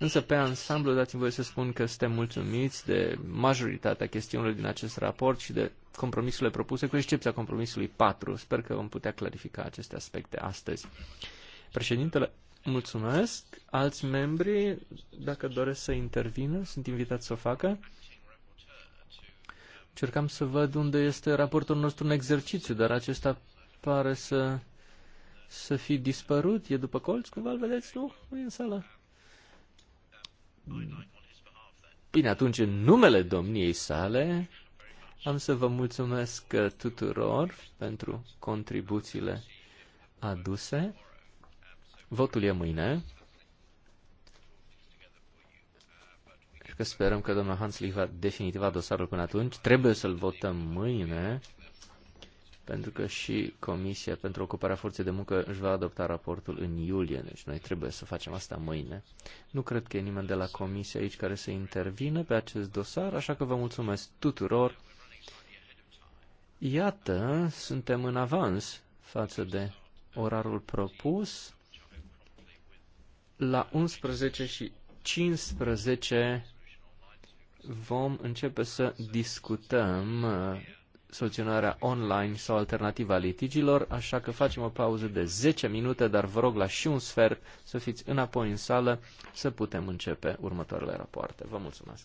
S2: Însă, pe ansamblu, dați-mi voie să spun că suntem mulțumiți de majoritatea chestiunilor din acest raport și de compromisurile propuse, cu excepția compromisului 4. Sper că vom putea clarifica aceste aspecte astăzi. Președintele, mulțumesc. Alți membri, dacă doresc să intervină, sunt invitați să o facă. Cercam să văd unde este raportul nostru în exercițiu, dar acesta pare să, să fi dispărut. E după colț, cumva îl vedeți, nu? Nu e în sală. Bine, atunci, în numele domniei sale, am să vă mulțumesc tuturor pentru contribuțiile aduse. Votul e mâine. Și că sperăm că domnul Hans va definitiva dosarul până atunci. Trebuie să-l votăm mâine pentru că și Comisia pentru Ocuparea Forței de Muncă își va adopta raportul în iulie, deci noi trebuie să facem asta mâine. Nu cred că e nimeni de la Comisie aici care să intervină pe acest dosar, așa că vă mulțumesc tuturor. Iată, suntem în avans față de orarul propus. La 11 și 15 vom începe să discutăm uh, soluționarea online sau alternativa litigilor, așa că facem o pauză de 10 minute, dar vă rog la și un sfert să fiți înapoi în sală să putem începe următoarele rapoarte. Vă mulțumesc!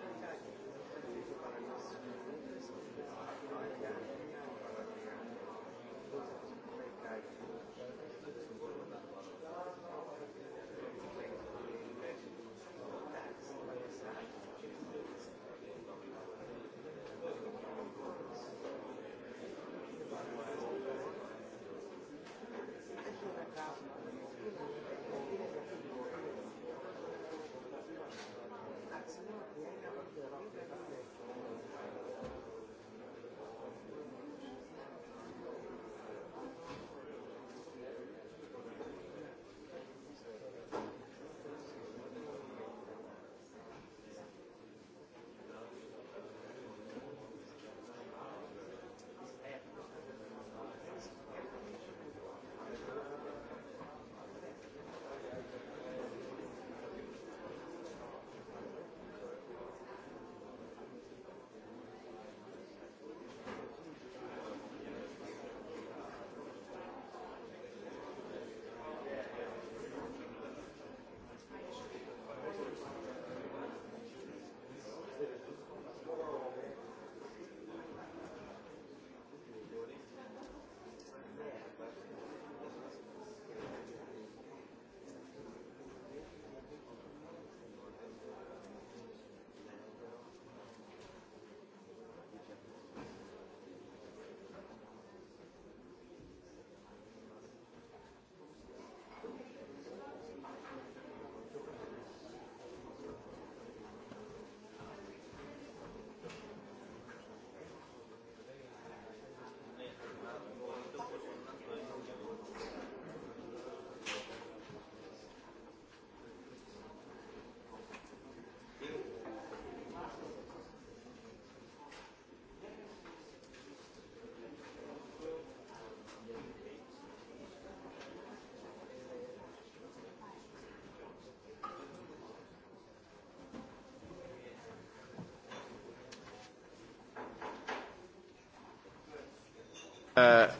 S2: Uh,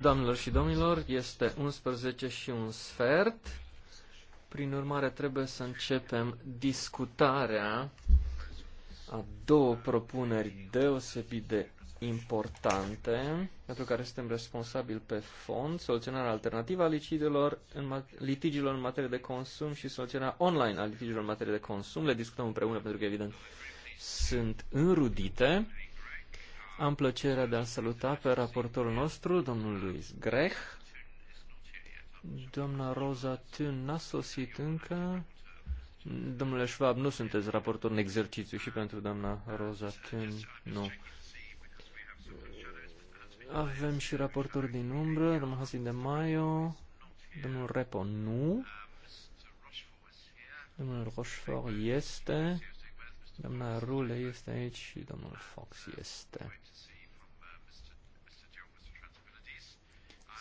S2: Doamnelor și domnilor, este 11 și un sfert. Prin urmare, trebuie să începem discutarea a două propuneri deosebit de importante pentru care suntem responsabili pe fond, soluționarea alternativă a în, litigiilor în materie de consum și soluționarea online a litigiilor în materie de consum. Le discutăm împreună pentru că, evident, sunt înrudite. Am plăcerea de a saluta pe raportorul nostru, domnul Luis Grech. Doamna Rosa Thun n-a sosit încă. Domnule Schwab, nu sunteți raportor în exercițiu și pentru doamna Rosa Thun, nu. Avem și raportor din umbră, domnul Hasin de Maio, domnul Repo, nu. Domnul Rochefort este. Doamna Rule este aici și domnul Fox este.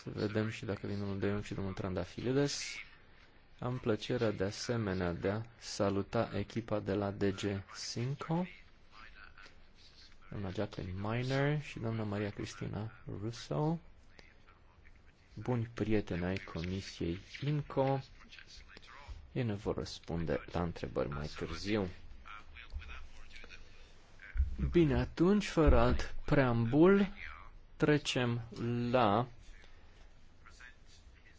S2: Să vedem și dacă vin domnul Deion și domnul Trandafilides. Am plăcerea de asemenea de a saluta echipa de la DG Cinco, doamna Jacqueline Miner și doamna Maria Cristina Russo, buni prieteni ai Comisiei INCO. Ei ne vor răspunde la întrebări mai târziu. Bine, atunci, fără alt preambul, trecem la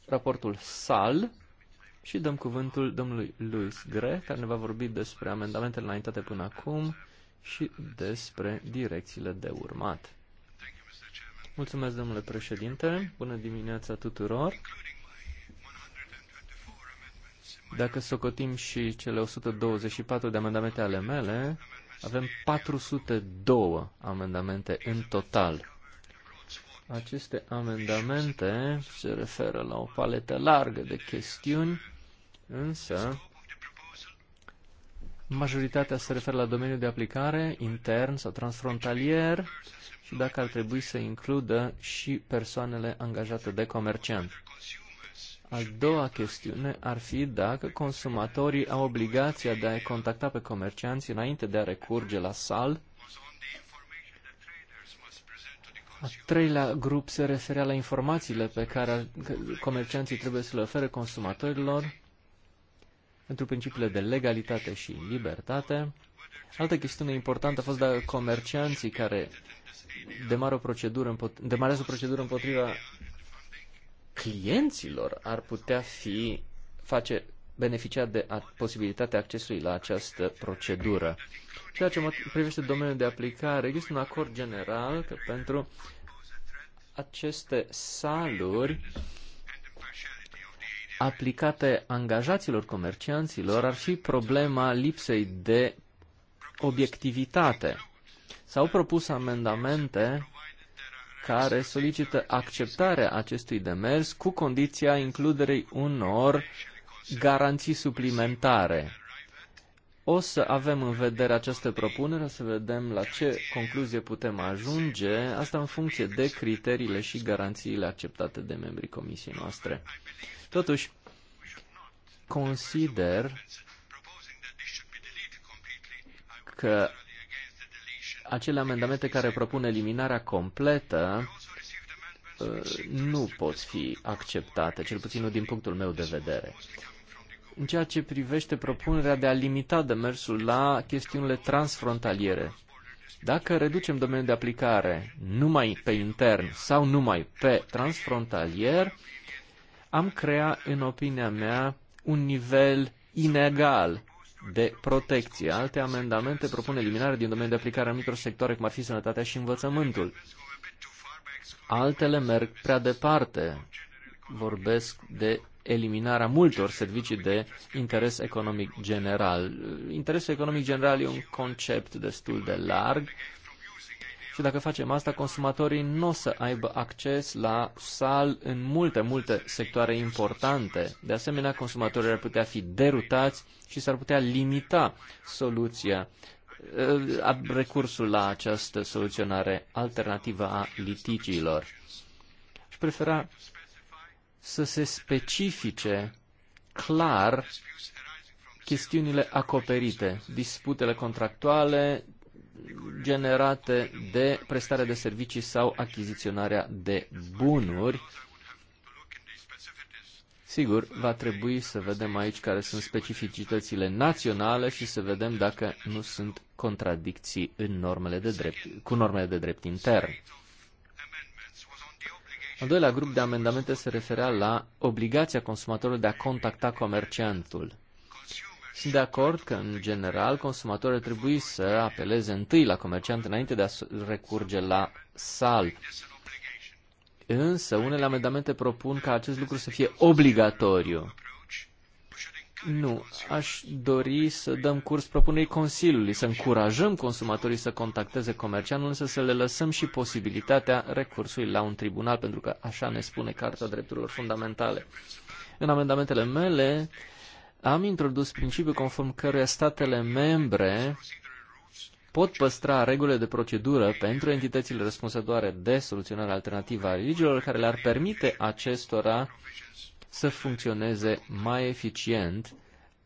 S2: raportul SAL și dăm cuvântul domnului Luis Gre, care ne va vorbi despre amendamentele înaintate până acum și despre direcțiile de urmat. Mulțumesc, domnule președinte. Bună dimineața tuturor. Dacă socotim și cele 124 de amendamente ale mele, avem 402 amendamente în total. Aceste amendamente se referă la o paletă largă de chestiuni, însă majoritatea se referă la domeniul de aplicare intern sau transfrontalier și dacă ar trebui să includă și persoanele angajate de comerciant. A doua chestiune ar fi dacă consumatorii au obligația de a-i contacta pe comercianți înainte de a recurge la sal. A treilea grup se referea la informațiile pe care comercianții trebuie să le ofere consumatorilor pentru principiile de legalitate și libertate. Altă chestiune importantă a fost dacă comercianții care demară o procedură, demarează o procedură împotriva clienților ar putea fi face beneficia de a, posibilitatea accesului la această procedură. Ceea ce mă privește domeniul de aplicare, există un acord general că pentru aceste saluri aplicate angajaților comercianților ar fi problema lipsei de obiectivitate. S-au propus amendamente care solicită acceptarea acestui demers cu condiția includerei unor garanții suplimentare. O să avem în vedere această propunere, o să vedem la ce concluzie putem ajunge, asta în funcție de criteriile și garanțiile acceptate de membrii comisiei noastre. Totuși, consider că acele amendamente care propun eliminarea completă uh, nu pot fi acceptate, cel puțin nu din punctul meu de vedere. În ceea ce privește propunerea de a limita demersul la chestiunile transfrontaliere, dacă reducem domeniul de aplicare numai pe intern sau numai pe transfrontalier, am crea, în opinia mea, un nivel inegal de protecție. Alte amendamente propun eliminarea din domeniul de aplicare a anumitor sectoare, cum ar fi sănătatea și învățământul. Altele merg prea departe. Vorbesc de eliminarea multor servicii de interes economic general. Interesul economic general e un concept destul de larg și dacă facem asta, consumatorii nu o să aibă acces la sal în multe, multe sectoare importante. De asemenea, consumatorii ar putea fi derutați și s-ar putea limita soluția uh, uh, recursul la această soluționare alternativă a litigiilor. Aș prefera să se specifice clar chestiunile acoperite, disputele contractuale, generate de prestarea de servicii sau achiziționarea de bunuri. Sigur, va trebui să vedem aici care sunt specificitățile naționale și să vedem dacă nu sunt contradicții în normele de drept, cu normele de drept intern. Al doilea grup de amendamente se referea la obligația consumatorului de a contacta comerciantul. Sunt de acord că, în general, consumatorul ar trebui să apeleze întâi la comerciant înainte de a recurge la sal. Însă, unele amendamente propun ca acest lucru să fie obligatoriu. Nu, aș dori să dăm curs propunerii Consiliului, să încurajăm consumatorii să contacteze comercianul, însă să le lăsăm și posibilitatea recursului la un tribunal, pentru că așa ne spune Carta Drepturilor Fundamentale. În amendamentele mele am introdus principiul conform căruia statele membre pot păstra regulile de procedură pentru entitățile responsabile de soluționare alternativă a litigiilor care le-ar permite acestora să funcționeze mai eficient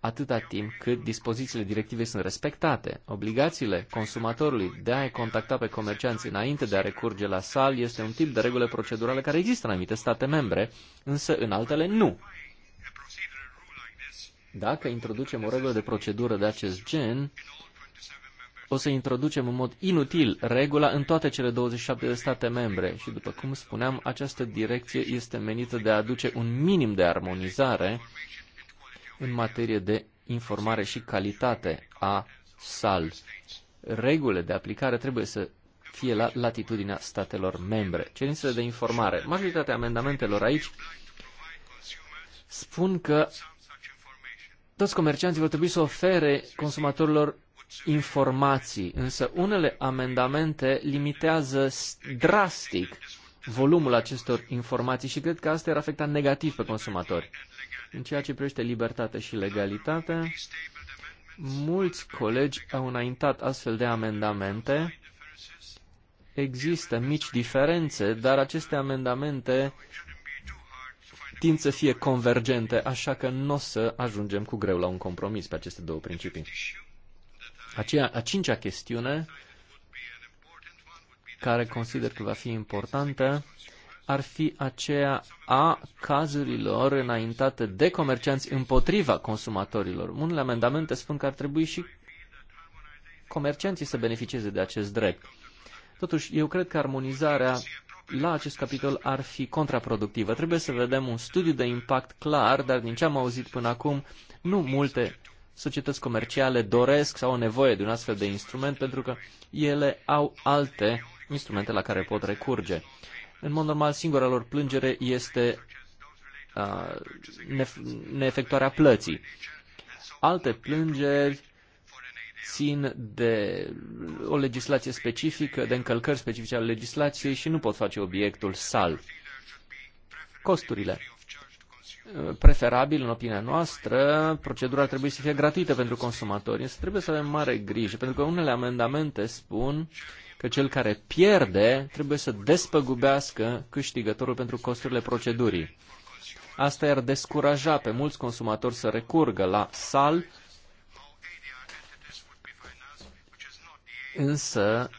S2: atâta timp cât dispozițiile directivei sunt respectate. Obligațiile consumatorului de a-i contacta pe comercianți înainte de a recurge la sal este un tip de regulă procedurală care există în anumite state membre, însă în altele nu. Dacă introducem o regulă de procedură de acest gen, o să introducem în mod inutil regula în toate cele 27 de state membre și, după cum spuneam, această direcție este menită de a aduce un minim de armonizare în materie de informare și calitate a SAL. Regulile de aplicare trebuie să fie la latitudinea statelor membre. Cerințele de informare. Majoritatea amendamentelor aici spun că toți comercianții vor trebui să ofere consumatorilor informații, însă unele amendamente limitează drastic volumul acestor informații și cred că asta ar afecta negativ pe consumatori. În ceea ce privește libertate și legalitate, mulți colegi au înaintat astfel de amendamente. Există mici diferențe, dar aceste amendamente tind să fie convergente, așa că nu o să ajungem cu greu la un compromis pe aceste două principii. Aceea, a cincea chestiune, care consider că va fi importantă, ar fi aceea a cazurilor înaintate de comercianți împotriva consumatorilor. Unele amendamente spun că ar trebui și comercianții să beneficieze de acest drept. Totuși, eu cred că armonizarea la acest capitol ar fi contraproductivă. Trebuie să vedem un studiu de impact clar, dar din ce am auzit până acum, nu multe societăți comerciale doresc sau au nevoie de un astfel de instrument pentru că ele au alte instrumente la care pot recurge. În mod normal, singura lor plângere este uh, neefectuarea plății. Alte plângeri țin de o legislație specifică, de încălcări specifice ale legislației și nu pot face obiectul sal. Costurile. Preferabil, în opinia noastră, procedura trebuie să fie gratuită pentru consumatori, însă trebuie să avem mare grijă, pentru că unele amendamente spun că cel care pierde trebuie să despăgubească câștigătorul pentru costurile procedurii. Asta i-ar descuraja pe mulți consumatori să recurgă la sal însă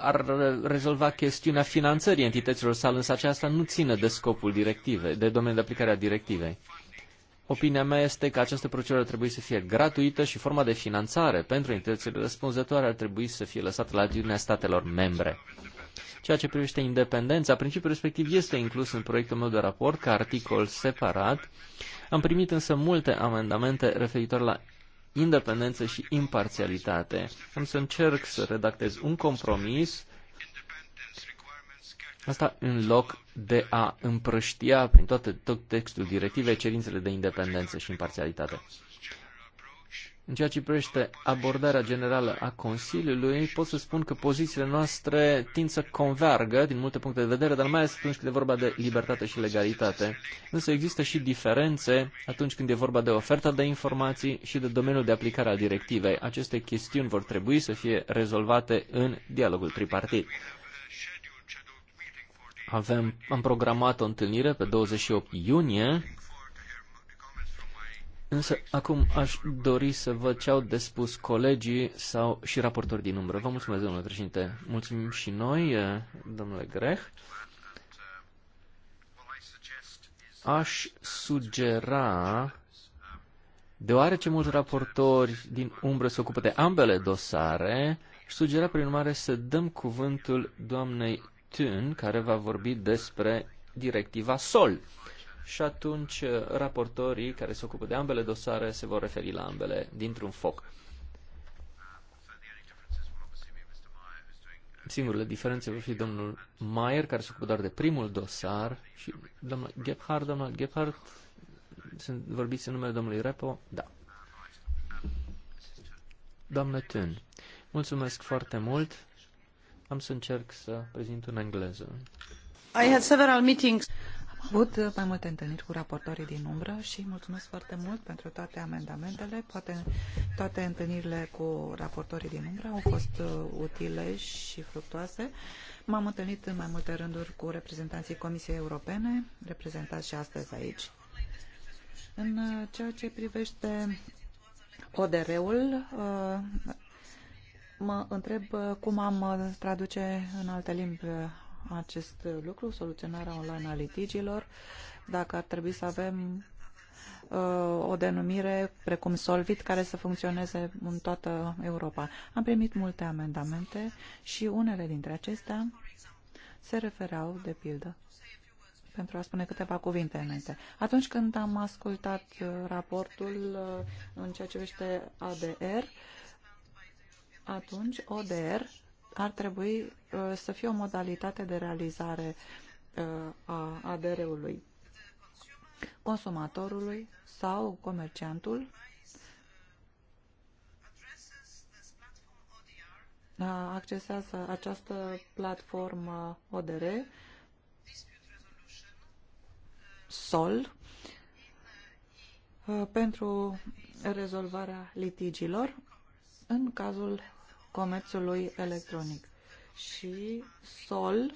S2: ar rezolva chestiunea finanțării entităților sale, însă aceasta nu ține de scopul directivei, de domeniul de aplicare a directivei. Opinia mea este că această procedură ar trebui să fie gratuită și forma de finanțare pentru entitățile răspunzătoare ar trebui să fie lăsată la atitudinea statelor membre. Ceea ce privește independența, principiul respectiv este inclus în proiectul meu de raport ca articol separat. Am primit însă multe amendamente referitor la independență și imparțialitate. Am să încerc să redactez un compromis, asta în loc de a împrăștia prin toate, tot textul directivei cerințele de independență și imparțialitate. În ceea ce privește abordarea generală a Consiliului, pot să spun că pozițiile noastre tind să convergă din multe puncte de vedere, dar mai ales atunci când e vorba de libertate și legalitate. Însă există și diferențe atunci când e vorba de oferta de informații și de domeniul de aplicare a directivei. Aceste chestiuni vor trebui să fie rezolvate în dialogul tripartit. Avem, am programat o întâlnire pe 28 iunie Însă acum aș dori să văd ce au de spus colegii sau și raportori din umbră. Vă mulțumesc, domnule președinte. Mulțumim și noi, eh, domnule Greh. Aș sugera, deoarece mulți raportori din umbră se ocupă de ambele dosare, aș sugera prin urmare să dăm cuvântul doamnei Thun, care va vorbi despre directiva SOL și atunci uh, raportorii care se ocupă de ambele dosare se vor referi la ambele dintr-un foc. Singurele diferențe vor fi domnul Mayer, care se ocupă doar de primul dosar, și domnul Gebhardt, domnul Gebhardt, sunt vorbiți în numele domnului Repo? Da. Doamnă Tun, mulțumesc foarte mult. Am să încerc să prezint în engleză. I
S3: had several meetings avut uh, mai multe întâlniri cu raportorii din umbră și mulțumesc foarte mult pentru toate amendamentele. Poate toate întâlnirile cu raportorii din umbră au fost uh, utile și fructoase. M-am întâlnit în mai multe rânduri cu reprezentanții Comisiei Europene, reprezentați și astăzi aici. În uh, ceea ce privește ODR-ul, mă întreb cum am traduce în alte limbi acest lucru, soluționarea online a litigilor, dacă ar trebui să avem uh, o denumire precum Solvit care să funcționeze în toată Europa. Am primit multe amendamente și unele dintre acestea se refereau, de pildă, pentru a spune câteva cuvinte înainte. Atunci când am ascultat uh, raportul uh, în ceea ce vește ADR, atunci ODR ar trebui uh, să fie o modalitate de realizare uh, a ADR-ului consumatorului sau comerciantul uh, accesează această platformă ODR SOL pentru rezolvarea litigilor în cazul comerțului electronic. Și SOL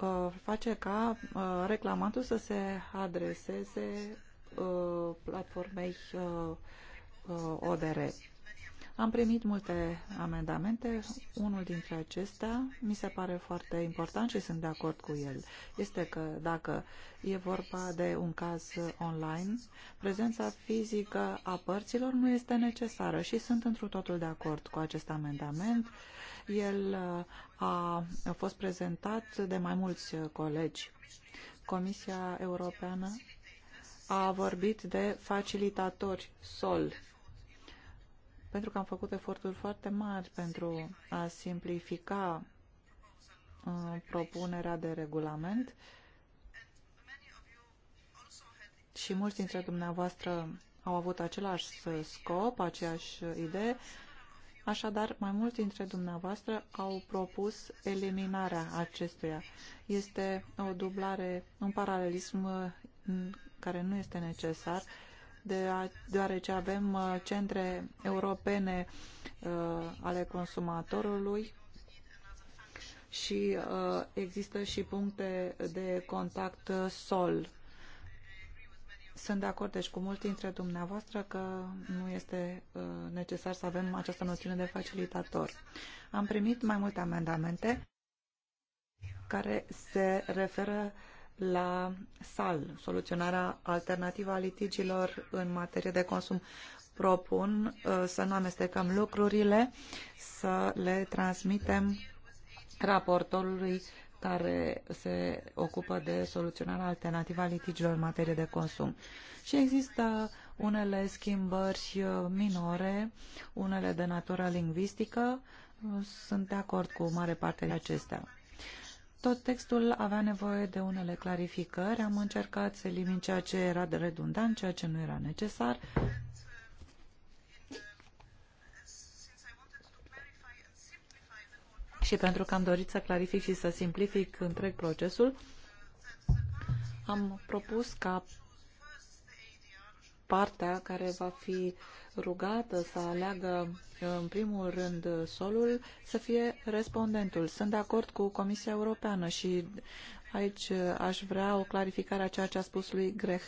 S3: uh, face ca uh, reclamantul să se adreseze uh, platformei ODR. Am primit multe amendamente. Unul dintre acestea mi se pare foarte important și sunt de acord cu el. Este că dacă e vorba de un caz online, prezența fizică a părților nu este necesară și sunt într totul de acord cu acest amendament. El uh, a fost prezentat de mai mulți colegi. Comisia Europeană a vorbit de facilitatori sol pentru că am făcut eforturi foarte mari pentru a simplifica uh, propunerea de regulament și mulți dintre dumneavoastră au avut același uh, scop, aceeași idee, așadar mai mulți dintre dumneavoastră au propus eliminarea acestuia. Este o dublare, un paralelism uh, care nu este necesar deoarece avem uh, centre europene uh, ale consumatorului și uh, există și puncte de contact sol. Sunt de acord, deci, cu mulți dintre dumneavoastră că nu este necesar să avem această noțiune de facilitator. Am primit mai multe amendamente care se referă uh, la SAL, soluționarea alternativă a litigilor în materie de consum. Propun uh, să nu amestecăm lucrurile, să le transmitem raportorului care se ocupă de soluționarea alternativă a litigilor în materie de consum. Și există unele schimbări uh, minore, unele de natură lingvistică. Uh, sunt de acord cu mare parte de acestea. Tot textul avea nevoie de unele clarificări. Am încercat să elimin ceea ce era de redundant, ceea ce nu era necesar. Și pentru că am dorit să clarific și să simplific întreg procesul, am propus ca partea care va fi rugată să aleagă în primul rând solul să fie respondentul. Sunt de acord cu Comisia Europeană și aici aș vrea o clarificare a ceea ce a spus lui Greh.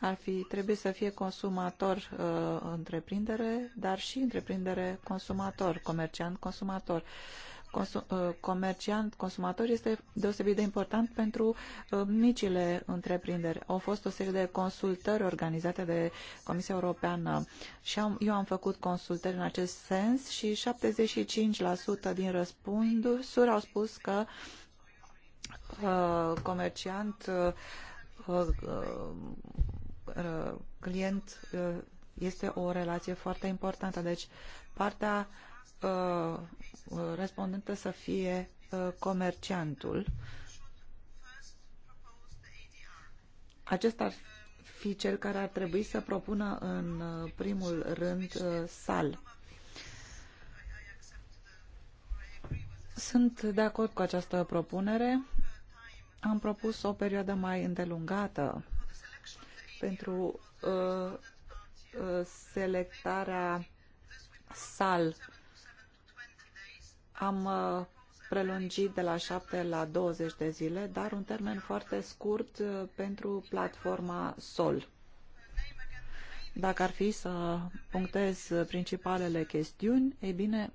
S3: Ar fi trebuie să fie consumator uh, întreprindere, dar și întreprindere consumator, comerciant consumator. Uh, Uh, comerciant, consumator este deosebit de important pentru uh, micile întreprinderi. Au fost o serie de consultări organizate de Comisia Europeană și am, eu am făcut consultări în acest sens și 75% din răspunsuri au spus că uh, comerciant uh, uh, uh client este o relație foarte importantă. Deci partea uh, respondent uh, respondentă să fie uh, comerciantul. Acesta ar fi cel care ar trebui să propună în uh, primul rând sal. Sunt de acord cu această propunere. Am propus o perioadă mai îndelungată pentru uh, selectarea sal am uh, prelungit de la 7 la 20 de zile, dar un termen foarte scurt uh, pentru platforma SOL. Dacă ar fi să punctez principalele chestiuni, ei bine,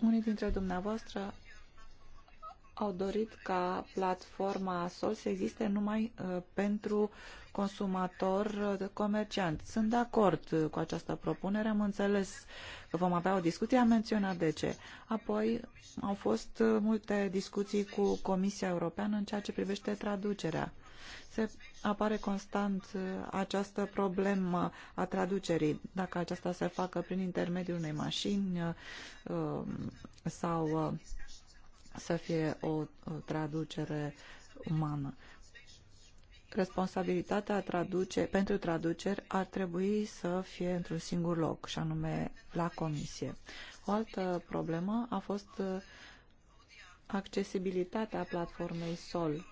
S3: unii dintre dumneavoastră au dorit ca platforma SOL să existe numai uh, pentru consumator-comerciant. Sunt de acord cu această propunere, am înțeles că vom avea o discuție, am menționat de ce. Apoi au fost multe discuții cu Comisia Europeană în ceea ce privește traducerea. Se apare constant uh, această problemă a traducerii, dacă aceasta se facă prin intermediul unei mașini uh, um, sau uh, să fie o traducere umană responsabilitatea traduce, pentru traduceri ar trebui să fie într-un singur loc, și anume la comisie. O altă problemă a fost uh, accesibilitatea platformei SOL.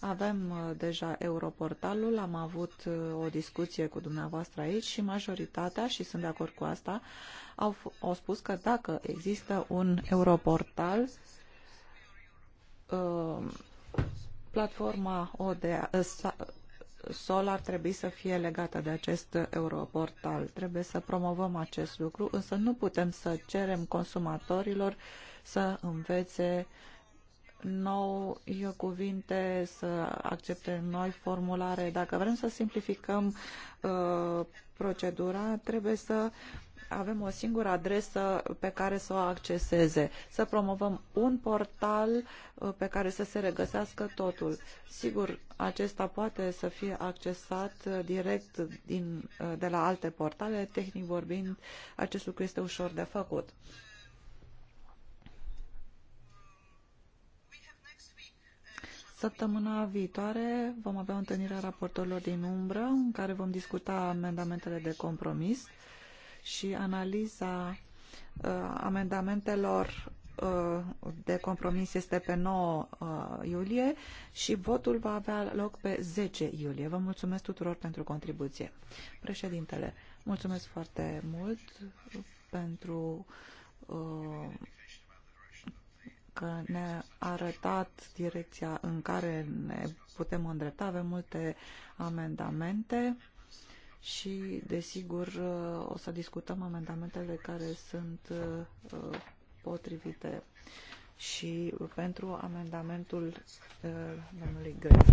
S3: Avem uh, deja Europortalul, am avut uh, o discuție cu dumneavoastră aici și majoritatea, și sunt de acord cu asta, au, au spus că dacă există un Europortal, uh, Platforma ODA, eh, SOL ar trebui să fie legată de acest europortal. Trebuie să promovăm acest lucru, însă nu putem să cerem consumatorilor să învețe nou cuvinte, să accepte noi formulare. Dacă vrem să simplificăm uh, procedura, trebuie să avem o singură adresă pe care să o acceseze, să promovăm un portal uh, pe care să se regăsească totul. Sigur, acesta poate să fie accesat uh, direct din, uh, de la alte portale, tehnic vorbind, acest lucru este ușor de făcut. Săptămâna viitoare vom avea o întâlnire a raportorilor din umbră în care vom discuta amendamentele de compromis și analiza uh, amendamentelor uh, de compromis este pe 9 uh, iulie și votul va avea loc pe 10 iulie. Vă mulțumesc tuturor pentru contribuție. Președintele, mulțumesc foarte mult pentru că ne-a arătat direcția în care ne putem îndrepta. Avem multe amendamente și, desigur, o să discutăm amendamentele care sunt uh, potrivite și pentru amendamentul uh, domnului Găți.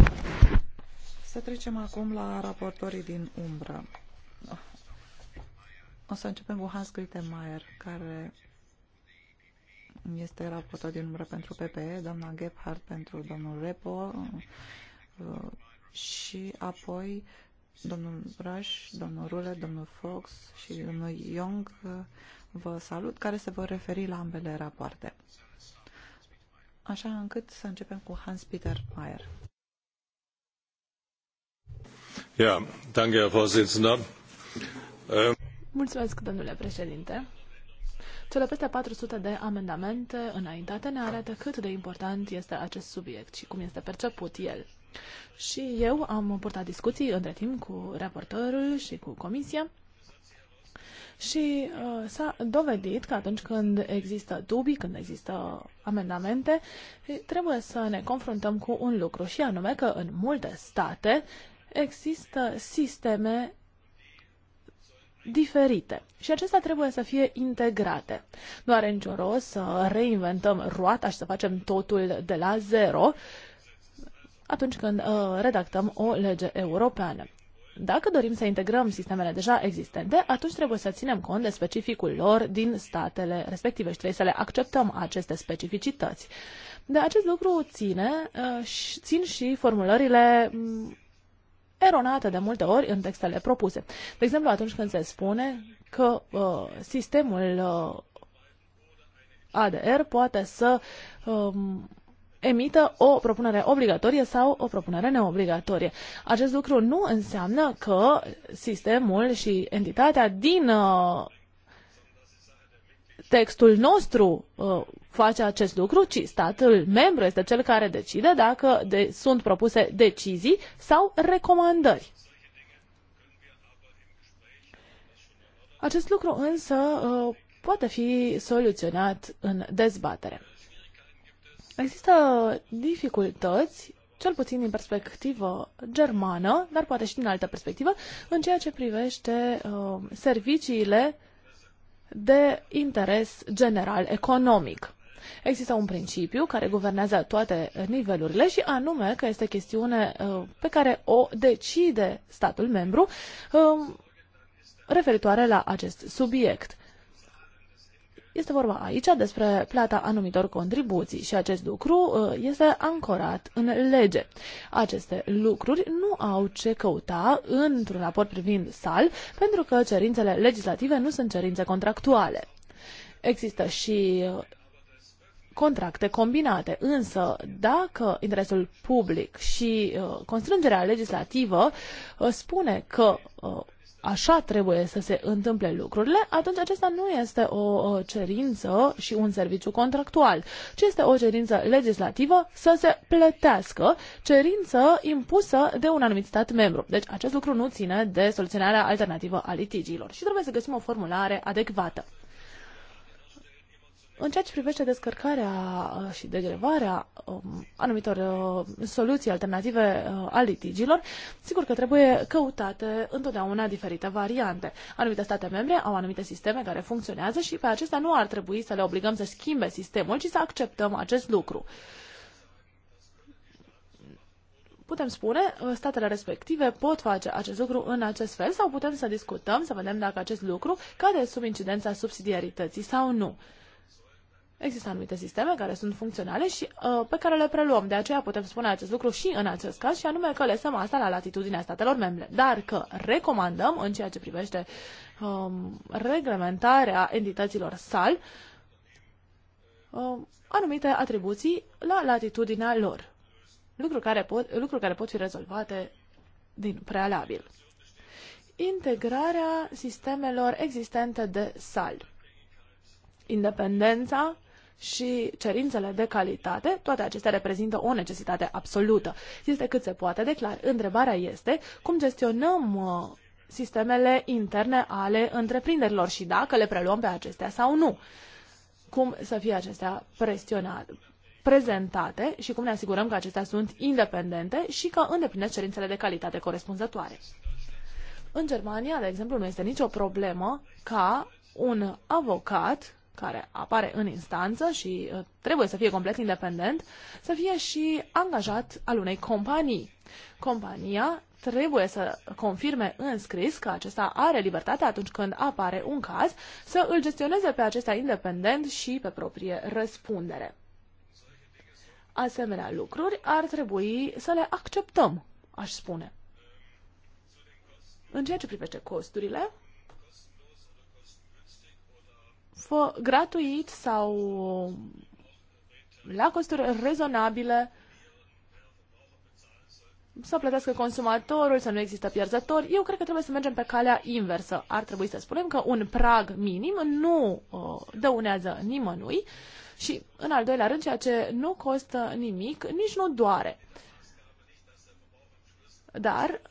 S3: Să trecem acum la raportorii din umbră. O să începem cu Hans Gritemeyer, care este raportor din umbră pentru PPE, doamna Gebhardt pentru domnul Repo uh, și apoi domnul Braș, domnul Rule, domnul Fox și domnul Young uh, vă salut, care se vor referi la ambele rapoarte. Așa încât să începem cu Hans-Peter Mayer. Ja, danke, Herr Vorsitzender. Ähm,
S4: Mulțumesc, domnule președinte. Cele peste 400 de amendamente înaintate ne arată cât de important este acest subiect și cum este perceput el. Și eu am purtat discuții între timp cu raportorul și cu comisia și uh, s-a dovedit că atunci când există dubii, când există amendamente, trebuie să ne confruntăm cu un lucru și anume că în multe state există sisteme diferite și acestea trebuie să fie integrate. Nu are nicio rost să reinventăm roata și să facem totul de la zero, uh, atunci când uh, redactăm o lege europeană. Dacă dorim să integrăm sistemele deja existente, atunci trebuie să ținem cont de specificul lor din statele respective și trebuie să le acceptăm aceste specificități. De acest lucru ține, uh, țin și formulările mm, eronate de multe ori în textele propuse. De exemplu, atunci când se spune că uh, sistemul uh, ADR poate să um, emită o propunere obligatorie sau o propunere neobligatorie. Acest lucru nu înseamnă că sistemul și entitatea din uh, textul nostru uh, face acest lucru, ci statul membru este cel care decide dacă de, sunt propuse decizii sau recomandări. Acest lucru însă uh, poate fi soluționat în dezbatere. Există dificultăți, cel puțin din perspectivă germană, dar poate și din altă perspectivă, în ceea ce privește uh, serviciile de interes general economic. Există un principiu care guvernează toate nivelurile și anume că este chestiune uh, pe care o decide statul membru uh, referitoare la acest subiect. Este vorba aici despre plata anumitor contribuții și acest lucru uh, este ancorat în lege. Aceste lucruri nu au ce căuta într-un raport privind sal, pentru că cerințele legislative nu sunt cerințe contractuale. Există și uh, contracte combinate. Însă, dacă interesul public și uh, constrângerea legislativă spune că așa trebuie să se întâmple lucrurile, atunci acesta nu este o cerință și un serviciu contractual, ci este o cerință legislativă să se plătească, cerință impusă de un anumit stat membru. Deci acest lucru nu ține de soluționarea alternativă a litigiilor și trebuie să găsim o formulare adecvată. În ceea ce privește descărcarea uh, și degrevarea um, anumitor uh, soluții alternative uh, a litigilor, sigur că trebuie căutate întotdeauna diferite variante. Anumite state membre au anumite sisteme care funcționează și pe acestea nu ar trebui să le obligăm să schimbe sistemul, ci să acceptăm acest lucru putem spune, statele respective pot face acest lucru în acest fel sau putem să discutăm, să vedem dacă acest lucru cade sub incidența subsidiarității sau nu. Există anumite sisteme care sunt funcționale și uh, pe care le preluăm. De aceea putem spune acest lucru și în acest caz, și anume că lăsăm asta la latitudinea statelor membre. Dar că recomandăm, în ceea ce privește um, reglementarea entităților sal, um, anumite atribuții la latitudinea lor. Lucruri care pot, lucruri care pot fi rezolvate din prealabil. Integrarea sistemelor existente de sal independența și cerințele de calitate, toate acestea reprezintă o necesitate absolută. Este cât se poate de clar. Întrebarea este cum gestionăm uh, sistemele interne ale întreprinderilor și dacă le preluăm pe acestea sau nu. Cum să fie acestea presionate, prezentate și cum ne asigurăm că acestea sunt independente și că îndeplinesc cerințele de calitate corespunzătoare. În Germania, de exemplu, nu este nicio problemă ca un avocat care apare în instanță și uh, trebuie să fie complet independent, să fie și angajat al unei companii. Compania trebuie să confirme în scris că acesta are libertate atunci când apare un caz, să îl gestioneze pe acesta independent și pe proprie răspundere. Asemenea lucruri ar trebui să le acceptăm, aș spune. În ceea ce privește costurile, gratuit sau la costuri rezonabile să plătească consumatorul, să nu există pierzători. Eu cred că trebuie să mergem pe calea inversă. Ar trebui să spunem că un prag minim nu uh, dăunează nimănui și, în al doilea rând, ceea ce nu costă nimic, nici nu doare. Dar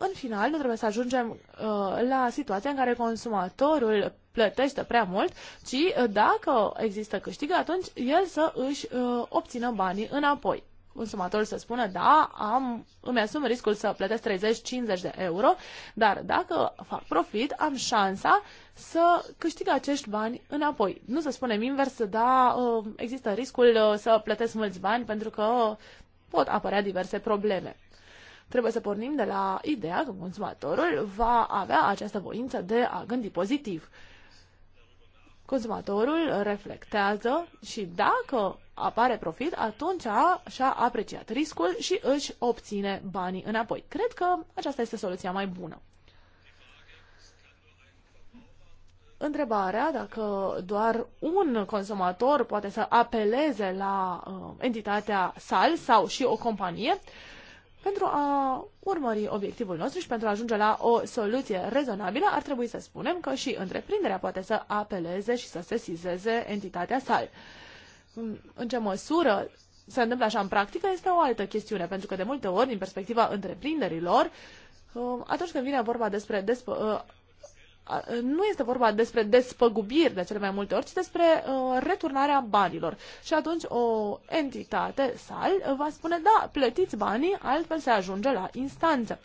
S4: în final, nu trebuie să ajungem uh, la situația în care consumatorul plătește prea mult, ci uh, dacă există câștig, atunci el să își uh, obțină banii înapoi. Consumatorul să spună, da, am, îmi asum riscul să plătesc 30-50 de euro, dar dacă fac profit, am șansa să câștig acești bani înapoi. Nu să spunem invers, da, uh, există riscul uh, să plătesc mulți bani pentru că pot apărea diverse probleme. Trebuie să pornim de la ideea că consumatorul va avea această voință de a gândi pozitiv. Consumatorul reflectează și dacă apare profit, atunci și-a apreciat riscul și își obține banii înapoi. Cred că aceasta este soluția mai bună. întrebarea dacă doar un consumator poate să apeleze la uh, entitatea SAL sau și o companie pentru a urmări obiectivul nostru și pentru a ajunge la o soluție rezonabilă, ar trebui să spunem că și întreprinderea poate să apeleze și să sesizeze entitatea sa. În ce măsură se întâmplă așa în practică este o altă chestiune, pentru că de multe ori, din perspectiva întreprinderilor, um, atunci când vine vorba despre uh, nu este vorba despre despăgubiri de cele mai multe ori, ci despre uh, returnarea banilor. Și atunci o entitate, SAL, va spune, da, plătiți banii, altfel se ajunge la instanță.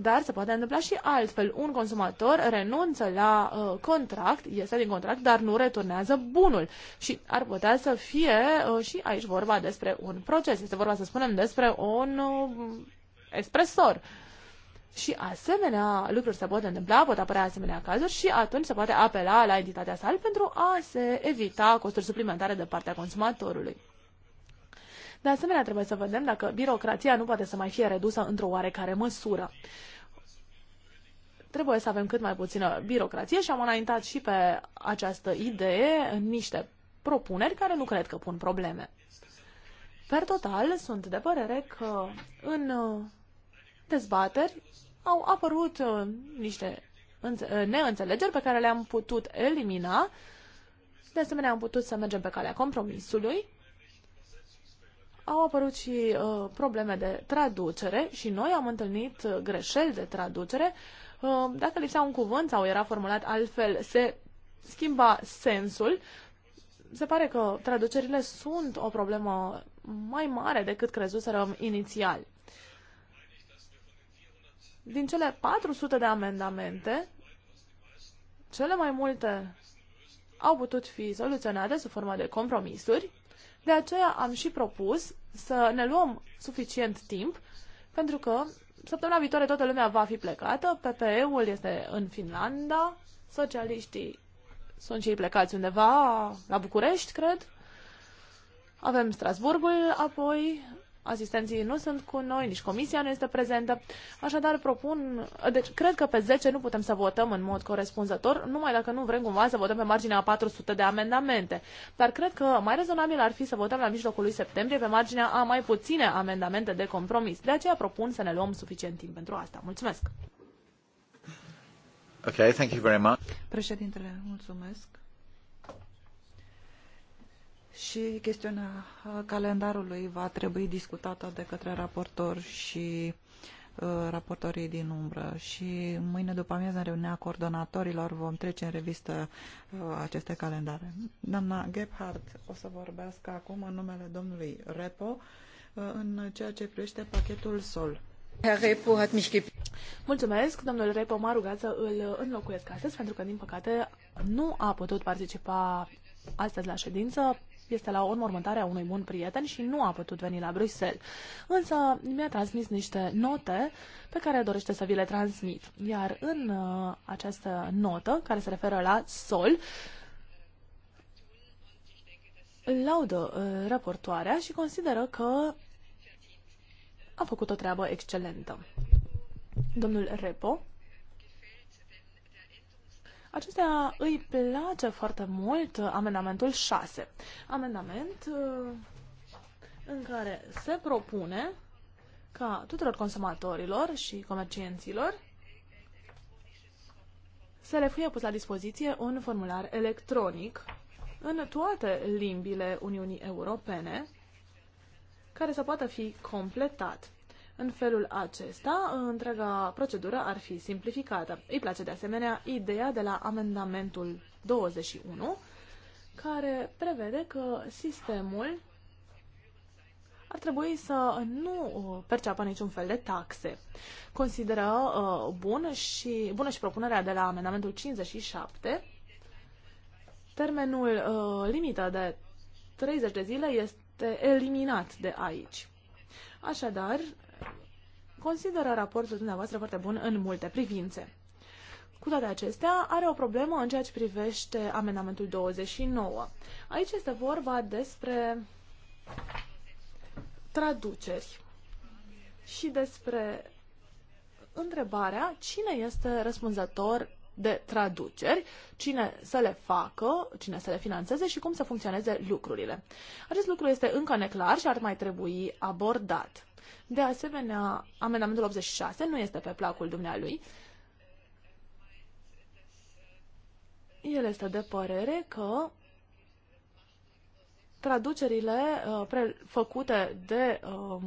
S4: Dar se poate întâmpla și altfel. Un consumator renunță la uh, contract, iese din contract, dar nu returnează bunul. Și ar putea să fie uh, și aici vorba despre un proces. Este vorba, să spunem, despre un uh, expresor. Uh, și asemenea lucruri se pot întâmpla, pot apărea asemenea cazuri și atunci se poate apela la entitatea sal pentru a se evita costuri suplimentare de partea consumatorului. De asemenea, trebuie să vedem dacă birocrația nu poate să mai fie redusă într-o oarecare măsură. Trebuie să avem cât mai puțină birocrație și am înaintat și pe această idee niște propuneri care nu cred că pun probleme. Per total, sunt de părere că în uh, dezbateri au apărut uh, niște uh, neînțelegeri pe care le-am putut elimina. De asemenea, am putut să mergem pe calea compromisului. Au apărut și uh, probleme de traducere și noi am întâlnit uh, greșeli de traducere. Uh, dacă lipsea un cuvânt sau era formulat altfel, se schimba sensul. Se pare că traducerile sunt o problemă mai mare decât crezuserăm inițial. Din cele 400 de amendamente, cele mai multe au putut fi soluționate sub formă de compromisuri, de aceea am și propus să ne luăm suficient timp, pentru că săptămâna viitoare toată lumea va fi plecată, PPE-ul este în Finlanda, socialiștii sunt cei plecați undeva la București, cred, avem Strasburgul, apoi asistenții nu sunt cu noi, nici comisia nu este prezentă. Așadar, propun, deci cred că pe 10 nu putem să votăm în mod corespunzător, numai dacă nu vrem cumva să votăm pe marginea a 400 de amendamente. Dar cred că mai rezonabil ar fi să votăm la mijlocul lui septembrie pe marginea a mai puține amendamente de compromis. De aceea propun să ne luăm suficient timp pentru asta. Mulțumesc!
S1: Okay, thank you very much.
S3: Președintele, mulțumesc. Și chestiunea uh, calendarului va trebui discutată de către raportor și uh, raportorii din umbră și mâine după amiază în reuniunea coordonatorilor vom trece în revistă uh, aceste calendare. Doamna Gebhardt o să vorbească acum în numele domnului Repo uh, în ceea ce privește pachetul SOL.
S4: Mulțumesc, domnul Repo m-a rugat să îl înlocuiesc astăzi pentru că, din păcate, nu a putut participa astăzi la ședință este la a unui bun prieten și nu a putut veni la Bruxelles. Însă mi-a transmis niște note pe care dorește să vi le transmit. Iar în uh, această notă, care se referă la sol, laudă uh, raportoarea și consideră că a făcut o treabă excelentă. Domnul Repo Acestea îi place foarte mult uh, amendamentul 6. Amendament uh, în care se propune ca tuturor consumatorilor și comercienților să le fie pus la dispoziție un formular electronic în toate limbile Uniunii Europene care să poată fi completat. În felul acesta, întreaga procedură ar fi simplificată. Îi place de asemenea ideea de la amendamentul 21, care prevede că sistemul ar trebui să nu uh, perceapă niciun fel de taxe. Consideră uh, bună și, bună și propunerea de la amendamentul 57. Termenul uh, limită de 30 de zile este eliminat de aici. Așadar, consideră raportul dumneavoastră foarte bun în multe privințe. Cu toate acestea, are o problemă în ceea ce privește amendamentul 29. Aici este vorba despre traduceri și despre întrebarea cine este răspunzător de traduceri, cine să le facă, cine să le financeze și cum să funcționeze lucrurile. Acest lucru este încă neclar și ar mai trebui abordat. De asemenea, amendamentul 86 nu este pe placul dumnealui. El este de părere că traducerile uh, făcute de uh,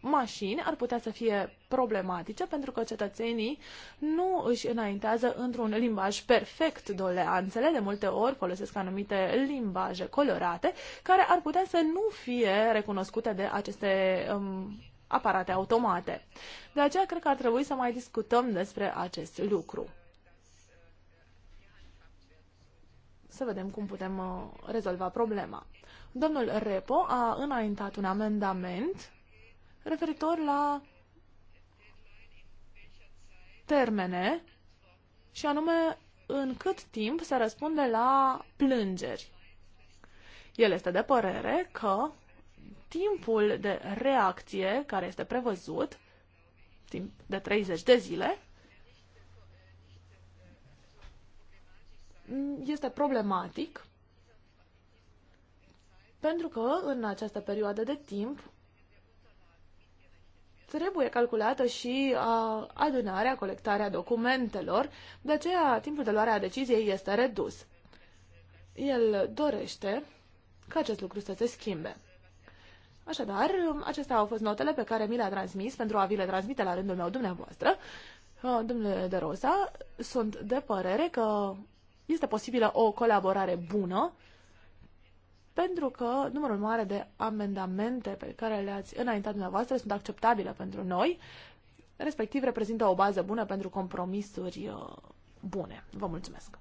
S4: mașini ar putea să fie problematice pentru că cetățenii nu își înaintează într-un limbaj perfect doleanțele, de multe ori folosesc anumite limbaje colorate care ar putea să nu fie recunoscute de aceste um, aparate automate. De aceea cred că ar trebui să mai discutăm despre acest lucru. Să vedem cum putem uh, rezolva problema. Domnul Repo a înaintat un amendament referitor la termene și anume în cât timp se răspunde la plângeri. El este de părere că timpul de reacție care este prevăzut, timp de 30 de zile, este problematic pentru că în această perioadă de timp trebuie calculată și uh, adunarea, colectarea documentelor, de aceea timpul de luare a deciziei este redus. El dorește ca acest lucru să se schimbe. Așadar, acestea au fost notele pe care mi le-a transmis pentru a vi le transmite la rândul meu dumneavoastră. Uh, domnule De Rosa, sunt de părere că este posibilă o colaborare bună pentru că numărul mare de amendamente pe care le-ați înaintat dumneavoastră sunt acceptabile pentru noi, respectiv reprezintă o bază bună pentru compromisuri uh, bune. Vă mulțumesc!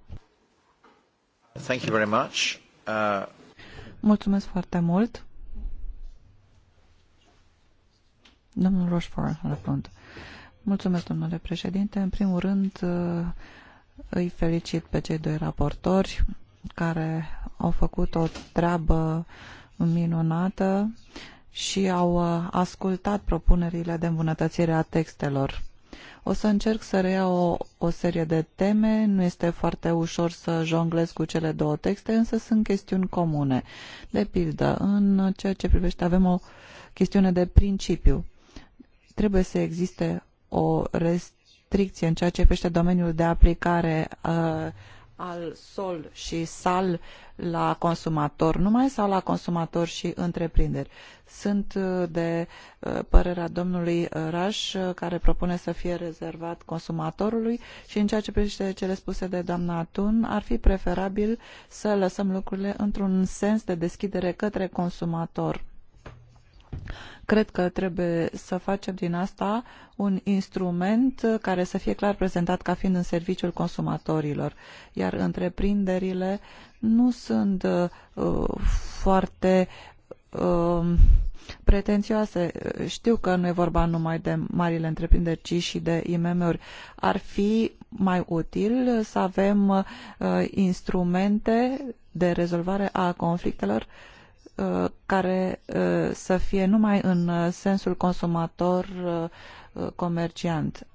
S1: Thank you very much. Uh...
S3: Mulțumesc foarte mult! Domnul Rochefort, front. Mulțumesc, domnule președinte. În primul rând, uh, îi felicit pe cei doi raportori care au făcut o treabă minunată și au uh, ascultat propunerile de îmbunătățire a textelor. O să încerc să reiau o, o serie de teme, nu este foarte ușor să jonglez cu cele două texte, însă sunt chestiuni comune. De pildă, în ceea ce privește, avem o chestiune de principiu. Trebuie să existe o restricție în ceea ce privește domeniul de aplicare uh, al sol și sal la consumator numai sau la consumator și întreprinderi. Sunt uh, de uh, părerea domnului uh, Raș care propune să fie rezervat consumatorului și în ceea ce privește cele spuse de doamna Tun, ar fi preferabil să lăsăm lucrurile într-un sens de deschidere către consumator. Cred că trebuie să facem din asta un instrument care să fie clar prezentat ca fiind în serviciul consumatorilor, iar întreprinderile nu sunt uh, foarte uh, pretențioase. Știu că nu e vorba numai de marile întreprinderi, ci și de IMM-uri. Ar fi mai util să avem uh, instrumente de rezolvare a conflictelor uh, Uh, care uh, să fie numai în uh, sensul consumator comerciant.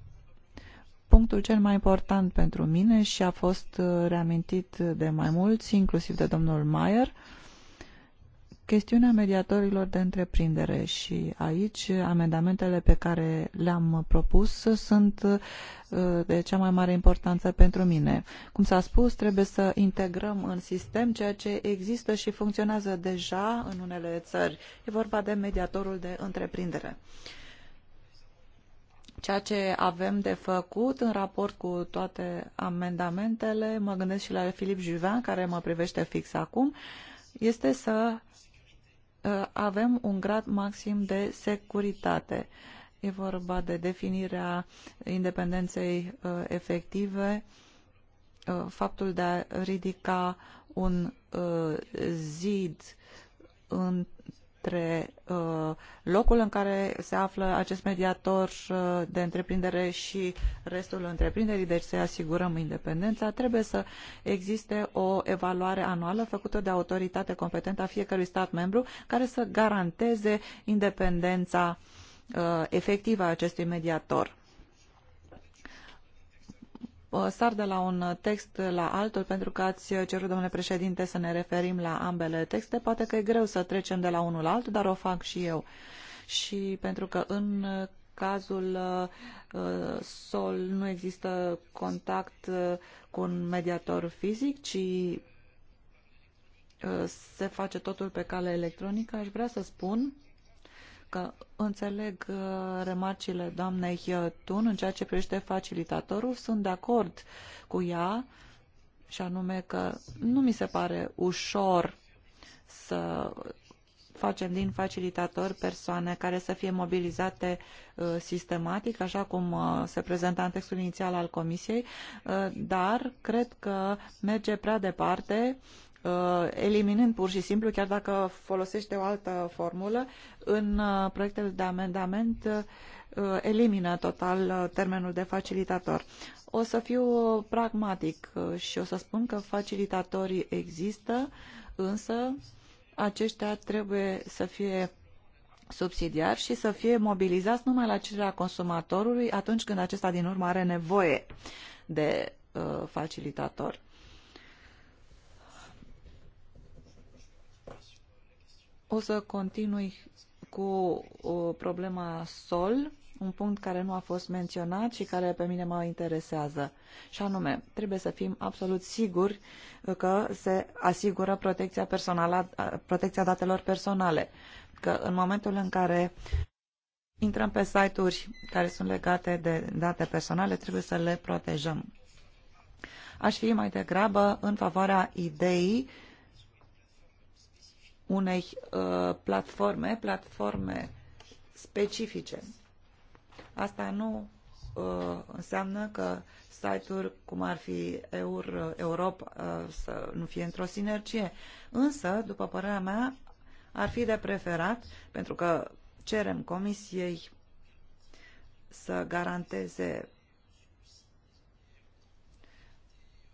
S3: Punctul cel mai important pentru mine și a fost reamintit de mai mulți, inclusiv de domnul Mayer, Chestiunea mediatorilor de întreprindere și aici amendamentele pe care le-am propus sunt uh, de cea mai mare importanță pentru mine. Cum s-a spus, trebuie să integrăm în sistem ceea ce există și funcționează deja în unele țări. E vorba de mediatorul de întreprindere ceea ce avem de făcut în raport cu toate amendamentele, mă gândesc și la Filip Juvin, care mă privește fix acum, este să Uh, avem un grad maxim de securitate. E vorba de definirea independenței uh, efective, uh, faptul de a ridica un zid în între uh, locul în care se află acest mediator uh, de întreprindere și restul întreprinderii, deci să asigurăm independența, trebuie să existe o evaluare anuală făcută de autoritate competentă a fiecărui stat membru care să garanteze independența uh, efectivă a acestui mediator Uh, sar de la un text la altul, pentru că ați cerut, domnule președinte, să ne referim la ambele texte. Poate că e greu să trecem de la unul la altul, dar o fac și eu. Și pentru că în cazul uh, uh, SOL nu există contact cu un mediator fizic, ci se face totul pe cale electronică, aș vrea să spun că înțeleg uh, remarcile doamnei uh, Tun în ceea ce privește facilitatorul. Sunt de acord cu ea și anume că nu mi se pare ușor să facem din facilitator persoane care să fie mobilizate uh, sistematic, așa cum uh, se prezenta în textul inițial al Comisiei, uh, dar cred că merge prea departe uh, Uh, eliminând pur și simplu, chiar dacă folosește o altă formulă, în uh, proiectele de amendament uh, elimină total termenul de facilitator. O să fiu pragmatic și o să spun că facilitatorii există, însă aceștia trebuie să fie subsidiari și să fie mobilizați numai la cererea consumatorului atunci când acesta din urmă are nevoie de uh, facilitator. O să continui cu problema sol, un punct care nu a fost menționat și care pe mine mă interesează. Și anume, trebuie să fim absolut siguri că se asigură protecția, personală, protecția datelor personale. Că în momentul în care intrăm pe site-uri care sunt legate de date personale, trebuie să le protejăm. Aș fi mai degrabă în favoarea ideii unei uh, platforme, platforme specifice. Asta nu uh, înseamnă că site-uri cum ar fi Eur, Europa uh, să nu fie într-o sinergie. Însă, după părerea mea, ar fi de preferat, pentru că cerem Comisiei să garanteze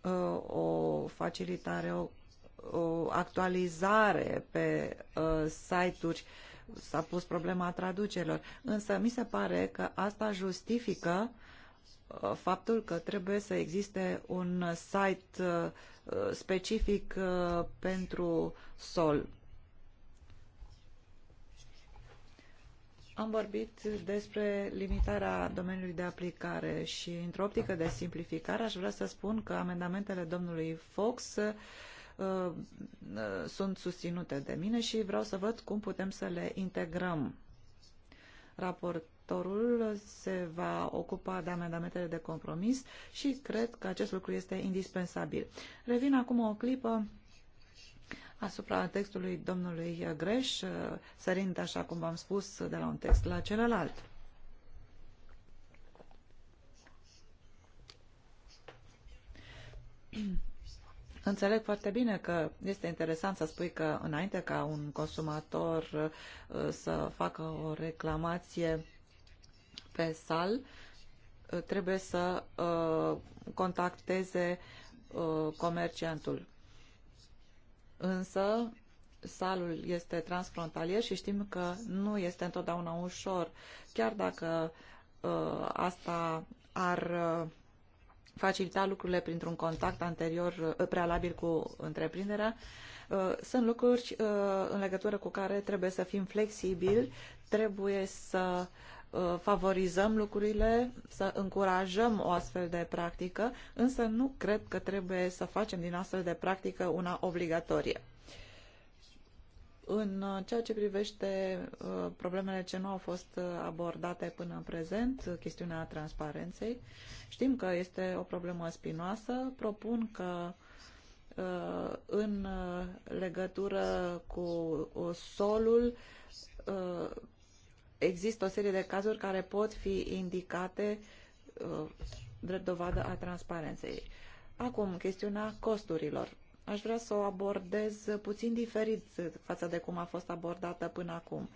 S3: uh, o facilitare, o actualizare pe uh, site-uri, s-a pus problema traducerilor, însă mi se pare că asta justifică uh, faptul că trebuie să existe un site uh, specific uh, pentru sol. Am vorbit despre limitarea domeniului de aplicare și într-o optică de simplificare aș vrea să spun că amendamentele domnului Fox Uh, uh, sunt susținute de mine și vreau să văd cum putem să le integrăm. Raportorul se va ocupa de amendamentele de compromis și cred că acest lucru este indispensabil. Revin acum o clipă asupra textului domnului Greș, uh, sărind, așa cum v-am spus, de la un text la celălalt. Înțeleg foarte bine că este interesant să spui că înainte ca un consumator uh, să facă o reclamație pe sal, uh, trebuie să uh, contacteze comerciantul. Însă, salul este transfrontalier și știm că nu este întotdeauna ușor, chiar dacă asta ar facilita lucrurile printr-un contact anterior uh, prealabil cu întreprinderea, uh, sunt lucruri uh, în legătură cu care trebuie să fim flexibili, trebuie să favorizăm lucrurile, să încurajăm o astfel de practică, însă nu cred că trebuie să facem din astfel de practică una obligatorie. În uh, ceea ce privește uh, problemele ce nu au fost uh, abordate până în prezent, chestiunea transparenței, știm că este o problemă spinoasă. Propun că în legătură cu solul există o serie de cazuri care pot fi indicate drept dovadă a transparenței. Acum, chestiunea costurilor aș vrea să o abordez puțin diferit față de cum a fost abordată până acum.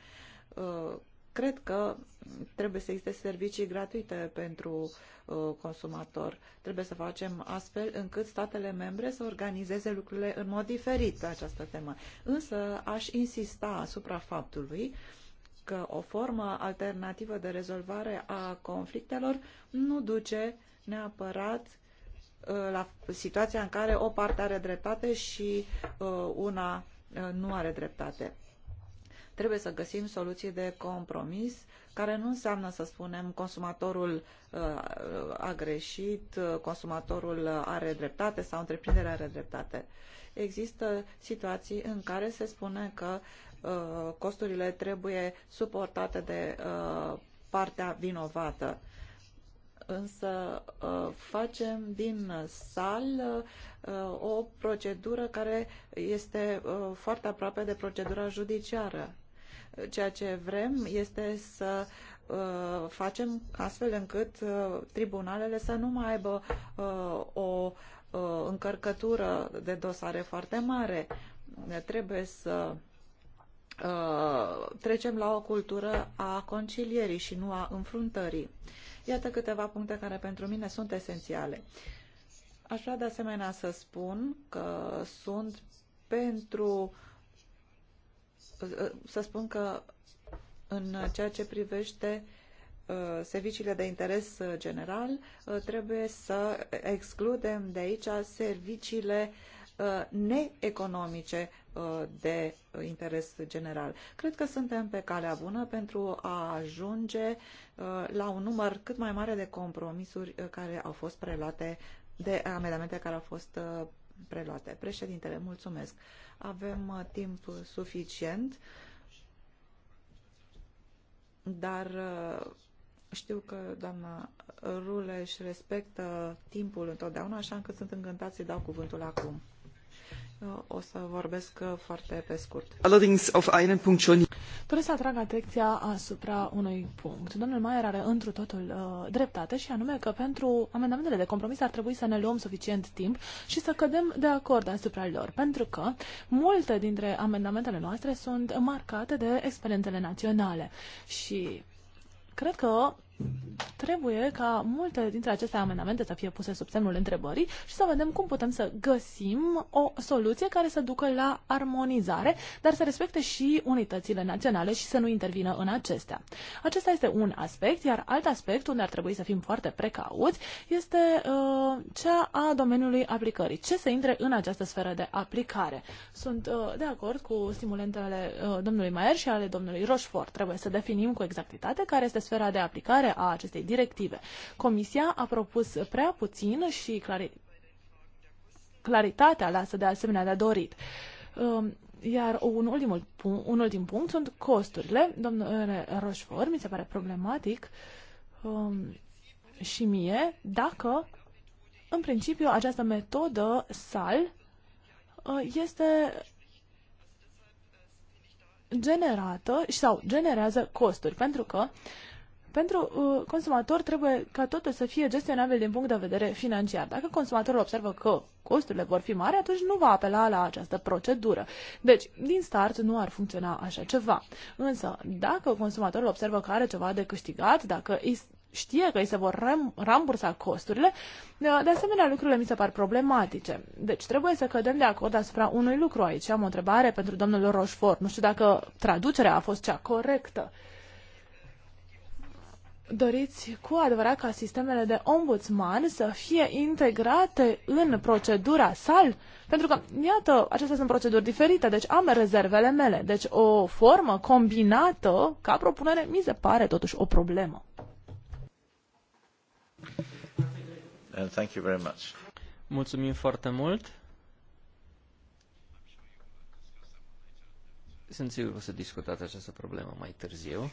S3: Uh, cred că trebuie să existe servicii gratuite pentru uh, consumator. Trebuie să facem astfel încât statele membre să organizeze lucrurile în mod diferit pe această temă. Însă aș insista asupra faptului că o formă alternativă de rezolvare a conflictelor nu duce neapărat Uh, la situația în care o parte are dreptate și uh, una uh, nu are dreptate. Trebuie să găsim soluții de compromis care nu înseamnă să spunem consumatorul a greșit, consumatorul are dreptate sau întreprinderea are dreptate. Există situații în care se spune că costurile trebuie suportate de partea vinovată însă uh, facem din sal uh, o procedură care este uh, foarte aproape de procedura judiciară. Ceea ce vrem este să facem astfel încât tribunalele să nu mai aibă o încărcătură de dosare foarte mare. Trebuie să trecem la o cultură a concilierii și nu a înfruntării. Iată câteva puncte care pentru mine sunt esențiale. Aș vrea de asemenea să spun că sunt pentru să spun că în ceea ce privește uh, serviciile de interes general, uh, trebuie să excludem de aici serviciile uh, neeconomice Uh, de interes general. Cred că suntem pe calea bună pentru a ajunge uh, la un număr cât mai mare de compromisuri uh, care au fost preluate, de amendamente care au fost preluate. Președintele, mulțumesc. Avem timp suficient, dar știu că doamna Rule își respectă timpul întotdeauna, așa încât sunt încântat să-i dau cuvântul acum. O să vorbesc uh, foarte pe scurt. Allerdings auf einen Punkt schon.
S4: Doresc să atrag atenția asupra unui punct. Domnul Maier are întru totul uh, dreptate și anume că pentru amendamentele de compromis ar trebui să ne luăm suficient timp și să cădem de acord asupra lor, pentru că multe dintre amendamentele noastre sunt marcate de experiențele naționale și cred că trebuie ca multe dintre aceste amendamente să fie puse sub semnul întrebării și să vedem cum putem să găsim o soluție care să ducă la armonizare, dar să respecte și unitățile naționale și să nu intervină în acestea. Acesta este un aspect, iar alt aspect unde ar trebui să fim foarte precauți este uh, cea a domeniului aplicării. Ce se intre în această sferă de aplicare? Sunt uh, de acord cu stimulentele uh, domnului Maier și ale domnului Rochefort. Trebuie să definim cu exactitate care este sfera de aplicare aplicare a acestei directive. Comisia a propus prea puțin și claritatea lasă de asemenea de dorit. Um, iar un, ultimul punct, un ultim punct sunt costurile. Domnule Roșfor, mi se pare problematic um, și mie dacă, în principiu, această metodă SAL uh, este generată sau generează costuri, pentru că pentru uh, consumator trebuie ca totul să fie gestionabil din punct de vedere financiar. Dacă consumatorul observă că costurile vor fi mari, atunci nu va apela la această procedură. Deci, din start nu ar funcționa așa ceva. Însă, dacă consumatorul observă că are ceva de câștigat, dacă știe că îi se vor rambursa costurile, uh, de asemenea lucrurile mi se par problematice. Deci trebuie să cădem de acord asupra unui lucru aici. Am o întrebare pentru domnul Roșfort. Nu știu dacă traducerea a fost cea corectă. Uh, doriți cu adevărat ca sistemele de ombudsman să fie integrate în procedura SAL? Pentru că, iată, acestea sunt proceduri diferite, deci am rezervele mele. Deci o formă combinată ca propunere mi se pare totuși o problemă.
S2: Uh, thank you very much. Mulțumim foarte mult. Sunt sigur că o să discutați această problemă mai târziu.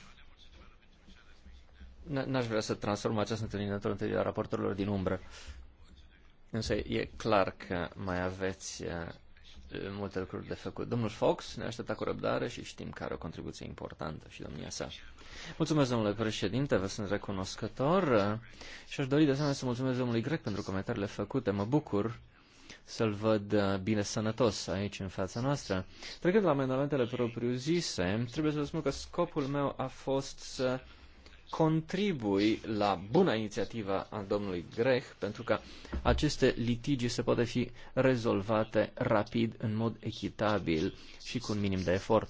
S2: N-aș vrea să transform această întâlnire într-o întâlnire a raportorilor din umbră. Însă e clar că mai aveți uh, multe lucruri de făcut. Domnul Fox ne aștepta cu răbdare și știm că are o contribuție importantă și domnia sa. Mulțumesc, domnule președinte, vă sunt recunoscător și aș dori de asemenea să mulțumesc domnului Grec pentru comentariile făcute. Mă bucur să-l văd uh, bine sănătos aici în fața noastră. Trecând la amendamentele propriu-zise, trebuie să vă spun că scopul meu a fost să contribui la buna inițiativă a domnului Grech pentru ca aceste litigi să poată fi rezolvate rapid, în mod echitabil și cu un minim de efort.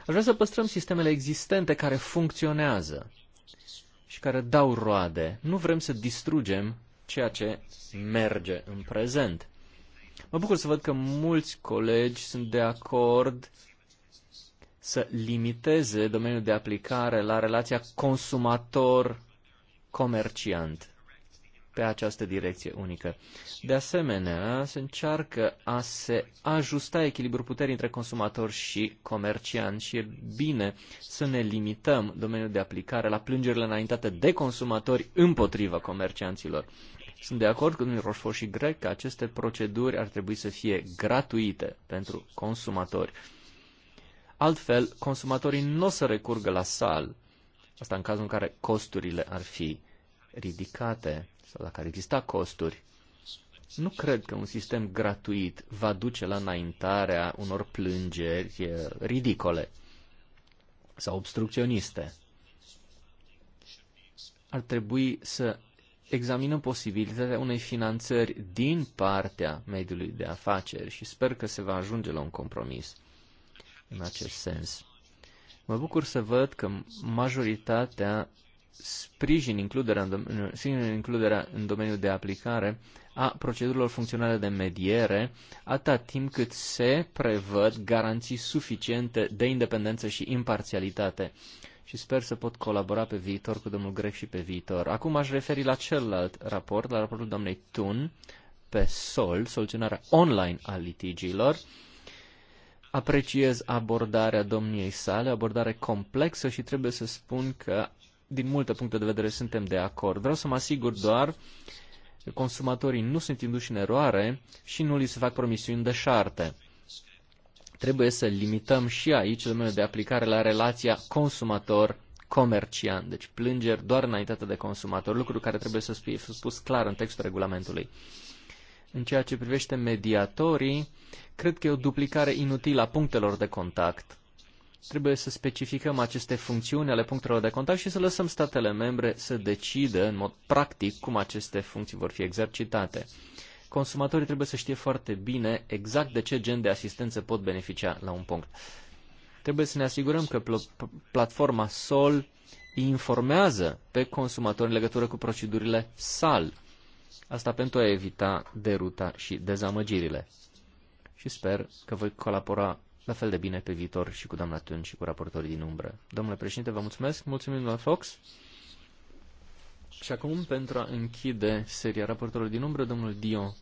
S2: Aș vrea să păstrăm sistemele existente care funcționează și care dau roade. Nu vrem să distrugem ceea ce merge în prezent. Mă bucur să văd că mulți colegi sunt de acord să limiteze domeniul de aplicare la relația consumator-comerciant pe această direcție unică. De asemenea, se încearcă a se ajusta echilibrul puterii între consumator și comerciant și e bine să ne limităm domeniul de aplicare la plângerile înaintate de consumatori împotriva comercianților. Sunt de acord cu domnul Roșfor și Grec că aceste proceduri ar trebui să fie gratuite pentru consumatori. Altfel, consumatorii nu o să recurgă la sal. Asta în cazul în care costurile ar fi ridicate sau dacă ar exista costuri. Nu cred că un sistem gratuit va duce la înaintarea unor plângeri eh, ridicole sau obstrucționiste. Ar trebui să examinăm posibilitatea unei finanțări din partea mediului de afaceri și sper că se va ajunge la un compromis în acest sens. Mă bucur să văd că majoritatea sprijin includerea în, domeniu, sprijin includerea în domeniul de aplicare a procedurilor funcționale de mediere, atât timp cât se prevăd garanții suficiente de independență și imparțialitate. Și sper să pot colabora pe viitor cu domnul Grec și pe viitor. Acum aș referi la celălalt raport, la raportul doamnei Tun, pe SOL, soluționarea online a litigiilor. Uh, Apreciez abordarea domniei sale, abordare complexă și trebuie să spun că din multe puncte de vedere suntem de acord. Vreau să mă asigur doar că consumatorii nu sunt induși în eroare și nu li se fac promisiuni deșarte. Trebuie să limităm și aici domeniul de aplicare la relația consumator comercian, deci plângeri doar înaintate de consumator, lucru care trebuie să fie spus clar în textul regulamentului. În ceea ce privește mediatorii, cred că e o duplicare inutilă a punctelor de contact. Trebuie să specificăm aceste funcțiuni ale punctelor de contact și să lăsăm statele membre să decidă în mod practic cum aceste funcții vor fi exercitate. Consumatorii trebuie să știe foarte bine exact de ce gen de asistență pot beneficia la un punct. Trebuie să ne asigurăm că pl platforma SOL informează pe consumatori în legătură cu procedurile SAL Asta pentru a evita deruta și dezamăgirile. Și sper că voi colabora la fel de bine pe viitor și cu doamna Tun și cu raportorii din umbră. Domnule președinte, vă mulțumesc, mulțumim la Fox. Și acum, pentru a închide seria raportorilor din umbră, domnul Dion.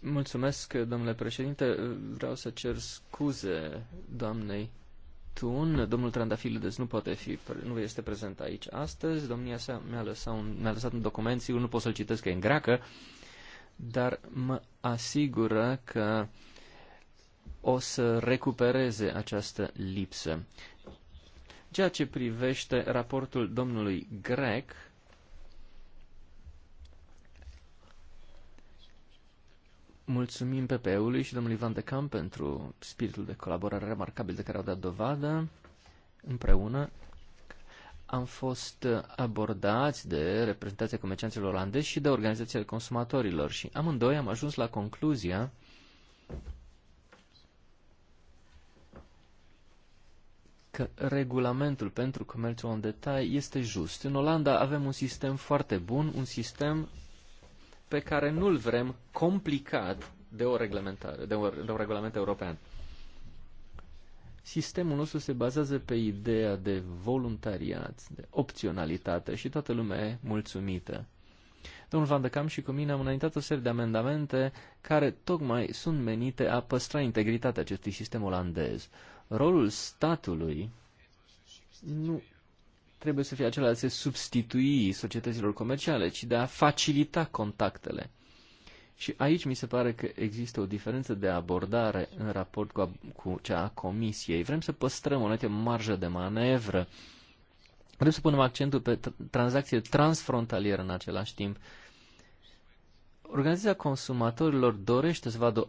S2: Mulțumesc, domnule președinte. Vreau să cer scuze doamnei Tun, domnul deci nu poate fi, nu este prezent aici astăzi, domnia sa mi-a lăsat, un, mi-a lăsat un document, sigur nu pot să-l citesc, că e în greacă, dar mă asigură că o să recupereze această lipsă. Ceea ce privește raportul domnului Grec, Mulțumim PPE-ului și domnului Van de Camp pentru spiritul de colaborare remarcabil de care au dat dovadă împreună. Am fost abordați de reprezentația comercianților olandezi și de organizațiile consumatorilor și amândoi am ajuns la concluzia că regulamentul pentru comerțul în detail este just. În Olanda avem un sistem foarte bun, un sistem pe care nu-l vrem complicat de o reglementare, de, un, de un regulament european. Sistemul nostru se bazează pe ideea de voluntariat, de opționalitate și toată lumea e mulțumită. Domnul Van de Cam și cu mine am înaintat o serie de amendamente care tocmai sunt menite a păstra integritatea acestui sistem olandez. Rolul statului nu trebuie să fie acela de a se substitui societăților comerciale, ci de a facilita contactele. Și aici mi se pare că există o diferență de abordare în raport cu, a, cu cea a comisiei. Vrem să păstrăm o anumită marjă de manevră. Vrem să punem accentul pe tranzacție transfrontalieră în același timp. Organizația consumatorilor dorește să vadă o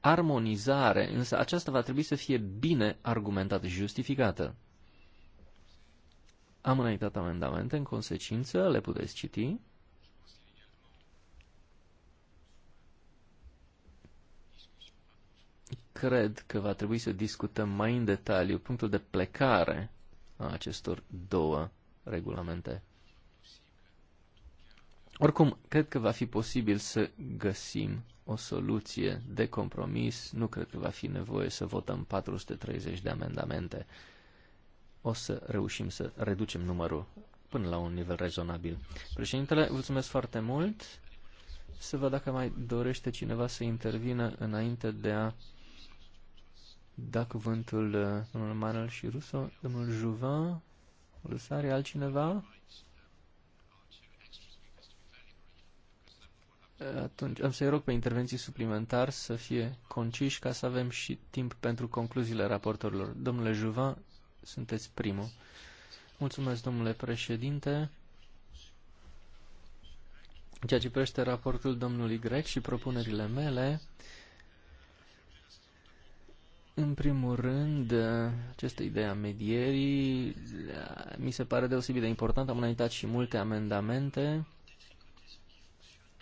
S2: armonizare, însă aceasta va trebui să fie bine argumentată, și justificată. Am înaintat amendamente, în consecință le puteți citi. Cred că va trebui să discutăm mai în detaliu punctul de plecare a acestor două regulamente. Oricum, cred că va fi posibil să găsim o soluție de compromis. Nu cred că va fi nevoie să votăm 430 de amendamente o să reușim să reducem numărul până la un nivel rezonabil. Președintele, mulțumesc foarte mult. Să văd dacă mai dorește cineva să intervină înainte de a da cuvântul uh, domnul Manel și Ruso, domnul Juvin, Rusari, altcineva? Atunci am să-i rog pe intervenții suplimentari să fie conciși ca să avem și timp pentru concluziile raportorilor. Domnule Juvin, sunteți primul. Mulțumesc, domnule președinte. ceea ce privește raportul domnului Grec și propunerile mele, în primul rând, această idee a medierii mi se pare deosebit de importantă. Am înaintat și multe amendamente.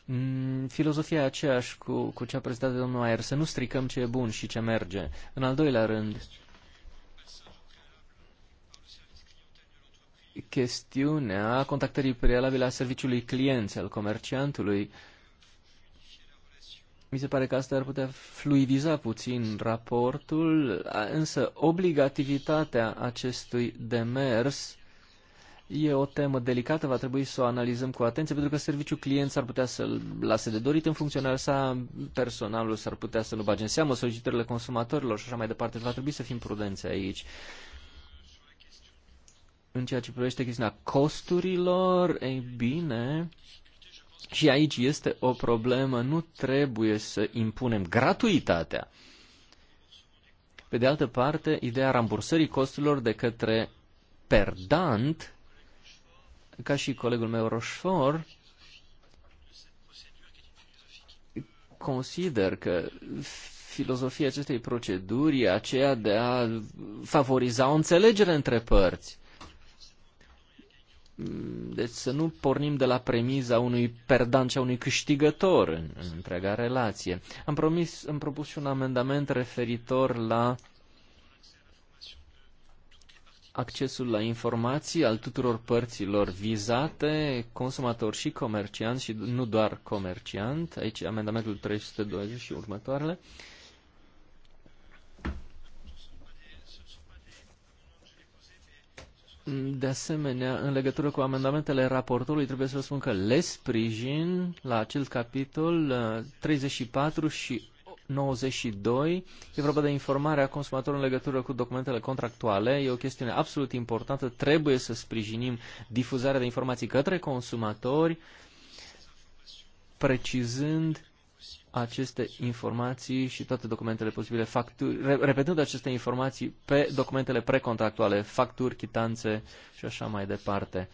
S2: Mm, filozofia aceeași cu, cu cea prezentată de domnul Aer, să nu stricăm ce e bun și ce merge. În al doilea rând, chestiunea contactării prealabile a serviciului clienți al comerciantului. Mi se pare că asta ar putea fluidiza puțin raportul, însă obligativitatea acestui demers e o temă delicată, va trebui să o analizăm cu atenție, pentru că serviciul client ar putea să-l lase de dorit în funcționar sa, personalul s-ar putea să nu bage în seamă solicitările consumatorilor și așa mai departe. Va trebui să fim prudenți aici în ceea ce privește chestiunea costurilor, ei bine, și aici este o problemă, nu trebuie să impunem gratuitatea. Pe de altă parte, ideea rambursării costurilor de către perdant, ca și colegul meu Roșfor, consider că filozofia acestei proceduri e aceea de a favoriza o înțelegere între părți. Mm, deci să nu pornim de la premiza unui perdan și a unui câștigător în, în întreaga relație. Am, promis, am propus și un amendament referitor la accesul la informații al tuturor părților vizate, consumator și comerciant și nu doar comerciant. Aici amendamentul 320 și următoarele. Uh, De asemenea, în legătură cu amendamentele raportului, trebuie să vă spun că le sprijin la acel capitol 34 uh, și 92. E vorba de informarea consumatorului în legătură cu documentele contractuale. E o chestiune absolut importantă. Trebuie să sprijinim difuzarea de informații către consumatori, precizând aceste informații și toate documentele posibile, facturi, repetând aceste informații pe documentele precontractuale, facturi, chitanțe și așa mai departe.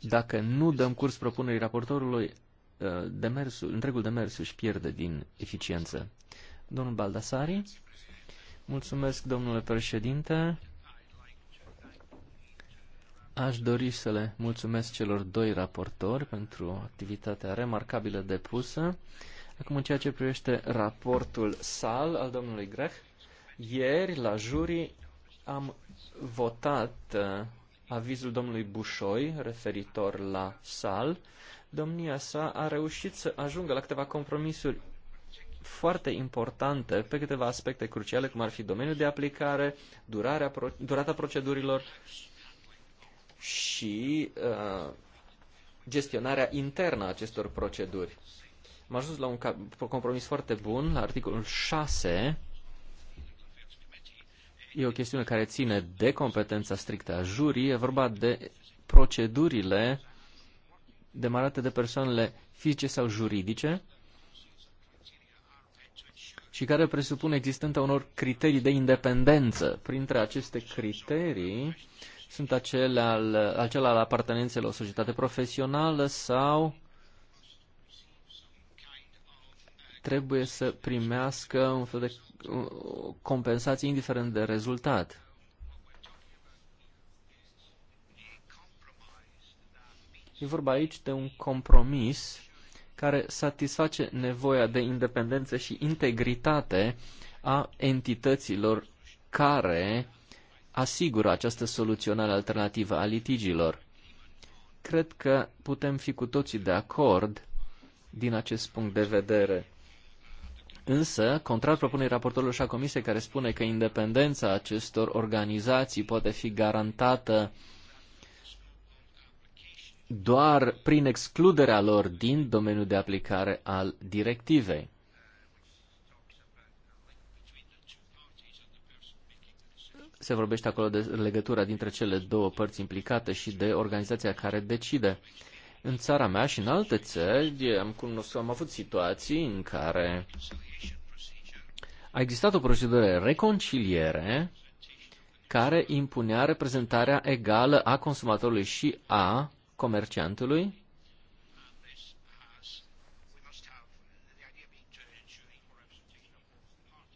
S2: Dacă nu dăm curs propunerii raportorului, uh, demersul, întregul demers își pierde din eficiență. Domnul Baldasari, mulțumesc domnule președinte. Aș dori să le mulțumesc celor doi raportori pentru activitatea remarcabilă depusă. Acum, în ceea ce privește raportul SAL al domnului Grech, ieri, la jury am votat uh, avizul domnului Bușoi referitor la SAL. Domnia sa a reușit să ajungă la câteva compromisuri foarte importante pe câteva aspecte cruciale, cum ar fi domeniul de aplicare, durarea, durata procedurilor și uh, gestionarea internă a acestor proceduri. Am ajuns la un compromis foarte bun, la articolul 6. E o chestiune care ține de competența strictă a jurii. E vorba de procedurile demarate de persoanele fizice sau juridice și care presupune existența unor criterii de independență. Printre aceste criterii sunt acele al, acela al apartenenței la o societate profesională sau trebuie să primească un fel de compensație indiferent de rezultat. E vorba aici de un compromis care satisface nevoia de independență și integritate a entităților care asigură această soluționare alternativă a litigilor. Cred că putem fi cu toții de acord din acest punct de vedere. Însă, contrar propunerii raportorului și a comisiei care spune că independența acestor organizații poate fi garantată doar prin excluderea lor din domeniul de aplicare al directivei. se vorbește acolo de legătura dintre cele două părți implicate și de organizația care decide. În țara mea și în alte țări am, cunosc, am avut situații în care a existat o procedură de reconciliere care impunea reprezentarea egală a consumatorului și a comerciantului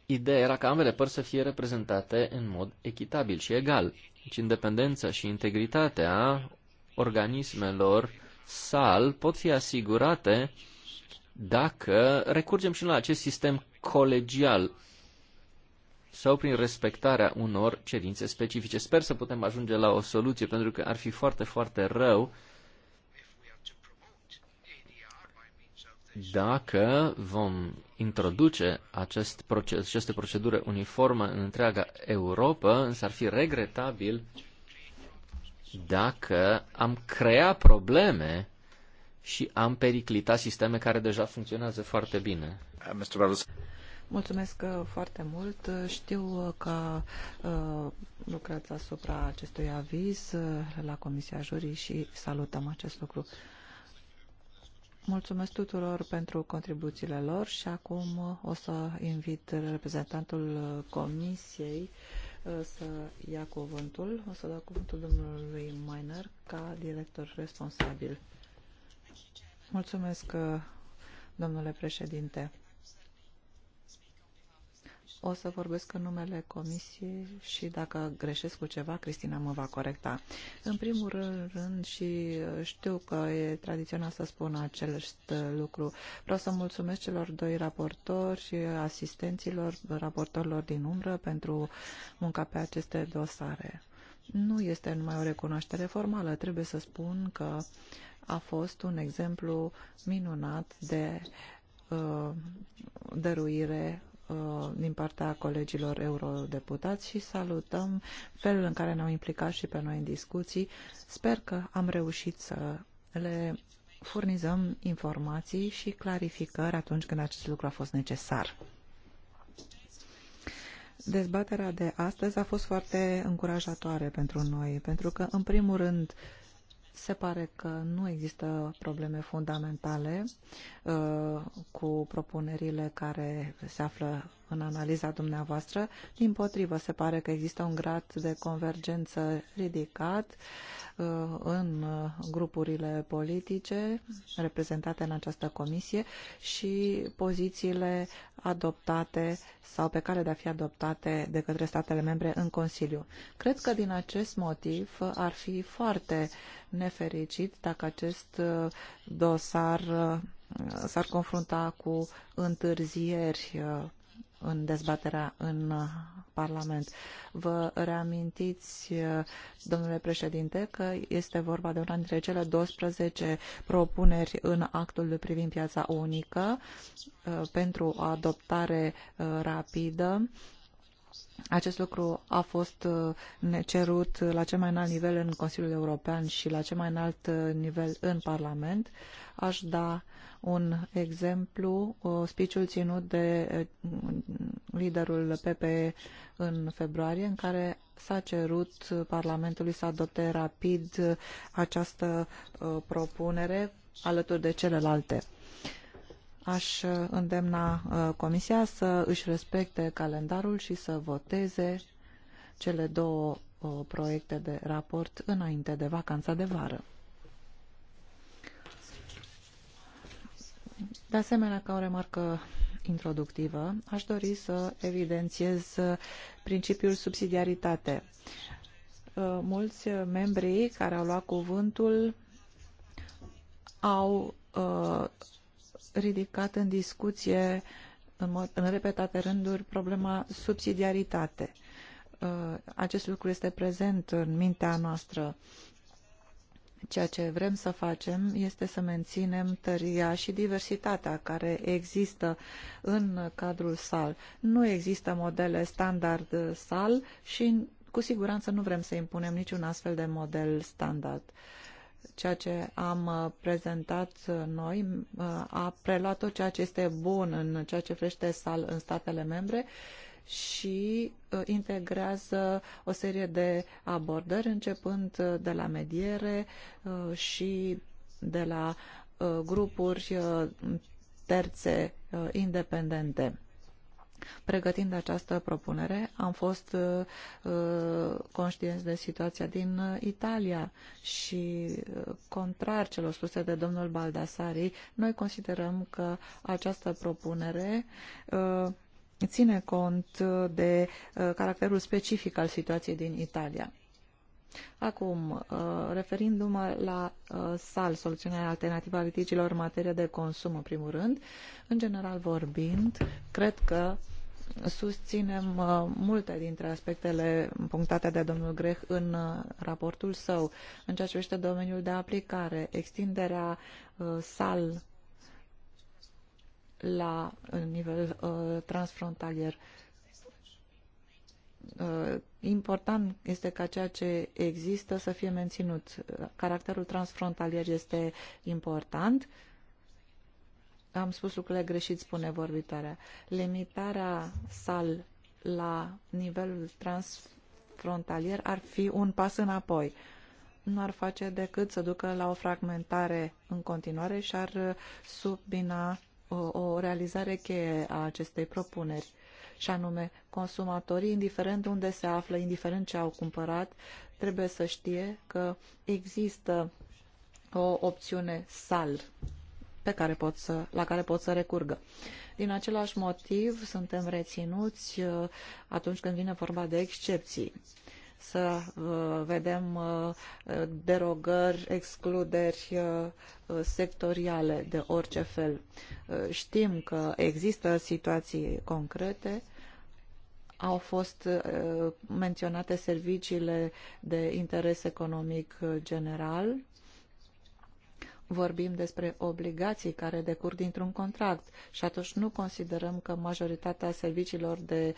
S2: ideea era ca ambele părți să fie reprezentate în mod echitabil și egal. Deci independența și integritatea organismelor sal pot fi asigurate dacă recurgem și la acest sistem colegial sau prin respectarea unor cerințe specifice. Sper să putem ajunge la o soluție, pentru că ar fi foarte, foarte rău dacă vom introduce acest proces, aceste procedură uniformă în întreaga Europa, însă ar fi regretabil dacă am crea probleme și am periclita sisteme care deja funcționează foarte bine.
S3: Mulțumesc uh, foarte mult. Știu că uh, lucrați asupra acestui aviz uh, la Comisia Jurii și salutăm acest lucru. Mulțumesc tuturor pentru contribuțiile lor și acum o să invit reprezentantul Comisiei uh, să ia cuvântul. O să dau cuvântul domnului Miner ca director responsabil. Mulțumesc, uh, domnule președinte. O să vorbesc în numele comisiei și dacă greșesc cu ceva, Cristina mă va corecta. În primul rând și uh, știu că e tradițional să spun același uh, lucru. Vreau să mulțumesc celor doi raportori și asistenților, raportorilor din umbră pentru munca pe aceste dosare. Nu este numai o recunoaștere formală, trebuie să spun că a fost un exemplu minunat de uh, dăruire Uh, din partea colegilor eurodeputați și salutăm felul în care ne-au implicat și pe noi în discuții. Sper că am reușit să le furnizăm informații și clarificări atunci când acest lucru a fost necesar. Dezbaterea de astăzi a fost foarte încurajatoare pentru noi, pentru că, în primul rând, se pare că nu există probleme fundamentale uh, cu propunerile care se află în analiza dumneavoastră. Din potrivă, se pare că există un grad de convergență ridicat uh, în uh, grupurile politice reprezentate în această comisie și pozițiile adoptate sau pe care de a fi adoptate de către statele membre în Consiliu. Cred că din acest motiv ar fi foarte uh, nefericit dacă acest uh, dosar uh, s-ar confrunta cu întârzieri uh, în dezbaterea în Parlament. Vă reamintiți, domnule președinte, că este vorba de una dintre cele 12 propuneri în actul privind piața unică pentru o adoptare rapidă acest lucru a fost uh, necerut la cel mai înalt nivel în Consiliul European și la cel mai înalt uh, nivel în Parlament. Aș da un exemplu, uh, spiciul ținut de liderul PPE în februarie, în care s-a cerut Parlamentului să adopte rapid această propunere alături de celelalte. Aș uh, îndemna uh, Comisia să își respecte calendarul și să voteze cele două uh, proiecte de raport înainte de vacanța de vară. De asemenea, ca o remarcă introductivă, aș dori să evidențiez principiul subsidiaritate. Mulți membri care au luat cuvântul au ridicat în discuție în, mod, în repetate rânduri problema subsidiaritate. Uh, acest lucru este prezent în mintea noastră. Ceea ce vrem să facem este să menținem tăria și diversitatea care există în cadrul sal. Nu există modele standard sal și cu siguranță nu vrem să impunem niciun astfel de model standard. Uh, ceea ce am uh, prezentat noi uh, a preluat tot ceea ce este bun în ceea ce frește sal în statele membre și uh, integrează o serie de abordări începând de la mediere și de la grupuri terțe independente. Pregătind această propunere, am fost uh, uh, conștienți de situația din uh, Italia și, uh, contrar celor spuse de domnul Baldassari, noi considerăm că această propunere uh, ține cont uh, de uh, caracterul specific al situației din Italia. Acum, uh, referindu-mă la SAL, soluțiunea alternativă a litigilor în materie de consum, în primul rând, în general vorbind, cred că Susținem uh, multe dintre aspectele punctate de domnul Greh în uh, raportul său. În ceea ce privește domeniul de aplicare, extinderea uh, sal la nivel transfrontalier important este ca ceea ce există să fie menținut. Caracterul transfrontalier este important am spus lucrurile greșit, spune vorbitoarea. Limitarea sal la nivelul transfrontalier ar fi un pas înapoi. Nu ar face decât să ducă la o fragmentare în continuare și ar uh, submina o, uh, o realizare cheie a acestei propuneri și anume consumatorii, indiferent unde se află, indiferent ce au cumpărat, trebuie să știe că există o opțiune sal pe care pot să, la care pot să recurgă. Din același motiv, suntem reținuți uh, atunci când vine vorba de excepții să uh, vedem uh, derogări, excluderi sectoriale de orice fel. Știm că există situații concrete, au fost menționate serviciile de interes economic general, vorbim despre obligații care decurg dintr-un contract și atunci nu considerăm că majoritatea serviciilor de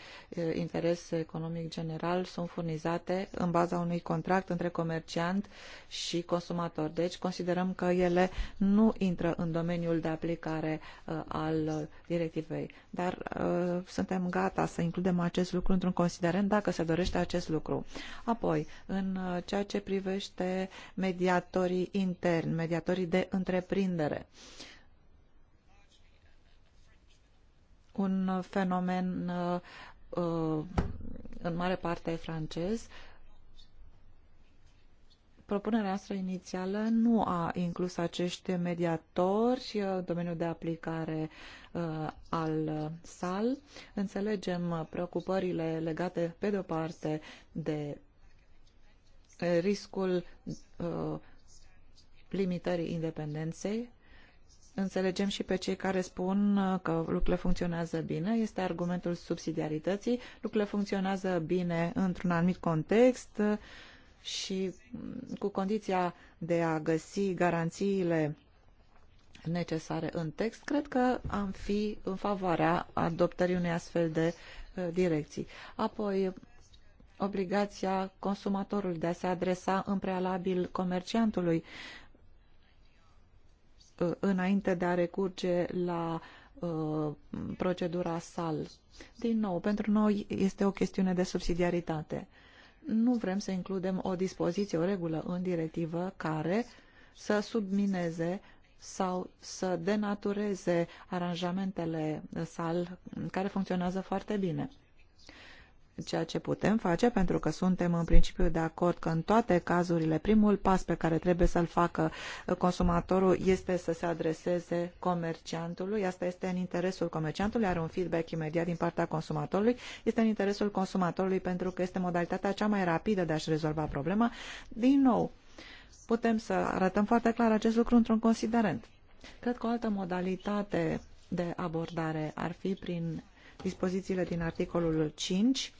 S3: interes economic general sunt furnizate în baza unui contract între comerciant și consumator. Deci considerăm că ele nu intră în domeniul de aplicare al directivei. Dar suntem gata să includem acest lucru într-un considerent dacă se dorește acest lucru. Apoi, în ceea ce privește mediatorii interni, mediatorii de de întreprindere. Un fenomen uh, uh, în mare parte francez. Propunerea noastră inițială nu a inclus acești mediatori în uh, domeniul de aplicare al SAL. Înțelegem preocupările legate, pe de-o parte, de riscul limitării independenței. Înțelegem și pe cei care spun uh, că lucrurile funcționează bine, este argumentul subsidiarității, lucrurile funcționează bine într-un anumit context uh, și mm, cu condiția de a găsi garanțiile necesare în text, cred că am fi în favoarea adoptării unei astfel de uh, direcții. Apoi, obligația consumatorului de a se adresa în prealabil comerciantului. Uh, înainte de a recurge la uh, procedura SAL. Din nou, pentru noi este o chestiune de subsidiaritate. Nu vrem să includem o dispoziție, o regulă în directivă care să submineze sau să denatureze aranjamentele SAL care funcționează foarte bine ceea ce putem face, pentru că suntem în principiu de acord că în toate cazurile primul pas pe care trebuie să-l facă consumatorul este să se adreseze comerciantului. Asta este în interesul comerciantului, are un feedback imediat din partea consumatorului. Este în interesul consumatorului pentru că este modalitatea cea mai rapidă de a-și rezolva problema. Din nou, putem să arătăm foarte clar acest lucru într-un considerent. Cred că o altă modalitate de abordare ar fi prin dispozițiile din articolul 5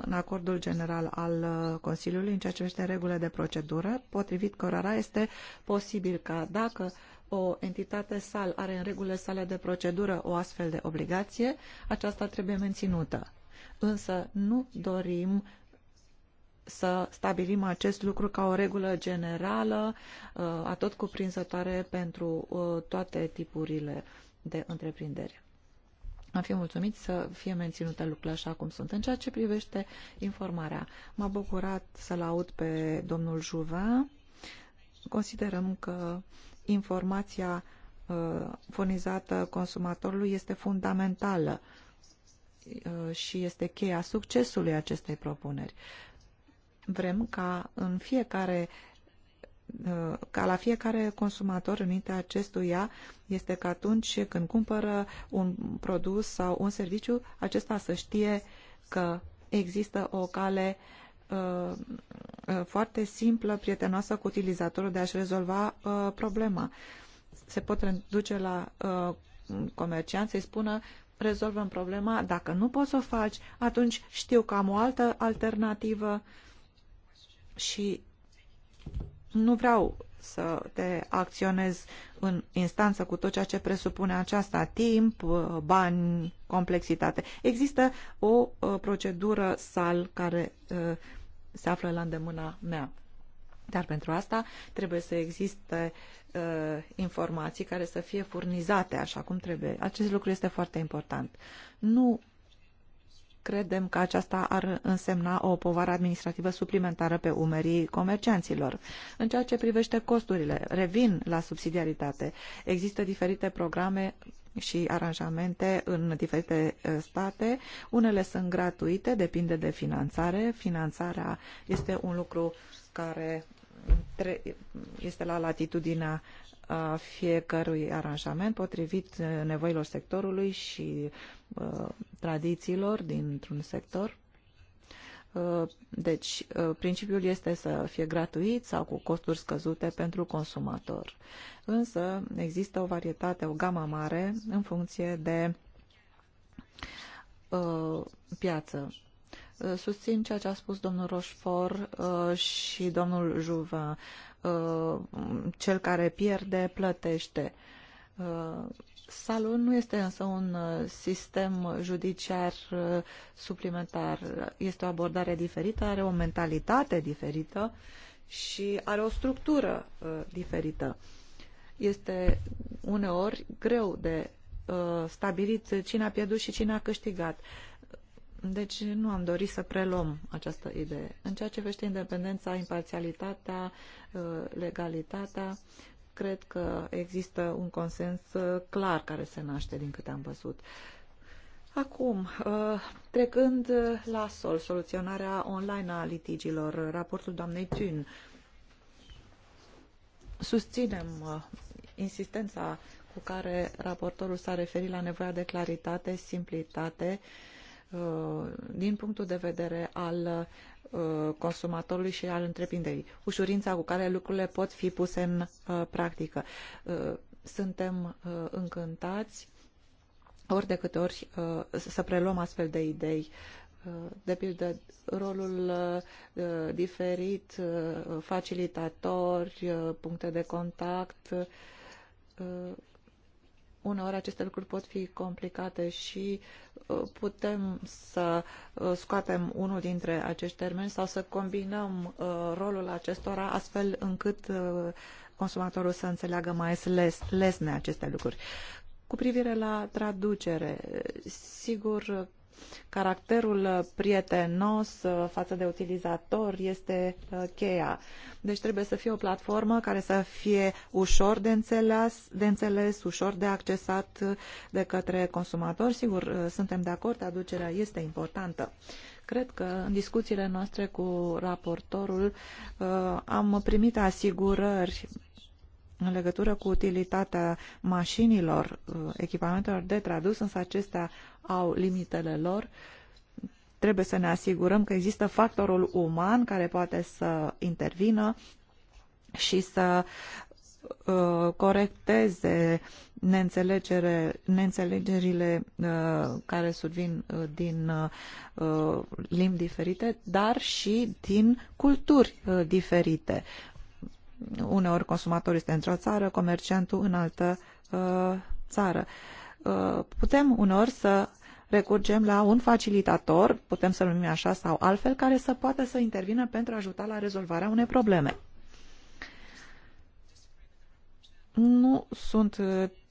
S3: în acordul general al uh, Consiliului în ceea ce privește regulile de procedură, potrivit cărora este posibil ca dacă o entitate sal are în regulile sale de procedură o astfel de obligație, aceasta trebuie menținută. Însă nu dorim să stabilim acest lucru ca o regulă generală, uh, atot cuprinzătoare pentru uh, toate tipurile de întreprinderi am fi mulțumit să fie menținute lucrurile așa cum sunt. În ceea ce privește informarea, m-a bucurat să-l aud pe domnul Juva. Considerăm că informația uh, furnizată consumatorului este fundamentală uh, și este cheia succesului acestei propuneri. Vrem ca în fiecare Uh, ca la fiecare consumator în mintea acestuia este că atunci când cumpără un produs sau un serviciu, acesta să știe că există o cale uh, uh foarte simplă, prietenoasă cu utilizatorul de a-și rezolva uh, problema. Se pot duce la uh, comerciant să-i spună rezolvăm problema, dacă nu poți să o faci, atunci știu că am o altă alternativă și nu vreau să te acționez în instanță cu tot ceea ce presupune aceasta, timp, uh, bani, complexitate. Există o uh, procedură sal care uh, se află la îndemâna mea. Dar pentru asta trebuie să existe uh, informații care să fie furnizate așa cum trebuie. Acest lucru este foarte important. Nu credem că aceasta ar însemna o povară administrativă suplimentară pe umerii comercianților. În ceea ce privește costurile, revin la subsidiaritate. Există diferite programe și aranjamente în diferite state. Unele sunt gratuite, depinde de finanțare. Finanțarea este un lucru care este la latitudinea a fiecărui aranjament potrivit nevoilor sectorului și uh, tradițiilor dintr-un sector. Uh, deci, uh, principiul este să fie gratuit sau cu costuri scăzute pentru consumator. Însă, există o varietate, o gamă mare în funcție de piață. Susțin ceea ce a spus domnul Rochefort și domnul Juvin Uh, cel care pierde plătește. Uh, Salon nu este însă un uh, sistem judiciar suplimentar, este o abordare diferită, are o mentalitate diferită și are o structură diferită. Este uneori greu de stabilit cine a pierdut și cine a câștigat. Deci nu am dorit să preluăm această idee. În ceea ce vește independența, imparțialitatea, uh, legalitatea, cred că există un consens uh, clar care se naște din câte am văzut. Acum, uh, trecând la sol, soluționarea online a litigilor, raportul doamnei Thun, susținem insistența cu care raportorul s-a referit la nevoia de claritate, simplitate, uh, Uh, din punctul de vedere al uh, consumatorului și al întreprinderii. Ușurința cu care lucrurile pot fi puse în uh, practică. Suntem încântați ori de câte ori să preluăm astfel de idei de pildă rolul diferit, facilitatori, puncte de contact, uneori aceste lucruri pot fi complicate și uh, putem să uh, scoatem unul dintre acești termeni sau să combinăm uh, rolul acestora astfel încât consumatorul să înțeleagă mai les, lesne aceste lucruri. Cu privire la traducere, sigur Caracterul uh, prietenos uh, față de utilizator este uh, cheia. Deci trebuie să fie o platformă care să fie ușor de înțeles, de înțeles ușor de accesat de către consumator. Sigur, suntem de acord, aducerea este importantă. Cred că în discuțiile noastre cu raportorul am primit asigurări în legătură cu utilitatea mașinilor, uh, echipamentelor de tradus, însă acestea au limitele lor. Trebuie să ne asigurăm că există factorul uman care poate să intervină și să uh, corecteze neînțelegere, neînțelegerile uh, care survin din limbi diferite, dar și din culturi diferite. Uneori consumatorul este într-o țară, comerciantul în altă uh, țară. Uh, putem uneori să recurgem la un facilitator, putem să-l numim așa sau altfel, care să poată să intervină pentru a ajuta la rezolvarea unei probleme. Nu sunt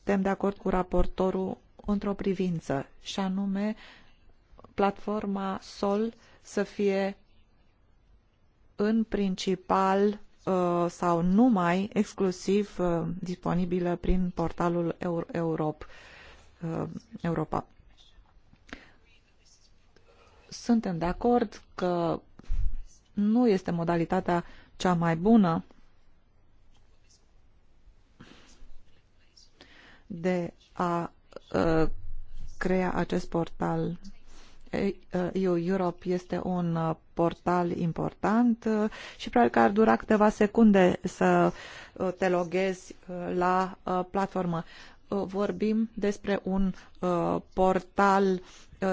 S3: tem uh, de acord cu raportorul într-o privință, și anume platforma SOL să fie în principal Uh, sau numai exclusiv uh, disponibile prin portalul uh, Europa. Suntem de acord că nu este modalitatea cea mai bună de a crea acest portal Uh, EU Europe este un uh, portal important uh, și probabil că ar dura câteva secunde să te loghezi la platformă. Vorbim despre un portal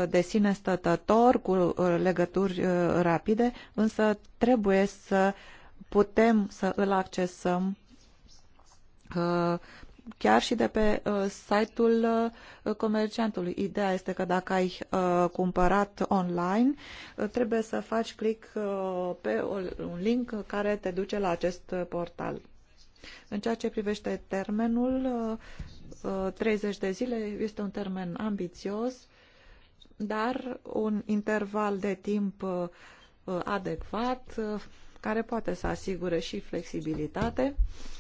S3: de sine stătător cu legături rapide, însă trebuie să putem să îl accesăm chiar și de pe uh, site-ul uh, comerciantului. Ideea este că dacă ai uh, cumpărat online, uh, trebuie să faci click uh, pe un link care te duce la acest portal. În ceea ce privește termenul, uh, 30 uh, de zile este un termen ambițios, dar un interval de timp uh, adecvat uh, care poate să asigure și flexibilitate. Uh,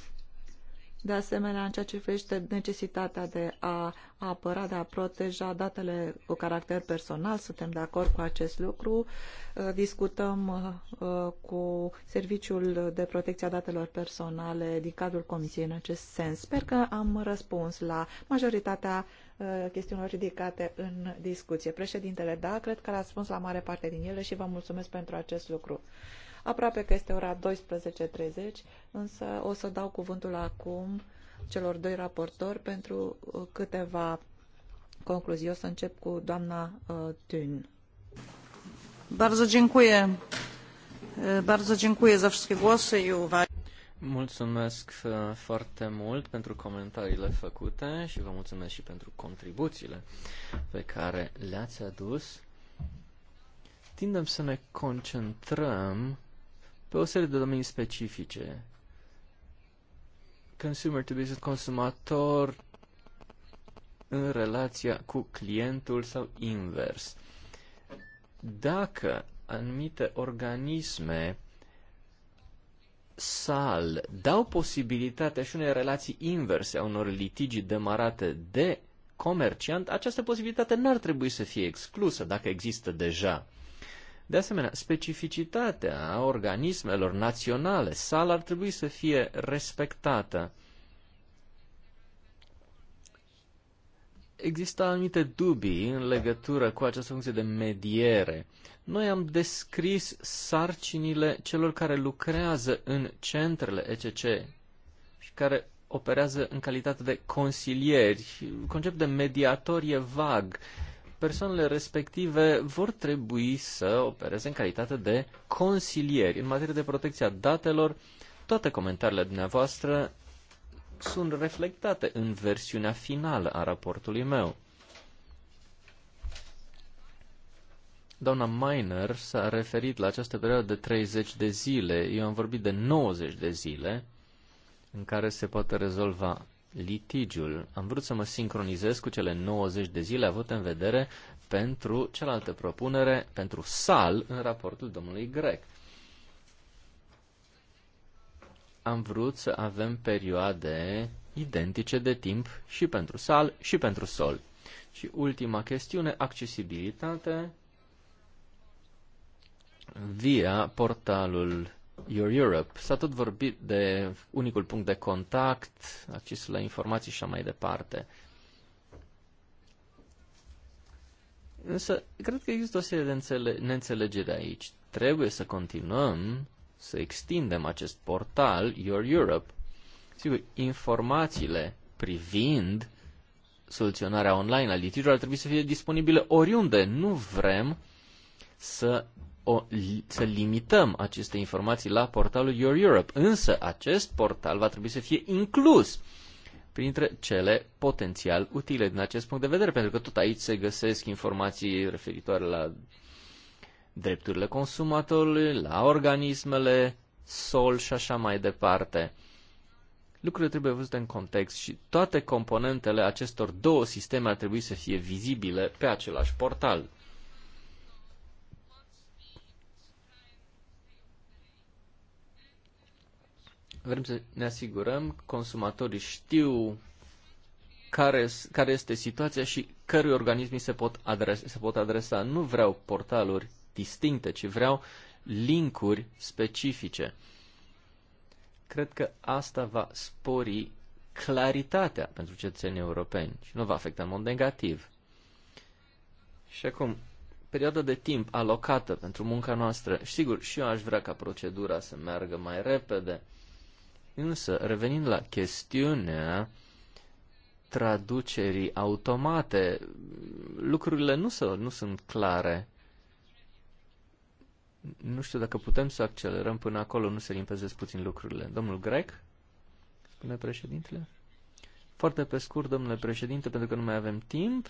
S3: de asemenea, în ceea ce privește necesitatea de a apăra, de a proteja datele cu caracter personal, suntem de acord cu acest lucru. Uh, discutăm uh, cu Serviciul de Protecție a Datelor Personale din cadrul Comisiei în acest sens. Sper că am răspuns la majoritatea uh, chestiunilor ridicate în discuție. Președintele, da, cred că a răspuns la mare parte din ele și vă mulțumesc pentru acest lucru. Aproape că este ora 12.30, însă o să dau cuvântul acum celor doi raportori pentru uh, câteva concluzii. O să încep cu doamna uh, Tyn. Bardzo dziękuję. Bardzo dziękuję
S2: za wszystkie głosy i uwagi. Mulțumesc foarte mult pentru comentariile făcute și vă mulțumesc și pentru contribuțiile pe care le-ați adus. Tindem să ne concentrăm pe o serie de domenii specifice. Consumer to business, consumator în relația cu clientul sau invers. Dacă anumite organisme sal dau posibilitatea și unei relații inverse a unor litigi demarate de comerciant, această posibilitate n-ar trebui să fie exclusă dacă există deja. De asemenea, specificitatea organismelor naționale, sal, ar trebui să fie respectată. Există anumite dubii în legătură cu această funcție de mediere. Noi am descris sarcinile celor care lucrează în centrele ECC și care operează în calitate de consilieri. Conceptul de mediator e vag persoanele respective vor trebui să opereze în calitate de consilieri în materie de protecția datelor. Toate comentariile dumneavoastră sunt reflectate în versiunea finală a raportului meu. Doamna Miner s-a referit la această perioadă de 30 de zile. Eu am vorbit de 90 de zile în care se poate rezolva litigiul. Am vrut să mă sincronizez cu cele 90 de zile avut în vedere pentru cealaltă propunere, pentru sal, în raportul domnului Grec. Am vrut să avem perioade identice de timp și pentru sal și pentru sol. Și ultima chestiune, accesibilitate via portalul Your Europe. S-a tot vorbit de unicul punct de contact, accesul la informații și așa mai departe. Însă, cred că există o serie de înțele- neînțelegeri aici. Trebuie să continuăm să extindem acest portal, Your Europe. Sigur, informațiile privind soluționarea online a litigiilor ar trebui să fie disponibile oriunde. Nu vrem să o, să limităm aceste informații la portalul Your Europe, însă acest portal va trebui să fie inclus printre cele potențial utile din acest punct de vedere, pentru că tot aici se găsesc informații referitoare la drepturile consumatorului, la organismele, sol și așa mai departe. Lucrurile trebuie văzute în context și toate componentele acestor două sisteme ar trebui să fie vizibile pe același portal. Vrem să ne asigurăm că consumatorii știu care, care este situația și cărui organismi se pot, adresa, se pot adresa. Nu vreau portaluri distincte, ci vreau linkuri specifice. Cred că asta va spori claritatea pentru cetățenii europeni și nu va afecta în mod negativ. Și acum, perioada de timp alocată pentru munca noastră, sigur, și eu aș vrea ca procedura să meargă mai repede, Însă, revenind la chestiunea traducerii automate, lucrurile nu, să, nu sunt clare. Nu știu dacă putem să accelerăm până acolo, nu se limpezesc puțin lucrurile. Domnul Grec, spune președintele. Foarte pe scurt, domnule președinte, pentru că nu mai avem timp,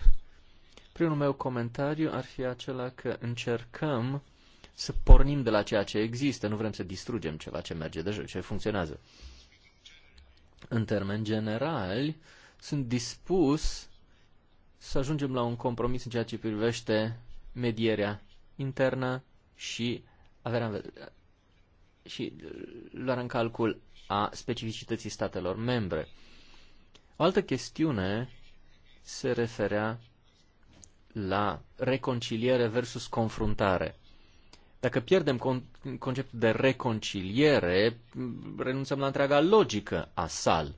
S2: primul meu comentariu ar fi acela că încercăm să pornim de la ceea ce există, nu vrem să distrugem ceva ce merge deja, ce funcționează. În termeni generali, sunt dispus să ajungem la un compromis în ceea ce privește medierea internă și averea și luar în calcul a specificității statelor membre. O altă chestiune se referea la reconciliere versus confruntare. Dacă pierdem con- conceptul de reconciliere, renunțăm la întreaga logică a sal.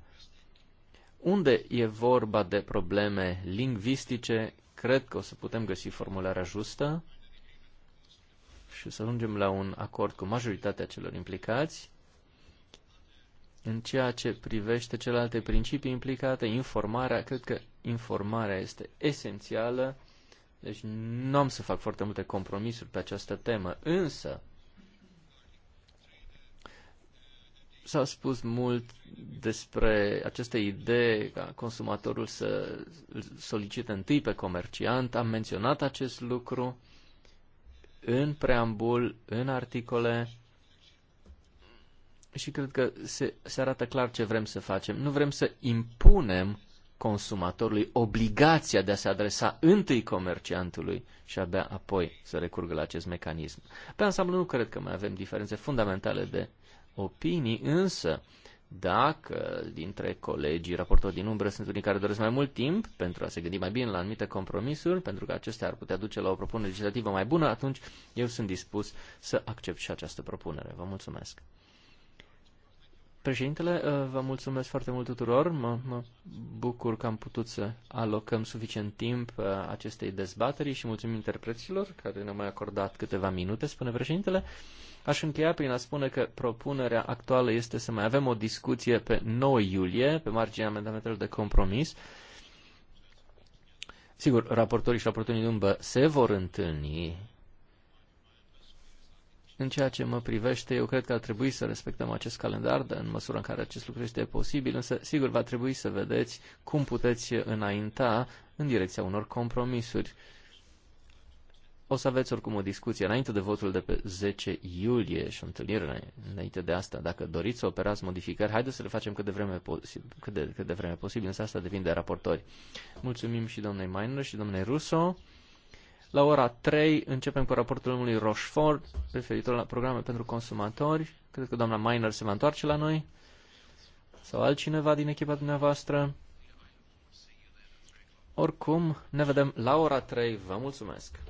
S2: Unde e vorba de probleme lingvistice, cred că o să putem găsi formularea justă și să ajungem la un acord cu majoritatea celor implicați. În ceea ce privește celelalte principii implicate, informarea, cred că informarea este esențială deci nu am să fac foarte multe compromisuri pe această temă, însă s-a spus mult despre aceste idee ca consumatorul să solicite întâi pe comerciant. Am menționat acest lucru în preambul, în articole și cred că se, se arată clar ce vrem să facem. Nu vrem să impunem consumatorului obligația de a se adresa întâi comerciantului și abia apoi să recurgă la acest mecanism. Pe ansamblu nu cred că mai avem diferențe fundamentale de opinii, însă dacă dintre colegii raportori din umbră sunt unii care doresc mai mult timp pentru a se gândi mai bine la anumite compromisuri, pentru că acestea ar putea duce la o propunere legislativă mai bună, atunci eu sunt dispus să accept și această propunere. Vă mulțumesc! Președintele, uh, vă mulțumesc foarte mult tuturor. Mă, mă bucur că am putut să alocăm suficient timp uh, acestei dezbateri și mulțumim interpreților care ne-au mai acordat câteva minute, spune președintele. Aș încheia prin a spune că propunerea actuală este să mai avem o discuție pe 9 iulie, pe marginea amendamentelor de compromis. Sigur, raportorii și raportorii în se vor întâlni în ceea ce mă privește, eu cred că ar trebui să respectăm acest calendar, în măsura în care acest lucru este posibil, însă sigur va trebui să vedeți cum puteți înainta în direcția unor compromisuri. O să aveți oricum o discuție înainte de votul de pe 10 iulie și o întâlnire înainte de asta. Dacă doriți să operați modificări, haideți să le facem cât de vreme, posibil, cât de, cât de vreme posibil, însă asta depinde de raportori. Mulțumim și domnului Mainer și domnului Russo. La ora 3 începem cu raportul omului Rochefort referitor la programe pentru consumatori. Cred că doamna Miner se va întoarce la noi sau altcineva din echipa dumneavoastră. Oricum, ne vedem la ora 3. Vă mulțumesc!